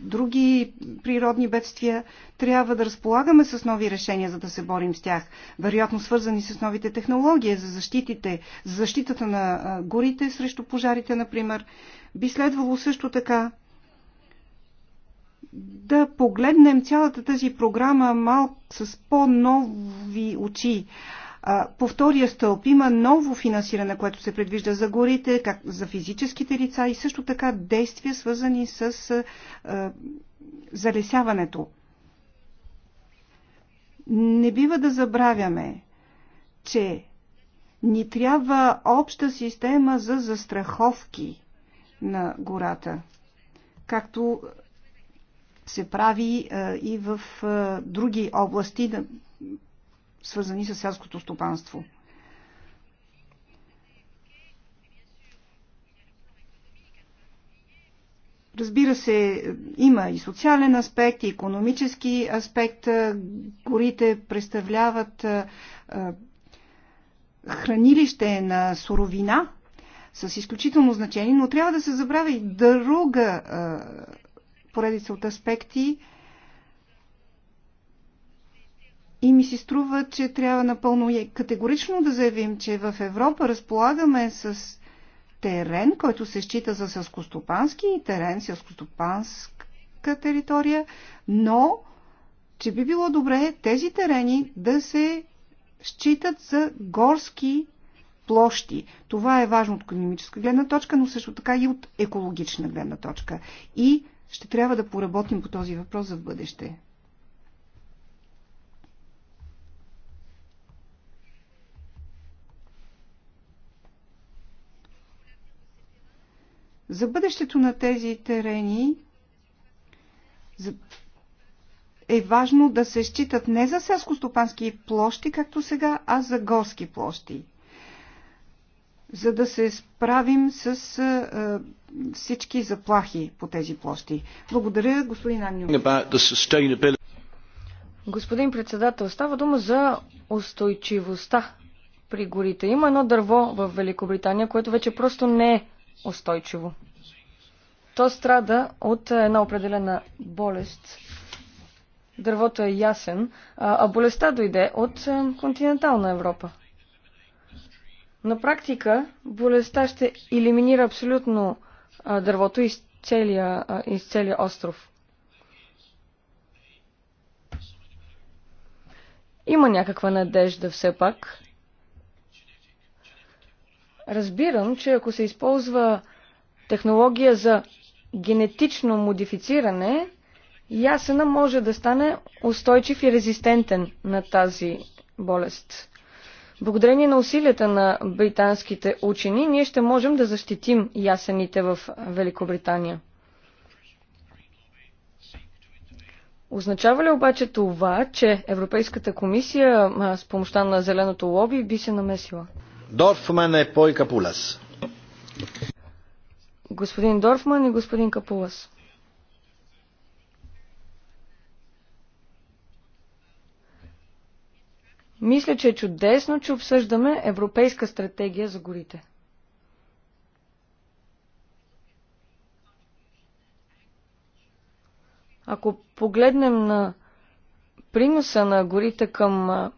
други природни бедствия. Трябва да разполагаме с нови решения, за да се борим с тях. Вероятно свързани с новите технологии за защитите, за защитата на горите срещу пожарите, например. Би следвало също така да погледнем цялата тази програма малко с по-нови очи. По втория стълб има ново финансиране, което се предвижда за горите, как за физическите лица и също така действия, свързани с залесяването. Не бива да забравяме, че ни трябва обща система за застраховки на гората, както се прави и в други области, свързани с селското стопанство. Разбира се, има и социален аспект, и економически аспект. Горите представляват хранилище на суровина с изключително значение, но трябва да се забравя и друга поредица от аспекти – и ми се струва, че трябва напълно категорично да заявим, че в Европа разполагаме с терен, който се счита за сълскостопански и терен, селскостопанска територия, но че би било добре тези терени да се считат за горски площи. Това е важно от економическа гледна точка, но също така и от екологична гледна точка. И ще трябва да поработим по този въпрос за бъдеще. За бъдещето на тези терени е важно да се считат не за селско-стопански площи, както сега, а за горски площи. За да се справим с а, всички заплахи по тези площи. Благодаря, господин Агню. Господин председател, става дума за устойчивостта при горите. Има едно дърво в Великобритания, което вече просто не е устойчиво. То страда от една определена болест. Дървото е ясен, а болестта дойде от континентална Европа. На практика болестта ще елиминира абсолютно дървото из целия, из целия остров. Има някаква надежда все пак. Разбирам, че ако се използва технология за генетично модифициране, ясена може да стане устойчив и резистентен на тази болест. Благодарение на усилията на британските учени, ние ще можем да защитим ясените в Великобритания. Означава ли обаче това, че Европейската комисия с помощта на зеленото лоби би се намесила? E господин Дорфман и господин Капулас. Мисля, че е чудесно, че обсъждаме Европейска стратегия за горите. Ако погледнем на приноса на горите към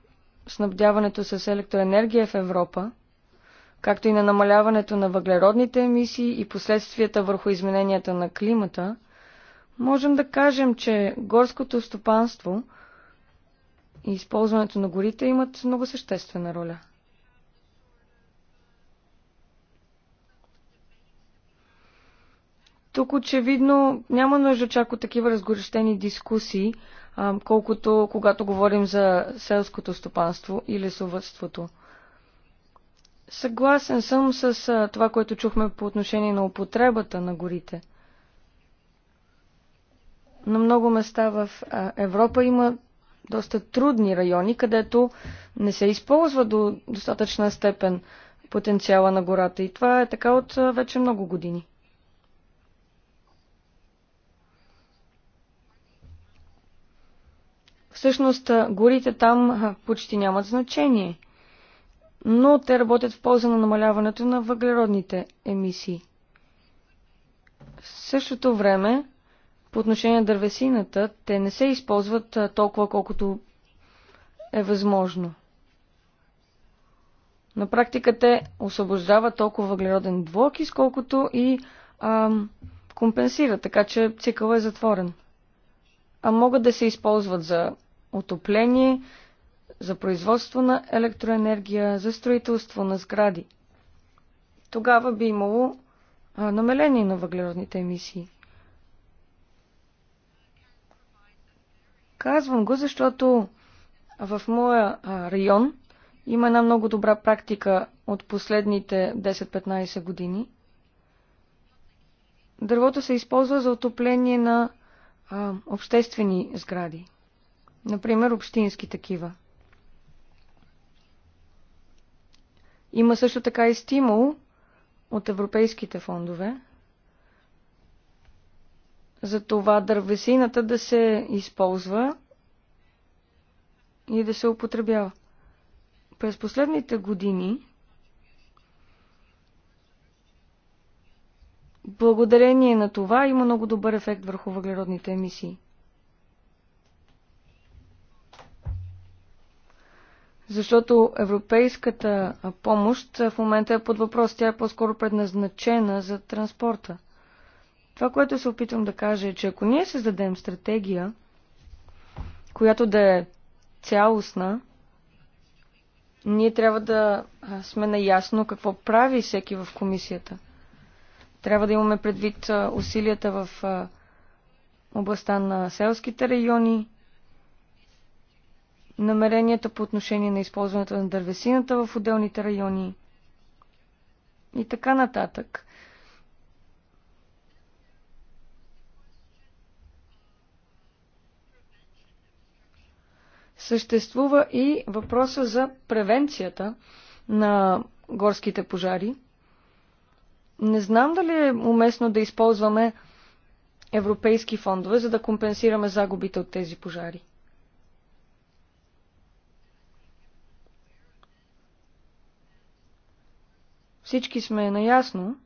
снабдяването с електроенергия в Европа, както и на намаляването на въглеродните емисии и последствията върху измененията на климата, можем да кажем, че горското стопанство и използването на горите имат много съществена роля. Тук очевидно няма нужда чак от такива разгорещени дискусии, колкото когато говорим за селското стопанство и лесовътството. Съгласен съм с това, което чухме по отношение на употребата на горите. На много места в Европа има доста трудни райони, където не се използва до достатъчна степен потенциала на гората. И това е така от вече много години. Всъщност, горите там почти нямат значение – но те работят в полза на намаляването на въглеродните емисии. В същото време, по отношение на дървесината, те не се използват толкова, колкото е възможно. На практика те освобождават толкова въглероден двуокис, изколкото и ам, компенсират, така че цикъл е затворен. А могат да се използват за отопление, за производство на електроенергия, за строителство на сгради. Тогава би имало намаление на въглеродните емисии. Казвам го, защото в моя район има една много добра практика от последните 10-15 години. Дървото се използва за отопление на а, обществени сгради. Например, общински такива. Има също така и стимул от европейските фондове за това дървесината да се използва и да се употребява. През последните години, благодарение на това, има много добър ефект върху въглеродните емисии – защото европейската помощ в момента е под въпрос. Тя е по-скоро предназначена за транспорта. Това, което се опитвам да кажа е, че ако ние създадем стратегия, която да е цялостна, ние трябва да сме наясно какво прави всеки в комисията. Трябва да имаме предвид усилията в областта на селските райони, намеренията по отношение на използването на дървесината в отделните райони и така нататък. Съществува и въпроса за превенцията на горските пожари. Не знам дали е уместно да използваме европейски фондове, за да компенсираме загубите от тези пожари. Всички сме наясно.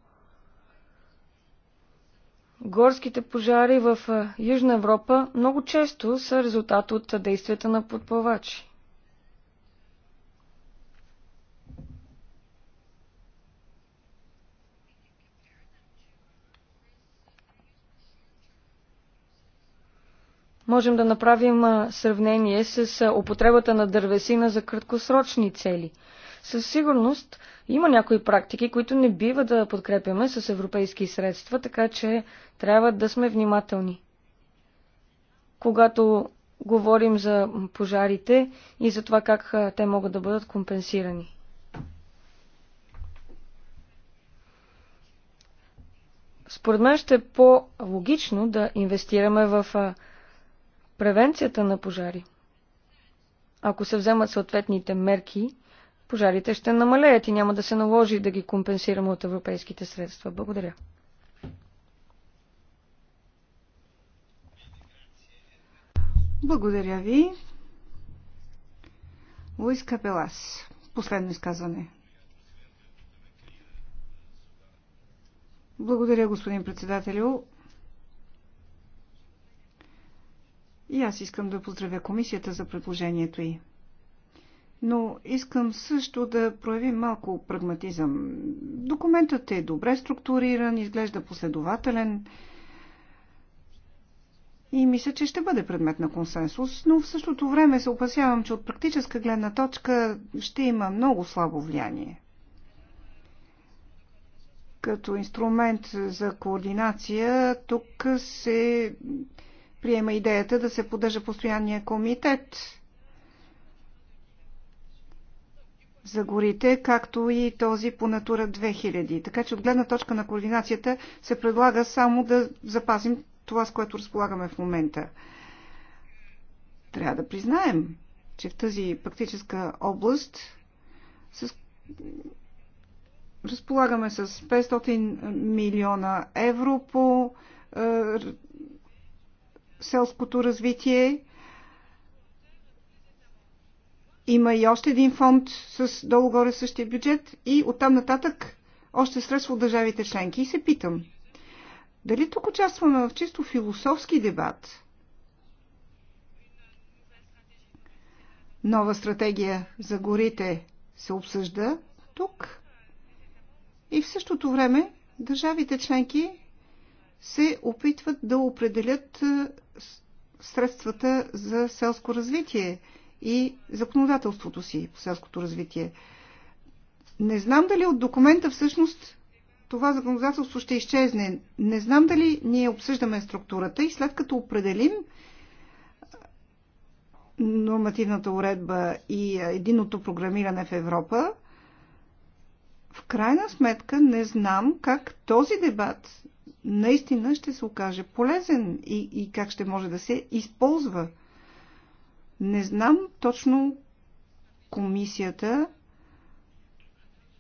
Горските пожари в Южна Европа много често са резултат от действията на подплавачи. можем да направим сравнение с употребата на дървесина за краткосрочни цели. Със сигурност има някои практики, които не бива да подкрепяме с европейски средства, така че трябва да сме внимателни. Когато говорим за пожарите и за това как те могат да бъдат компенсирани. Според мен ще е по-логично да инвестираме в превенцията на пожари. Ако се вземат съответните мерки пожарите ще намалеят и няма да се наложи да ги компенсираме от европейските средства. Благодаря. Благодаря ви. Луис Капелас. Последно изказване. Благодаря, господин председателю. И аз искам да поздравя комисията за предложението й но искам също да проявим малко прагматизъм. Документът е добре структуриран, изглежда последователен и мисля, че ще бъде предмет на консенсус, но в същото време се опасявам, че от практическа гледна точка ще има много слабо влияние. Като инструмент за координация тук се приема идеята да се поддържа постоянния комитет – за горите, както и този по Натура 2000. Така че от гледна точка на координацията се предлага само да запазим това, с което разполагаме в момента. Трябва да признаем, че в тази практическа област с... разполагаме с 500 милиона евро по е, селското развитие има и още един фонд с долу-горе същия бюджет и оттам нататък още средства от държавите членки. И се питам, дали тук участваме в чисто философски дебат? Нова стратегия за горите се обсъжда тук и в същото време държавите членки се опитват да определят средствата за селско развитие и законодателството си по селското развитие. Не знам дали от документа всъщност това законодателство ще изчезне. Не знам дали ние обсъждаме структурата и след като определим нормативната уредба и единното програмиране в Европа, в крайна сметка не знам как този дебат наистина ще се окаже полезен и, и как ще може да се използва не знам точно комисията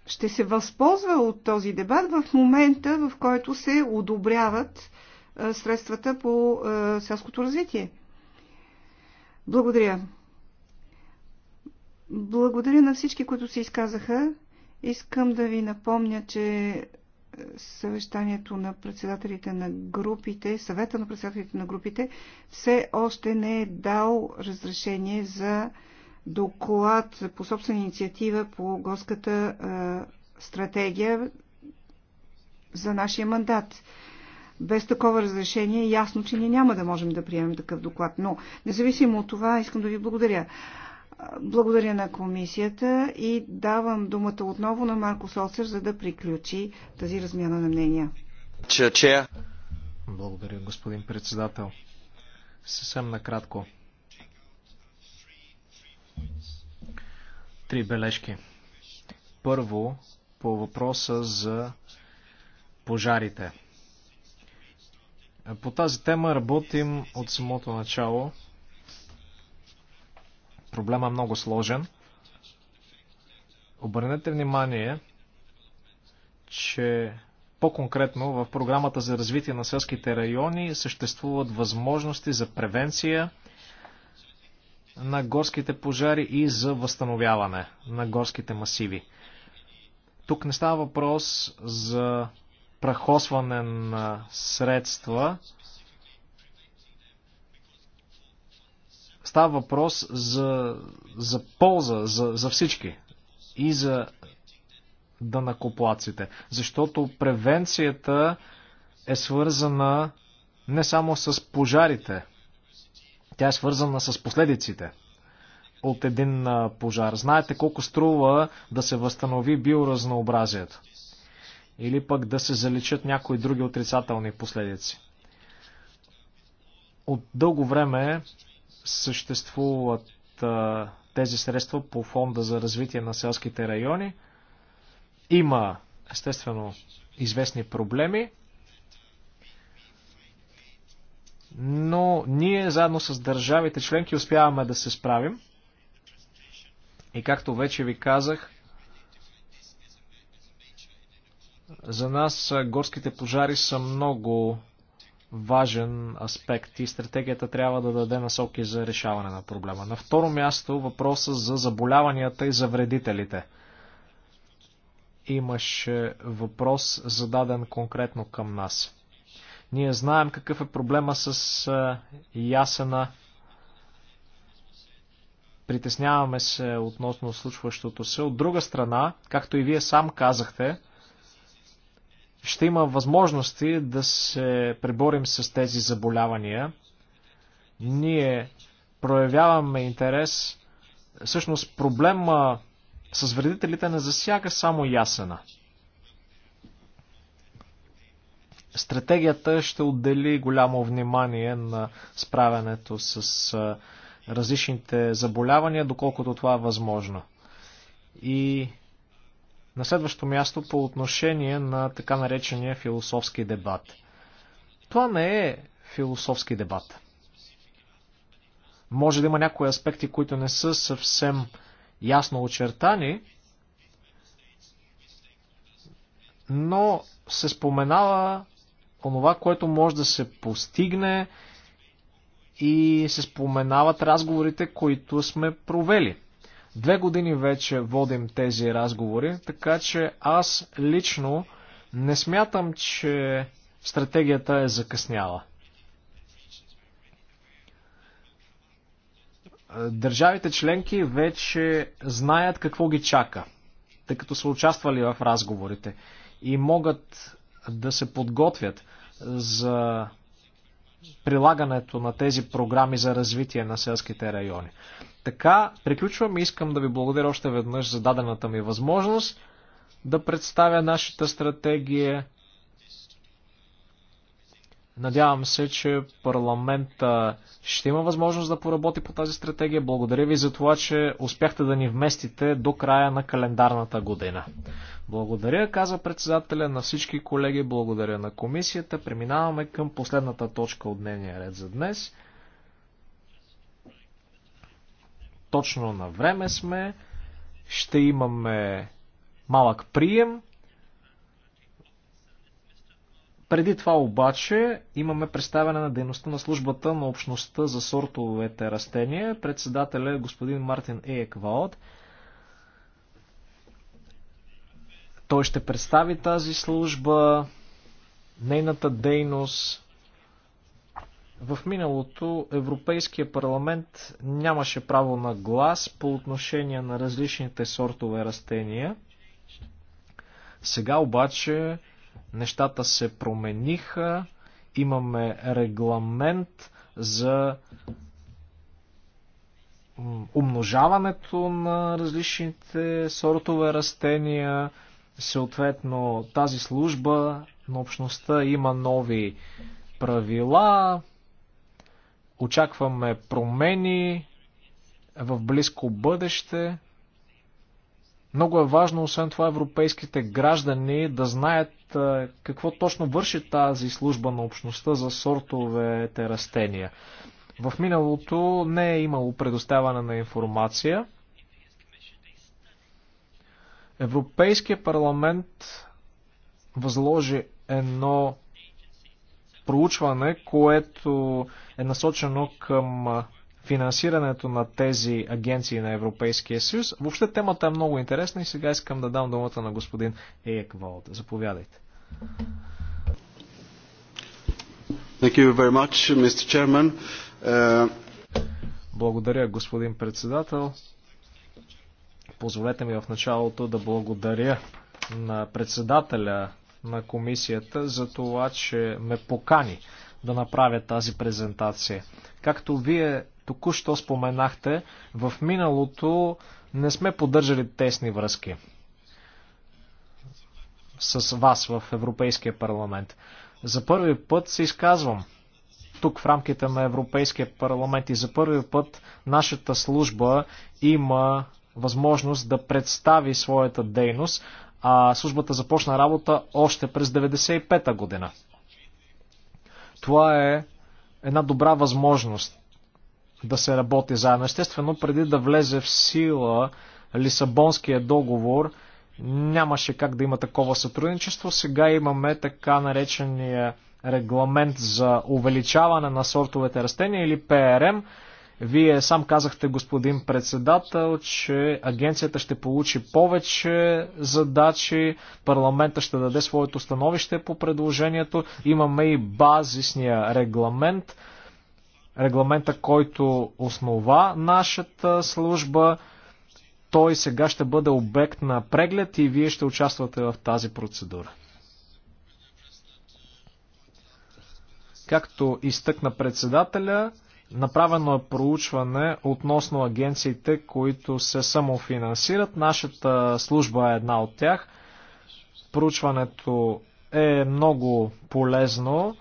ще се възползва от този дебат в момента, в който се одобряват средствата по селското развитие. Благодаря. Благодаря на всички, които се изказаха. Искам да ви напомня, че съвещанието на председателите на групите, съвета на председателите на групите, все още не е дал разрешение за доклад по собствена инициатива по горската стратегия за нашия мандат. Без такова разрешение е ясно, че ние няма да можем да приемем такъв доклад. Но, независимо от това, искам да ви благодаря. Благодаря на комисията и давам думата отново на Марко Солцер, за да приключи тази размяна на мнения. че. Благодаря, господин председател. Съвсем накратко. Три бележки. Първо, по въпроса за пожарите. По тази тема работим от самото начало – Проблема е много сложен. Обърнете внимание, че по-конкретно в програмата за развитие на селските райони съществуват възможности за превенция на горските пожари и за възстановяване на горските масиви. Тук не става въпрос за прахосване на средства, Става въпрос за, за полза за, за всички и за данакоплаците. Защото превенцията е свързана не само с пожарите, тя е свързана с последиците от един пожар. Знаете колко струва да се възстанови биоразнообразието или пък да се заличат някои други отрицателни последици. От дълго време съществуват тези средства по фонда за развитие на селските райони. Има, естествено, известни проблеми, но ние заедно с държавите членки успяваме да се справим. И както вече ви казах, за нас горските пожари са много важен аспект и стратегията трябва да даде насоки за решаване на проблема. На второ място въпроса за заболяванията и за вредителите. Имаше въпрос зададен конкретно към нас. Ние знаем какъв е проблема с ясена. Притесняваме се относно случващото се. От друга страна, както и вие сам казахте, ще има възможности да се преборим с тези заболявания. Ние проявяваме интерес. Всъщност проблема с вредителите не засяга само ясена. Стратегията ще отдели голямо внимание на справянето с различните заболявания, доколкото това е възможно. И на следващо място по отношение на така наречения философски дебат. Това не е философски дебат. Може да има някои аспекти, които не са съвсем ясно очертани, но се споменава онова, което може да се постигне и се споменават разговорите, които сме провели Две години вече водим тези разговори, така че аз лично не смятам, че стратегията е закъсняла. Държавите членки вече знаят какво ги чака, тъй като са участвали в разговорите и могат да се подготвят за прилагането на тези програми за развитие на селските райони. Така, приключвам и искам да ви благодаря още веднъж за дадената ми възможност да представя нашата стратегия. Надявам се, че парламента ще има възможност да поработи по тази стратегия. Благодаря ви за това, че успяхте да ни вместите до края на календарната година. Благодаря, каза председателя на всички колеги, благодаря на комисията. Преминаваме към последната точка от дневния ред за днес. Точно на време сме. Ще имаме малък прием. Преди това обаче имаме представяне на дейността на службата на общността за сортовете растения. Председателя е господин Мартин Еквалт. Той ще представи тази служба, нейната дейност, в миналото Европейския парламент нямаше право на глас по отношение на различните сортове растения. Сега обаче нещата се промениха, имаме регламент за умножаването на различните сортове растения, съответно тази служба на общността има нови правила, Очакваме промени в близко бъдеще. Много е важно, освен това, европейските граждани да знаят какво точно върши тази служба на общността за сортовете растения. В миналото не е имало предоставяне на информация. Европейския парламент възложи едно проучване, което е насочено към финансирането на тези агенции на Европейския съюз. Въобще темата е много интересна и сега искам да дам думата на господин Еквалд. Заповядайте. Thank you very much, Mr. Chairman. Uh... Благодаря, господин председател. Позволете ми в началото да благодаря на председателя на комисията за това, че ме покани да направя тази презентация. Както вие току-що споменахте, в миналото не сме поддържали тесни връзки с вас в Европейския парламент. За първи път се изказвам тук в рамките на Европейския парламент и за първи път нашата служба има възможност да представи своята дейност а службата започна работа още през 1995 година. Това е една добра възможност да се работи заедно. Естествено, преди да влезе в сила Лисабонския договор, нямаше как да има такова сътрудничество. Сега имаме така наречения регламент за увеличаване на сортовете растения или ПРМ. Вие сам казахте, господин председател, че агенцията ще получи повече задачи, парламента ще даде своето становище по предложението. Имаме и базисния регламент, регламента, който основа нашата служба. Той сега ще бъде обект на преглед и вие ще участвате в тази процедура. Както изтъкна председателя, Направено е проучване относно агенциите, които се самофинансират. Нашата служба е една от тях. Проучването е много полезно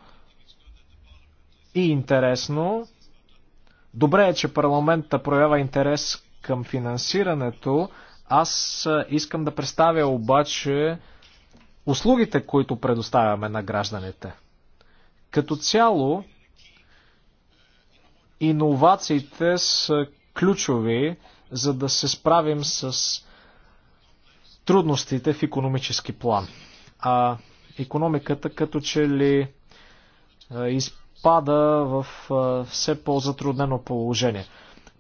и интересно. Добре е, че парламента проява интерес към финансирането. Аз искам да представя обаче услугите, които предоставяме на гражданите. Като цяло, Иновациите са ключови, за да се справим с трудностите в економически план. А економиката като че ли изпада в все по-затруднено положение.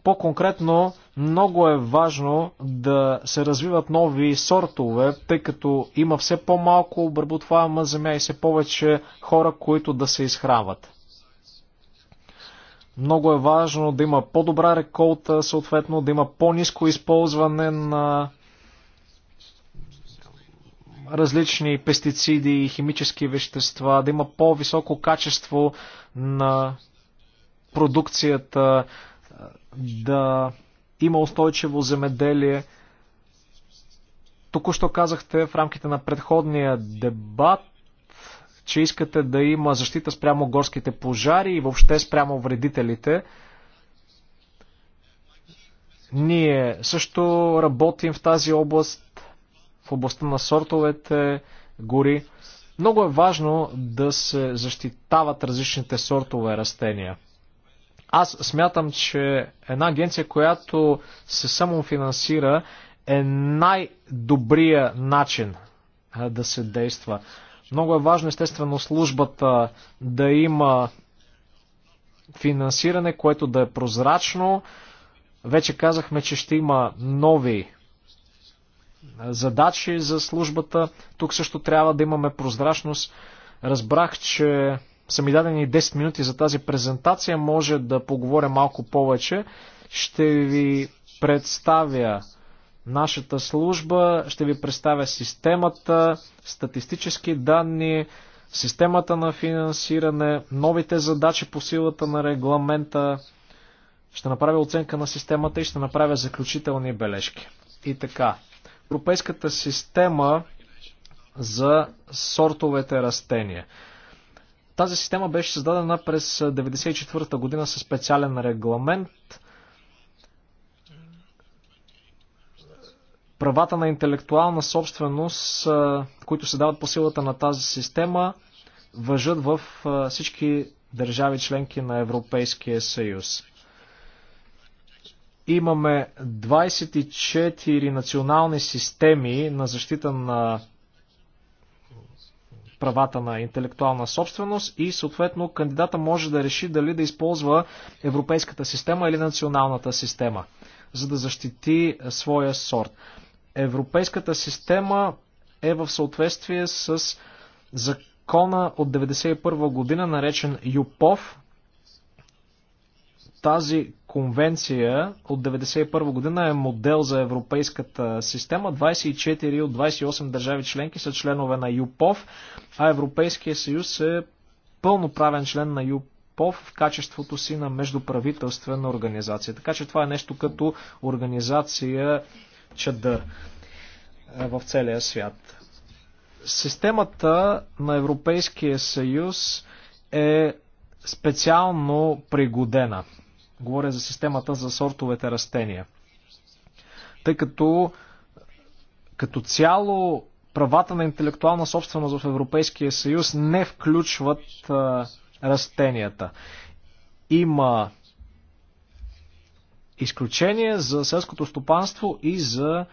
По-конкретно, много е важно да се развиват нови сортове, тъй като има все по-малко обработваема земя и все повече хора, които да се изхранват. Много е важно да има по-добра реколта, съответно да има по-низко използване на различни пестициди и химически вещества, да има по-високо качество на продукцията, да има устойчиво земеделие. Току-що казахте в рамките на предходния дебат, че искате да има защита спрямо горските пожари и въобще спрямо вредителите. Ние също работим в тази област, в областта на сортовете гори. Много е важно да се защитават различните сортове растения. Аз смятам, че една агенция, която се самофинансира, е най-добрия начин да се действа. Много е важно, естествено, службата да има финансиране, което да е прозрачно. Вече казахме, че ще има нови задачи за службата. Тук също трябва да имаме прозрачност. Разбрах, че са ми дадени 10 минути за тази презентация. Може да поговоря малко повече. Ще ви представя нашата служба ще ви представя системата, статистически данни, системата на финансиране, новите задачи по силата на регламента. Ще направя оценка на системата и ще направя заключителни бележки. И така, европейската система за сортовете растения. Тази система беше създадена през 1994 година със специален регламент. правата на интелектуална собственост, които се дават по силата на тази система, въжат в всички държави членки на Европейския съюз. Имаме 24 национални системи на защита на правата на интелектуална собственост и съответно кандидата може да реши дали да използва европейската система или националната система, за да защити своя сорт. Европейската система е в съответствие с закона от 1991 година, наречен ЮПОВ. Тази конвенция от 1991 година е модел за европейската система. 24 от 28 държави членки са членове на ЮПОВ, а Европейския съюз е пълноправен член на ЮПОВ. в качеството си на междуправителствена организация. Така че това е нещо като организация чадър в целия свят. Системата на Европейския съюз е специално пригодена. Говоря за системата за сортовете растения. Тъй като като цяло правата на интелектуална собственост в Европейския съюз не включват а, растенията. Има изключение за селското стопанство и за е,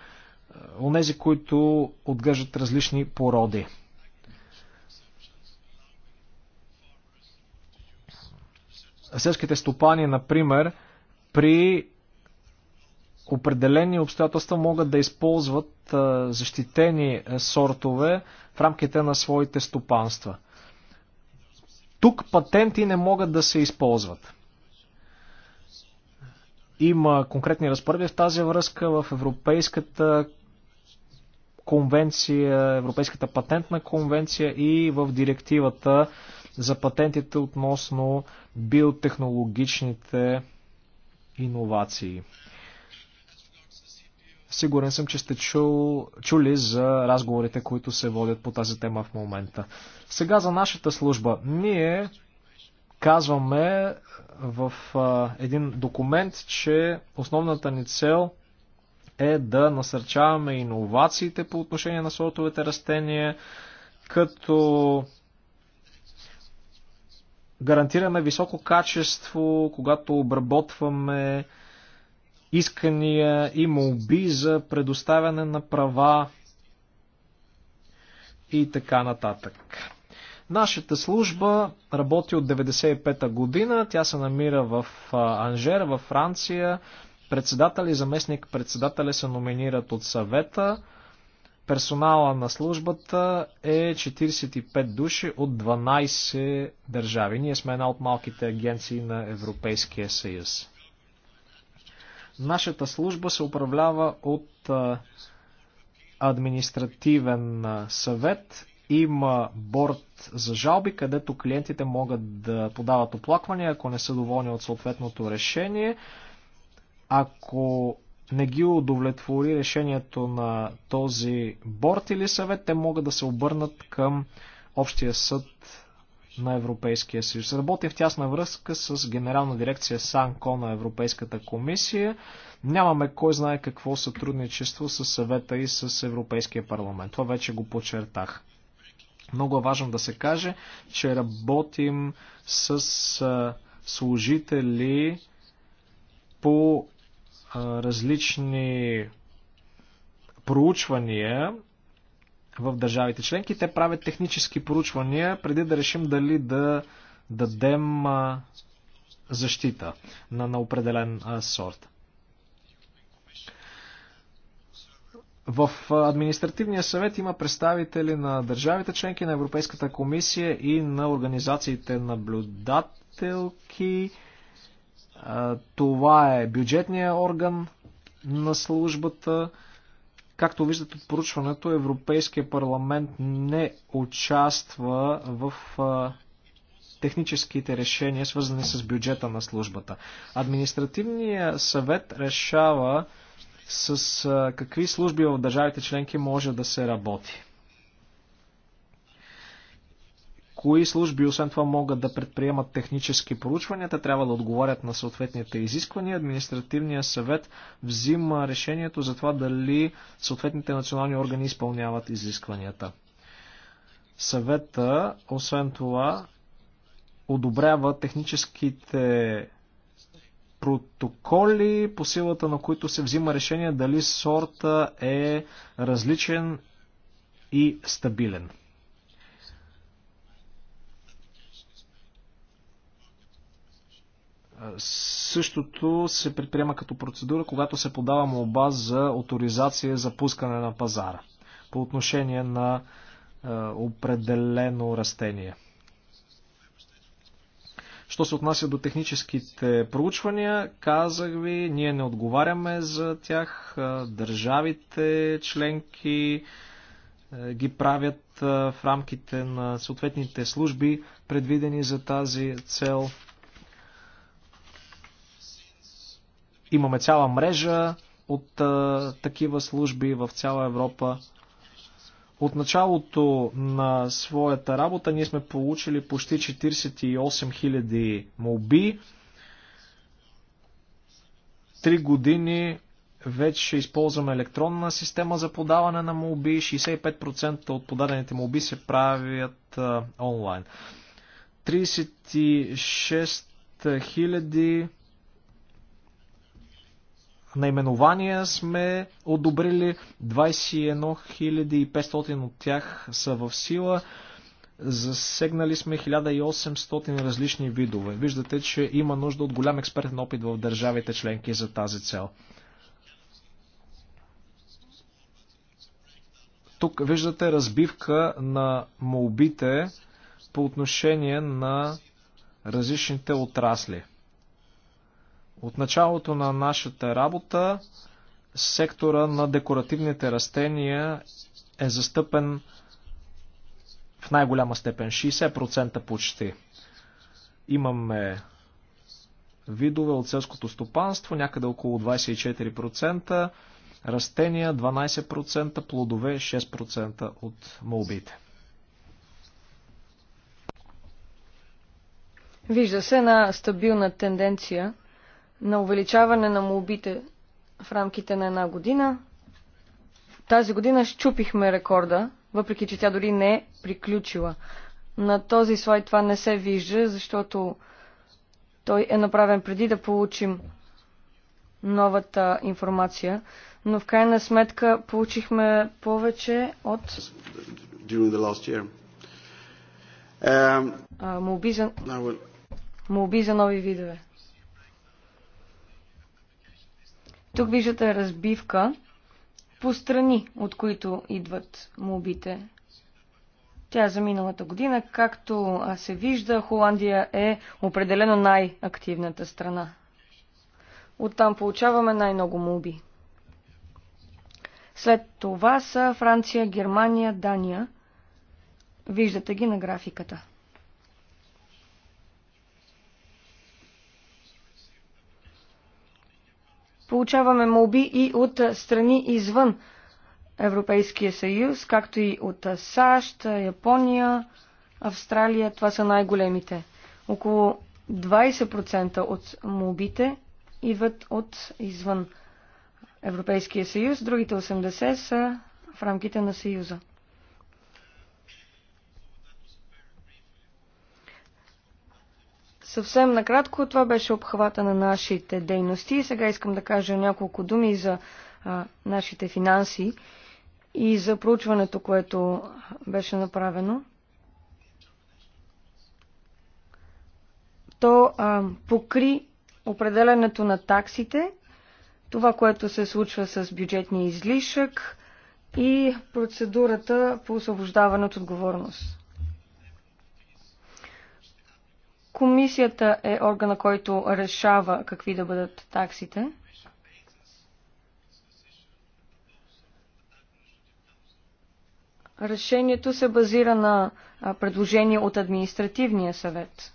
онези, които отглеждат различни породи. Селските стопани, например, при определени обстоятелства могат да използват е, защитени е, сортове в рамките на своите стопанства. Тук патенти не могат да се използват. Има конкретни разпоредби в тази връзка в Европейската конвенция, Европейската патентна конвенция и в директивата за патентите относно биотехнологичните иновации. Сигурен съм, че сте чул, чули за разговорите, които се водят по тази тема в момента. Сега за нашата служба. Ние казваме в един документ, че основната ни цел е да насърчаваме иновациите по отношение на сортовете растения, като гарантираме високо качество, когато обработваме искания и молби за предоставяне на права и така нататък. Нашата служба работи от 1995-та година. Тя се намира в Анжер, във Франция. Председател и заместник председателя се номинират от съвета. Персонала на службата е 45 души от 12 държави. Ние сме една от малките агенции на Европейския съюз. Нашата служба се управлява от административен съвет има борт за жалби, където клиентите могат да подават оплаквания, ако не са доволни от съответното решение. Ако не ги удовлетвори решението на този борт или съвет, те могат да се обърнат към Общия съд на Европейския съюз. Работим в тясна връзка с Генерална дирекция Санко на Европейската комисия. Нямаме кой знае какво сътрудничество с съвета и с Европейския парламент. Това вече го подчертах. Много е важно да се каже, че работим с служители по различни проучвания в държавите членки. Те правят технически проучвания, преди да решим дали да дадем защита на, на определен сорт. В административния съвет има представители на държавите членки на Европейската комисия и на организациите наблюдателки. Това е бюджетния орган на службата. Както виждате от поручването, Европейския парламент не участва в техническите решения, свързани с бюджета на службата. Административният съвет решава с а, какви служби в държавите членки може да се работи. Кои служби, освен това, могат да предприемат технически проучвания, те трябва да отговарят на съответните изисквания. Административният съвет взима решението за това дали съответните национални органи изпълняват изискванията. Съвета, освен това, одобрява техническите протоколи, по силата на които се взима решение дали сорта е различен и стабилен. Същото се предприема като процедура, когато се подава молба за авторизация за пускане на пазара по отношение на е, определено растение. Що се отнася до техническите проучвания, казах ви, ние не отговаряме за тях. Държавите членки е, ги правят е, в рамките на съответните служби, предвидени за тази цел. Имаме цяла мрежа от е, такива служби в цяла Европа. От началото на своята работа ние сме получили почти 48 000 молби. Три години вече използваме електронна система за подаване на молби. 65% от подадените молби се правят а, онлайн. 36 000 наименования сме одобрили. 21 500 от тях са в сила. Засегнали сме 1800 различни видове. Виждате, че има нужда от голям експертен опит в държавите членки за тази цел. Тук виждате разбивка на молбите по отношение на различните отрасли. От началото на нашата работа сектора на декоративните растения е застъпен в най-голяма степен 60% почти. Имаме видове от селското стопанство, някъде около 24%, растения 12%, плодове 6% от молбите. Вижда се една стабилна тенденция на увеличаване на молбите в рамките на една година. Тази година щупихме рекорда, въпреки че тя дори не е приключила. На този слайд това не се вижда, защото той е направен преди да получим новата информация, но в крайна сметка получихме повече от during the last year. Um, молби, за... Will... молби за нови видове. Тук виждате разбивка по страни, от които идват мобите. Тя е за миналата година. Както се вижда, Холандия е определено най-активната страна. Оттам получаваме най-много молби. След това са Франция, Германия, Дания. Виждате ги на графиката. Получаваме молби и от страни извън Европейския съюз, както и от САЩ, Япония, Австралия. Това са най-големите. Около 20% от молбите идват от извън Европейския съюз, другите 80% са в рамките на съюза. Съвсем накратко това беше обхвата на нашите дейности. Сега искам да кажа няколко думи за а, нашите финанси и за проучването, което беше направено. То а, покри определенето на таксите, това, което се случва с бюджетния излишък и процедурата по освобождаване от отговорност. Комисията е органа, който решава какви да бъдат таксите. Решението се базира на предложение от административния съвет.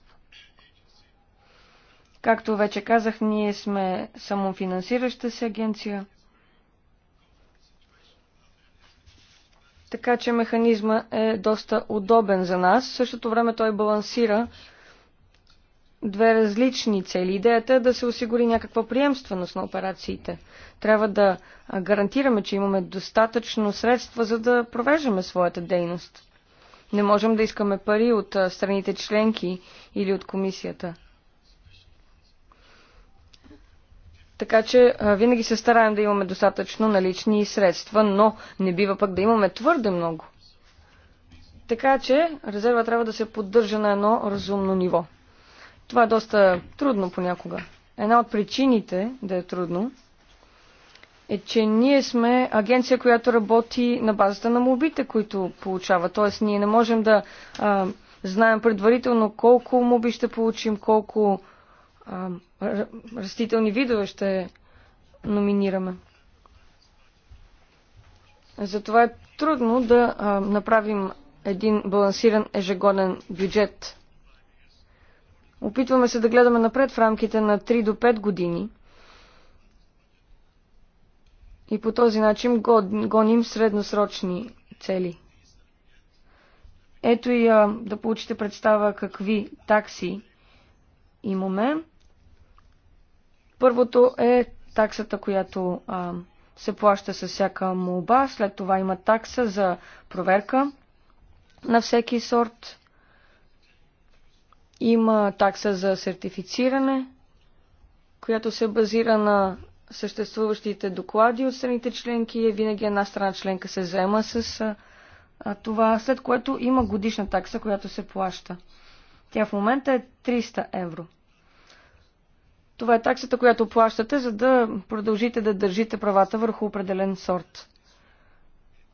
Както вече казах, ние сме самофинансираща се агенция. Така че механизма е доста удобен за нас. В същото време той балансира две различни цели. Идеята е да се осигури някаква приемственост на операциите. Трябва да гарантираме, че имаме достатъчно средства, за да провеждаме своята дейност. Не можем да искаме пари от страните членки или от комисията. Така че винаги се стараем да имаме достатъчно налични средства, но не бива пък да имаме твърде много. Така че резерва трябва да се поддържа на едно разумно ниво. Това е доста трудно понякога. Една от причините да е трудно е, че ние сме агенция, която работи на базата на мобите, които получава. Тоест, ние не можем да а, знаем предварително колко моби ще получим, колко а, растителни видове ще номинираме. Затова е трудно да а, направим един балансиран ежегоден бюджет Опитваме се да гледаме напред в рамките на 3 до 5 години. И по този начин гоним средносрочни цели. Ето и а, да получите представа какви такси имаме. Първото е таксата, която а, се плаща с всяка молба. След това има такса за проверка на всеки сорт има такса за сертифициране, която се базира на съществуващите доклади от страните членки и винаги една страна членка се заема с това, след което има годишна такса, която се плаща. Тя в момента е 300 евро. Това е таксата, която плащате, за да продължите да държите правата върху определен сорт.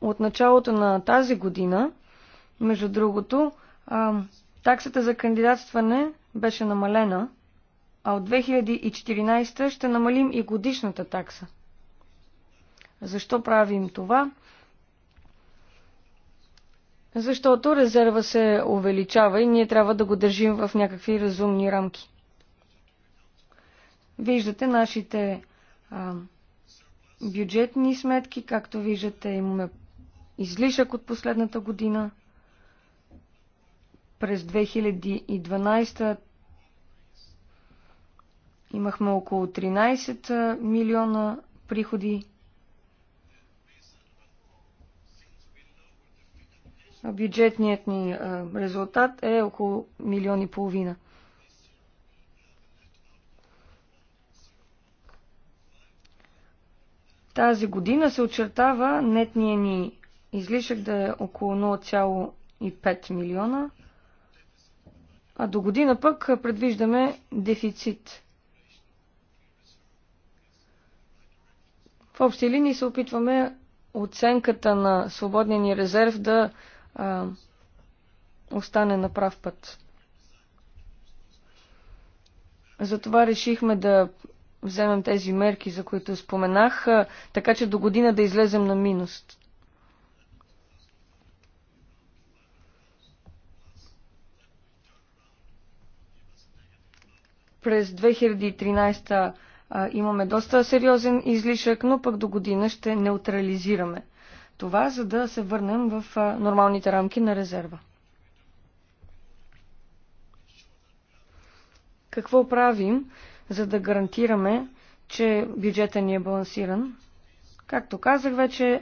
От началото на тази година, между другото, Таксата за кандидатстване беше намалена, а от 2014 ще намалим и годишната такса. Защо правим това? Защото резерва се увеличава и ние трябва да го държим в някакви разумни рамки. Виждате нашите а, бюджетни сметки, както виждате имаме излишък от последната година. През 2012 имахме около 13 милиона приходи. Бюджетният ни резултат е около милион и половина. Тази година се очертава нетния ни излишък да е около 0,5 милиона. А до година пък предвиждаме дефицит. В общи линии се опитваме оценката на свободния ни резерв да а, остане на прав път. Затова решихме да вземем тези мерки, за които споменах, така че до година да излезем на минус. През 2013 а, имаме доста сериозен излишък, но пък до година ще неутрализираме това, за да се върнем в а, нормалните рамки на резерва. Какво правим, за да гарантираме, че бюджета ни е балансиран? Както казах вече,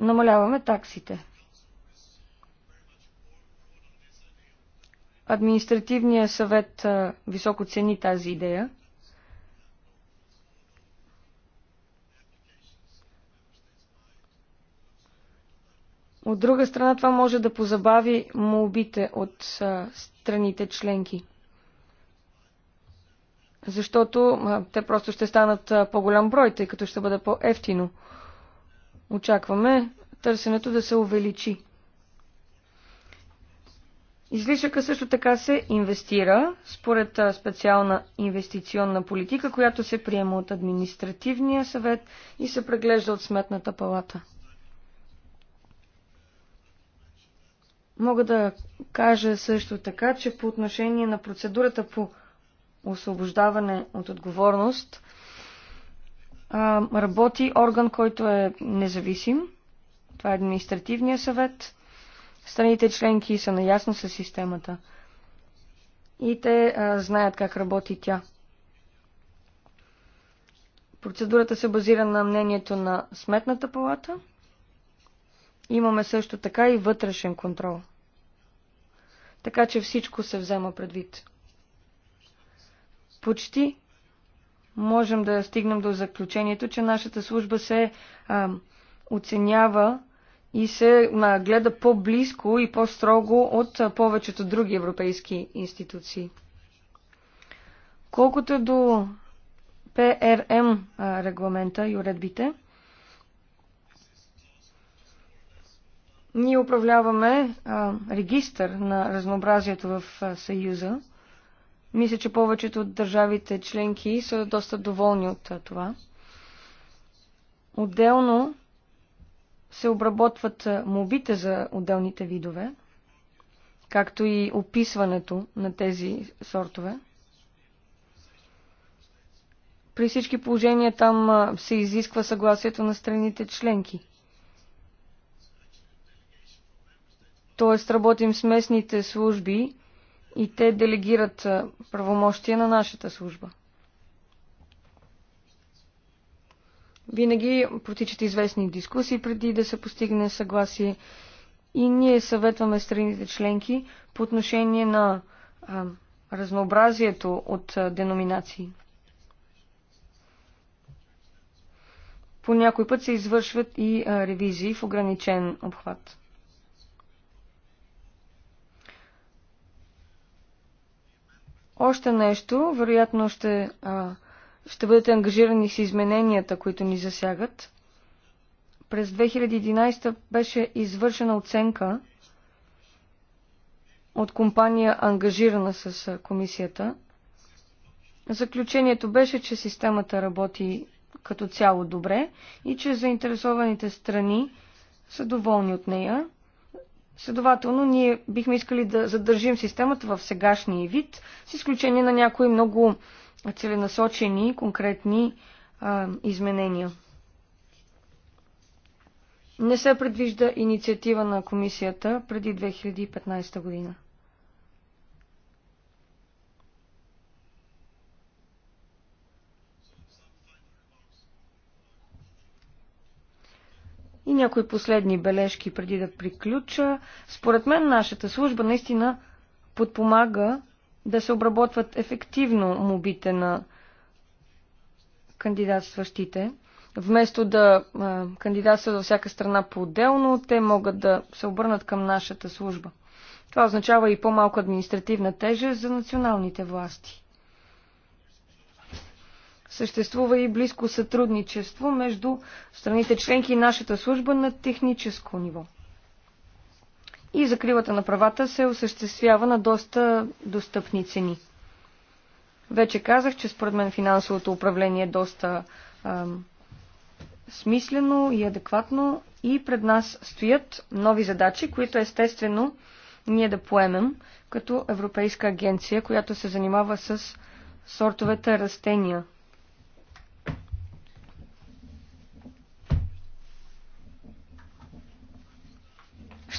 намаляваме таксите. Административният съвет високо цени тази идея. От друга страна, това може да позабави молбите от страните членки. Защото те просто ще станат по-голям брой, тъй като ще бъде по-ефтино. Очакваме търсенето да се увеличи. Излишъка също така се инвестира според специална инвестиционна политика, която се приема от административния съвет и се преглежда от сметната палата. Мога да кажа също така, че по отношение на процедурата по освобождаване от отговорност работи орган, който е независим. Това е административния съвет. Страните членки са наясно с системата и те а, знаят как работи тя. Процедурата се базира на мнението на Сметната палата. Имаме също така и вътрешен контрол. Така че всичко се взема предвид. Почти можем да стигнем до заключението, че нашата служба се а, оценява и се гледа по-близко и по-строго от повечето други европейски институции. Колкото до ПРМ регламента и уредбите, ние управляваме регистър на разнообразието в Съюза. Мисля, че повечето от държавите членки са доста доволни от това. Отделно се обработват мобите за отделните видове, както и описването на тези сортове. При всички положения там се изисква съгласието на страните членки. Тоест работим с местните служби и те делегират правомощия на нашата служба. Винаги протичат известни дискусии преди да се постигне съгласие и ние съветваме страните членки по отношение на а, разнообразието от а, деноминации. По някой път се извършват и а, ревизии в ограничен обхват. Още нещо, вероятно ще а, ще бъдете ангажирани с измененията, които ни засягат. През 2011 беше извършена оценка от компания, ангажирана с комисията. Заключението беше, че системата работи като цяло добре и че заинтересованите страни са доволни от нея. Следователно, ние бихме искали да задържим системата в сегашния вид, с изключение на някои много целенасочени конкретни а, изменения. Не се предвижда инициатива на комисията преди 2015 година. И някои последни бележки преди да приключа. Според мен нашата служба наистина подпомага да се обработват ефективно мобите на кандидатстващите. Вместо да кандидатстват във всяка страна по-отделно, те могат да се обърнат към нашата служба. Това означава и по-малко административна тежест за националните власти. Съществува и близко сътрудничество между страните членки и нашата служба на техническо ниво и закривата на правата се осъществява на доста достъпни цени. Вече казах, че според мен финансовото управление е доста ам, смислено и адекватно и пред нас стоят нови задачи, които естествено ние да поемем като Европейска агенция, която се занимава с сортовете растения.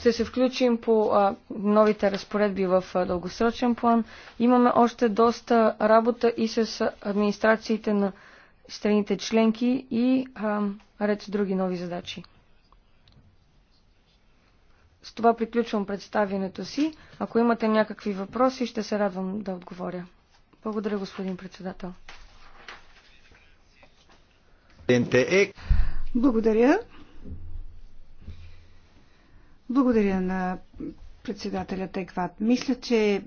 ще се включим по а, новите разпоредби в а, дългосрочен план. Имаме още доста работа и с администрациите на страните членки и а, ред с други нови задачи. С това приключвам представянето си. Ако имате някакви въпроси, ще се радвам да отговоря. Благодаря, господин председател. Е. Благодаря. Благодаря на председателя Текват. Мисля, че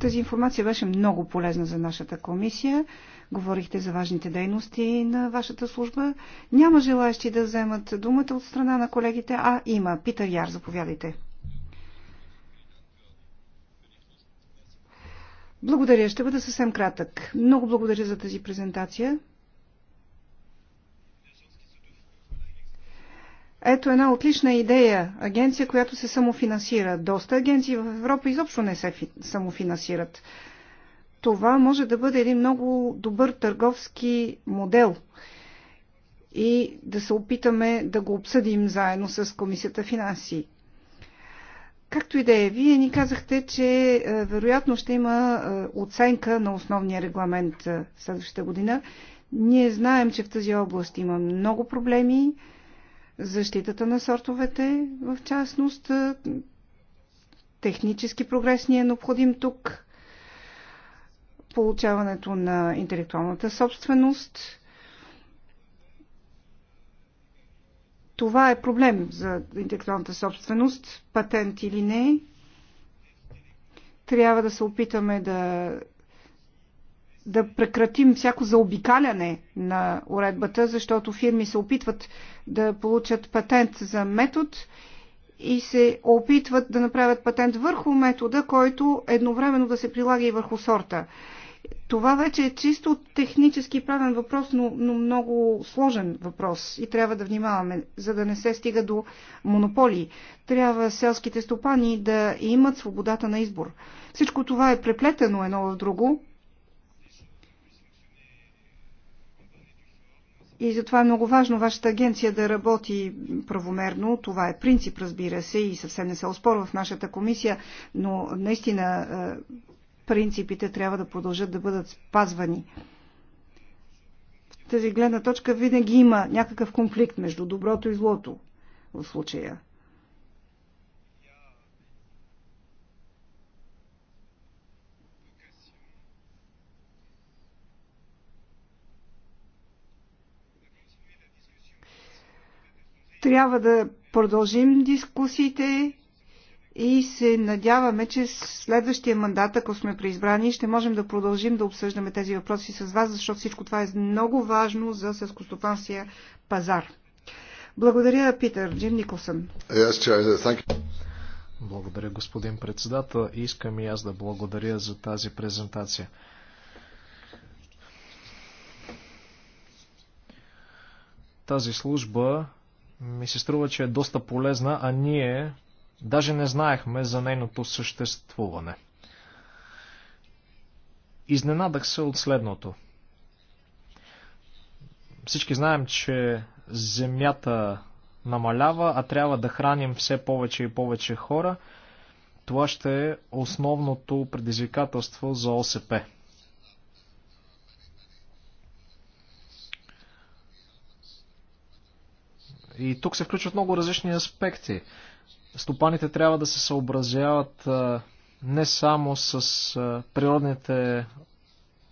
тази информация беше много полезна за нашата комисия. Говорихте за важните дейности на вашата служба. Няма желаящи да вземат думата от страна на колегите. А, има. Питър Яр, заповядайте. Благодаря. Ще бъда съвсем кратък. Много благодаря за тази презентация. Ето една отлична идея. Агенция, която се самофинансира. Доста агенции в Европа изобщо не се самофинансират. Това може да бъде един много добър търговски модел и да се опитаме да го обсъдим заедно с Комисията финанси. Както и да е, вие ни казахте, че е, вероятно ще има е, оценка на основния регламент е, следващата година. Ние знаем, че в тази област има много проблеми защитата на сортовете, в частност. Технически прогрес ни е необходим тук. Получаването на интелектуалната собственост. Това е проблем за интелектуалната собственост, патент или не. Трябва да се опитаме да да прекратим всяко заобикаляне на уредбата, защото фирми се опитват да получат патент за метод и се опитват да направят патент върху метода, който едновременно да се прилага и върху сорта. Това вече е чисто технически правен въпрос, но, но много сложен въпрос и трябва да внимаваме, за да не се стига до монополии. Трябва селските стопани да имат свободата на избор. Всичко това е преплетено едно в друго И затова е много важно вашата агенция да работи правомерно. Това е принцип, разбира се, и съвсем не се оспорва в нашата комисия, но наистина е, принципите трябва да продължат да бъдат спазвани. В тази гледна точка винаги има някакъв конфликт между доброто и злото в случая. Трябва да продължим дискусиите и се надяваме, че следващия мандат, ако сме преизбрани, ще можем да продължим да обсъждаме тези въпроси с вас, защото всичко това е много важно за селскостопанския пазар. Благодаря, Питър. Джим Николсън. Благодаря, господин председател. Искам и аз да благодаря за тази презентация. Тази служба ми се струва, че е доста полезна, а ние даже не знаехме за нейното съществуване. Изненадах се от следното. Всички знаем, че Земята намалява, а трябва да храним все повече и повече хора. Това ще е основното предизвикателство за ОСП. И тук се включват много различни аспекти. Стопаните трябва да се съобразяват не само с природните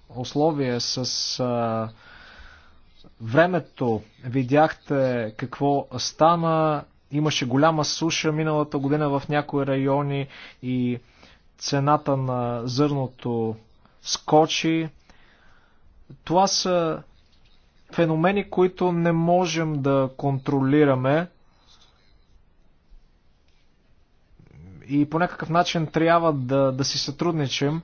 условия, с времето. Видяхте какво стана. Имаше голяма суша миналата година в някои райони и цената на зърното скочи. Това са феномени, които не можем да контролираме и по някакъв начин трябва да, да си сътрудничим,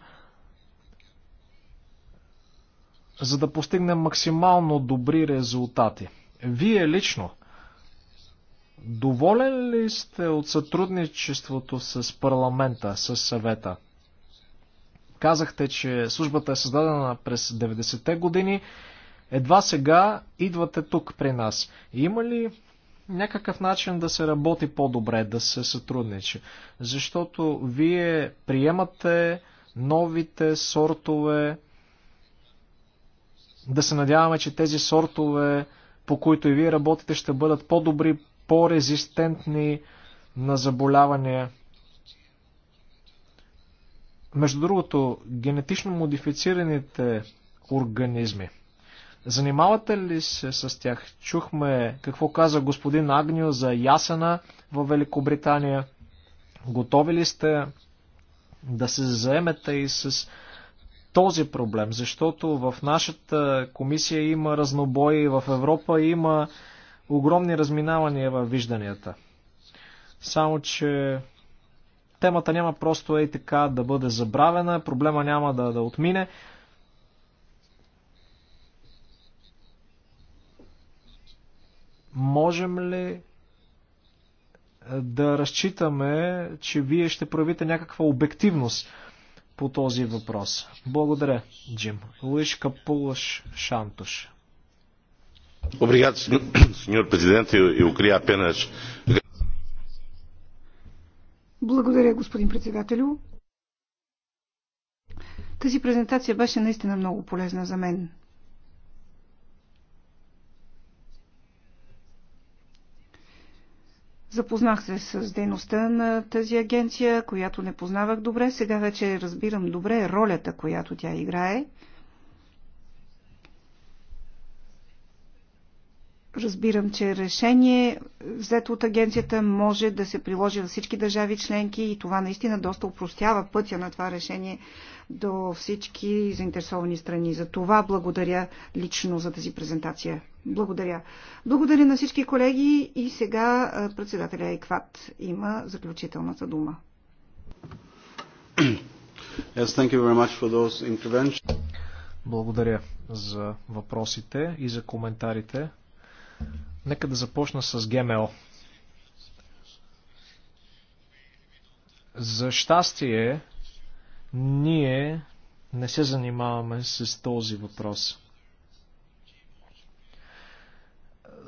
за да постигнем максимално добри резултати. Вие лично, доволен ли сте от сътрудничеството с парламента, с съвета? Казахте, че службата е създадена през 90-те години едва сега идвате тук при нас. Има ли някакъв начин да се работи по-добре, да се сътрудничи? Защото вие приемате новите сортове, да се надяваме, че тези сортове, по които и вие работите, ще бъдат по-добри, по-резистентни на заболявания. Между другото, генетично модифицираните организми. Занимавате ли се с тях? Чухме какво каза господин Агнио за Ясена в Великобритания. Готови ли сте да се заемете и с този проблем? Защото в нашата комисия има разнобои, в Европа има огромни разминавания във вижданията. Само, че темата няма просто е така да бъде забравена, проблема няма да, да отмине. Можем ли е, да разчитаме, че вие ще проявите някаква обективност по този въпрос? Благодаря, Джим. Луиш Капулаш Шантуш. благодаря, господин председателю. Тази презентация беше наистина много полезна за мен. Запознах се с дейността на тази агенция, която не познавах добре. Сега вече разбирам добре ролята, която тя играе – Разбирам, че решение взето от агенцията може да се приложи на всички държави членки и това наистина доста упростява пътя на това решение до всички заинтересовани страни. За това благодаря лично за тази презентация. Благодаря. Благодаря на всички колеги и сега председателя Екват има заключителната дума. Yes, thank you very much for those Благодаря за въпросите и за коментарите. Нека да започна с ГМО. За щастие, ние не се занимаваме с този въпрос.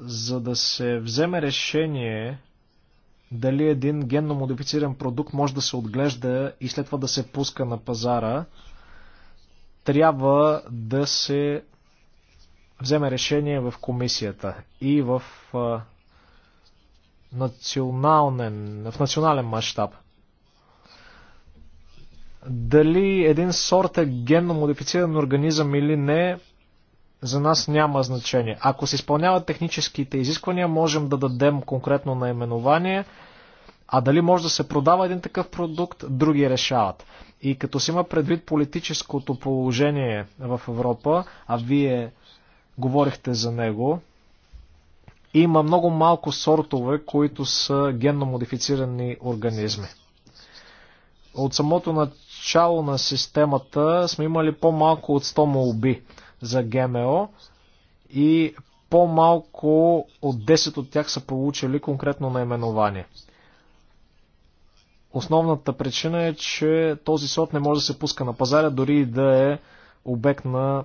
За да се вземе решение дали един генно модифициран продукт може да се отглежда и след това да се пуска на пазара, трябва да се вземе решение в комисията и в, национален, в национален мащаб. Дали един сорт е генно модифициран организъм или не, за нас няма значение. Ако се изпълняват техническите изисквания, можем да дадем конкретно наименование, а дали може да се продава един такъв продукт, други решават. И като си има предвид политическото положение в Европа, а вие говорихте за него. Има много малко сортове, които са генно модифицирани организми. От самото начало на системата сме имали по-малко от 100 молби за ГМО и по-малко от 10 от тях са получили конкретно наименование. Основната причина е, че този сорт не може да се пуска на пазаря, дори и да е обект на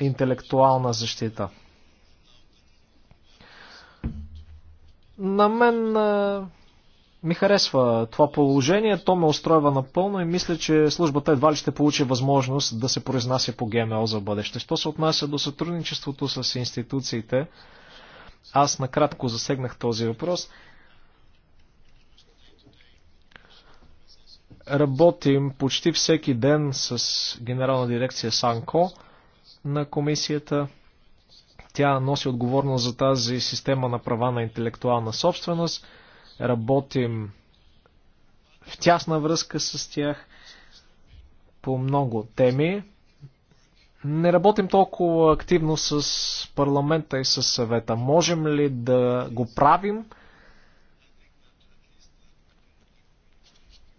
интелектуална защита. На мен ми харесва това положение, то ме устройва напълно и мисля, че службата едва ли ще получи възможност да се произнася по ГМО за бъдеще. Що се отнася до сътрудничеството с институциите, аз накратко засегнах този въпрос. Работим почти всеки ден с Генерална дирекция Санко на комисията. Тя носи отговорност за тази система на права на интелектуална собственост. Работим в тясна връзка с тях по много теми. Не работим толкова активно с парламента и с съвета. Можем ли да го правим?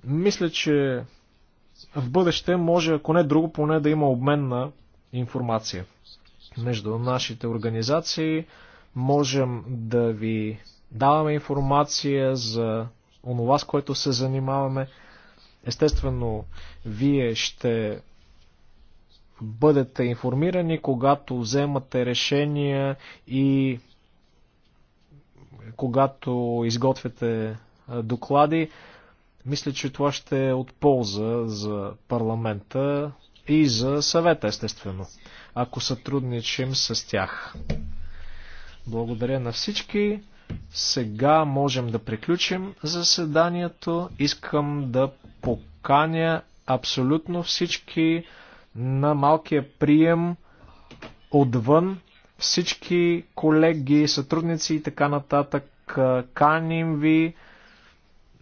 Мисля, че в бъдеще може, ако не друго, поне да има обмен на информация между нашите организации. Можем да ви даваме информация за онова, с което се занимаваме. Естествено, вие ще бъдете информирани, когато вземате решения и когато изготвяте доклади. Мисля, че това ще е от полза за парламента и за съвета, естествено, ако сътрудничим с тях. Благодаря на всички. Сега можем да приключим заседанието. Искам да поканя абсолютно всички на малкия прием отвън. Всички колеги, сътрудници и така нататък. Каним ви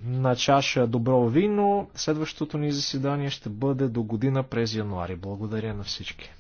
на чаша добро вино. Следващото ни заседание ще бъде до година през януари. Благодаря на всички.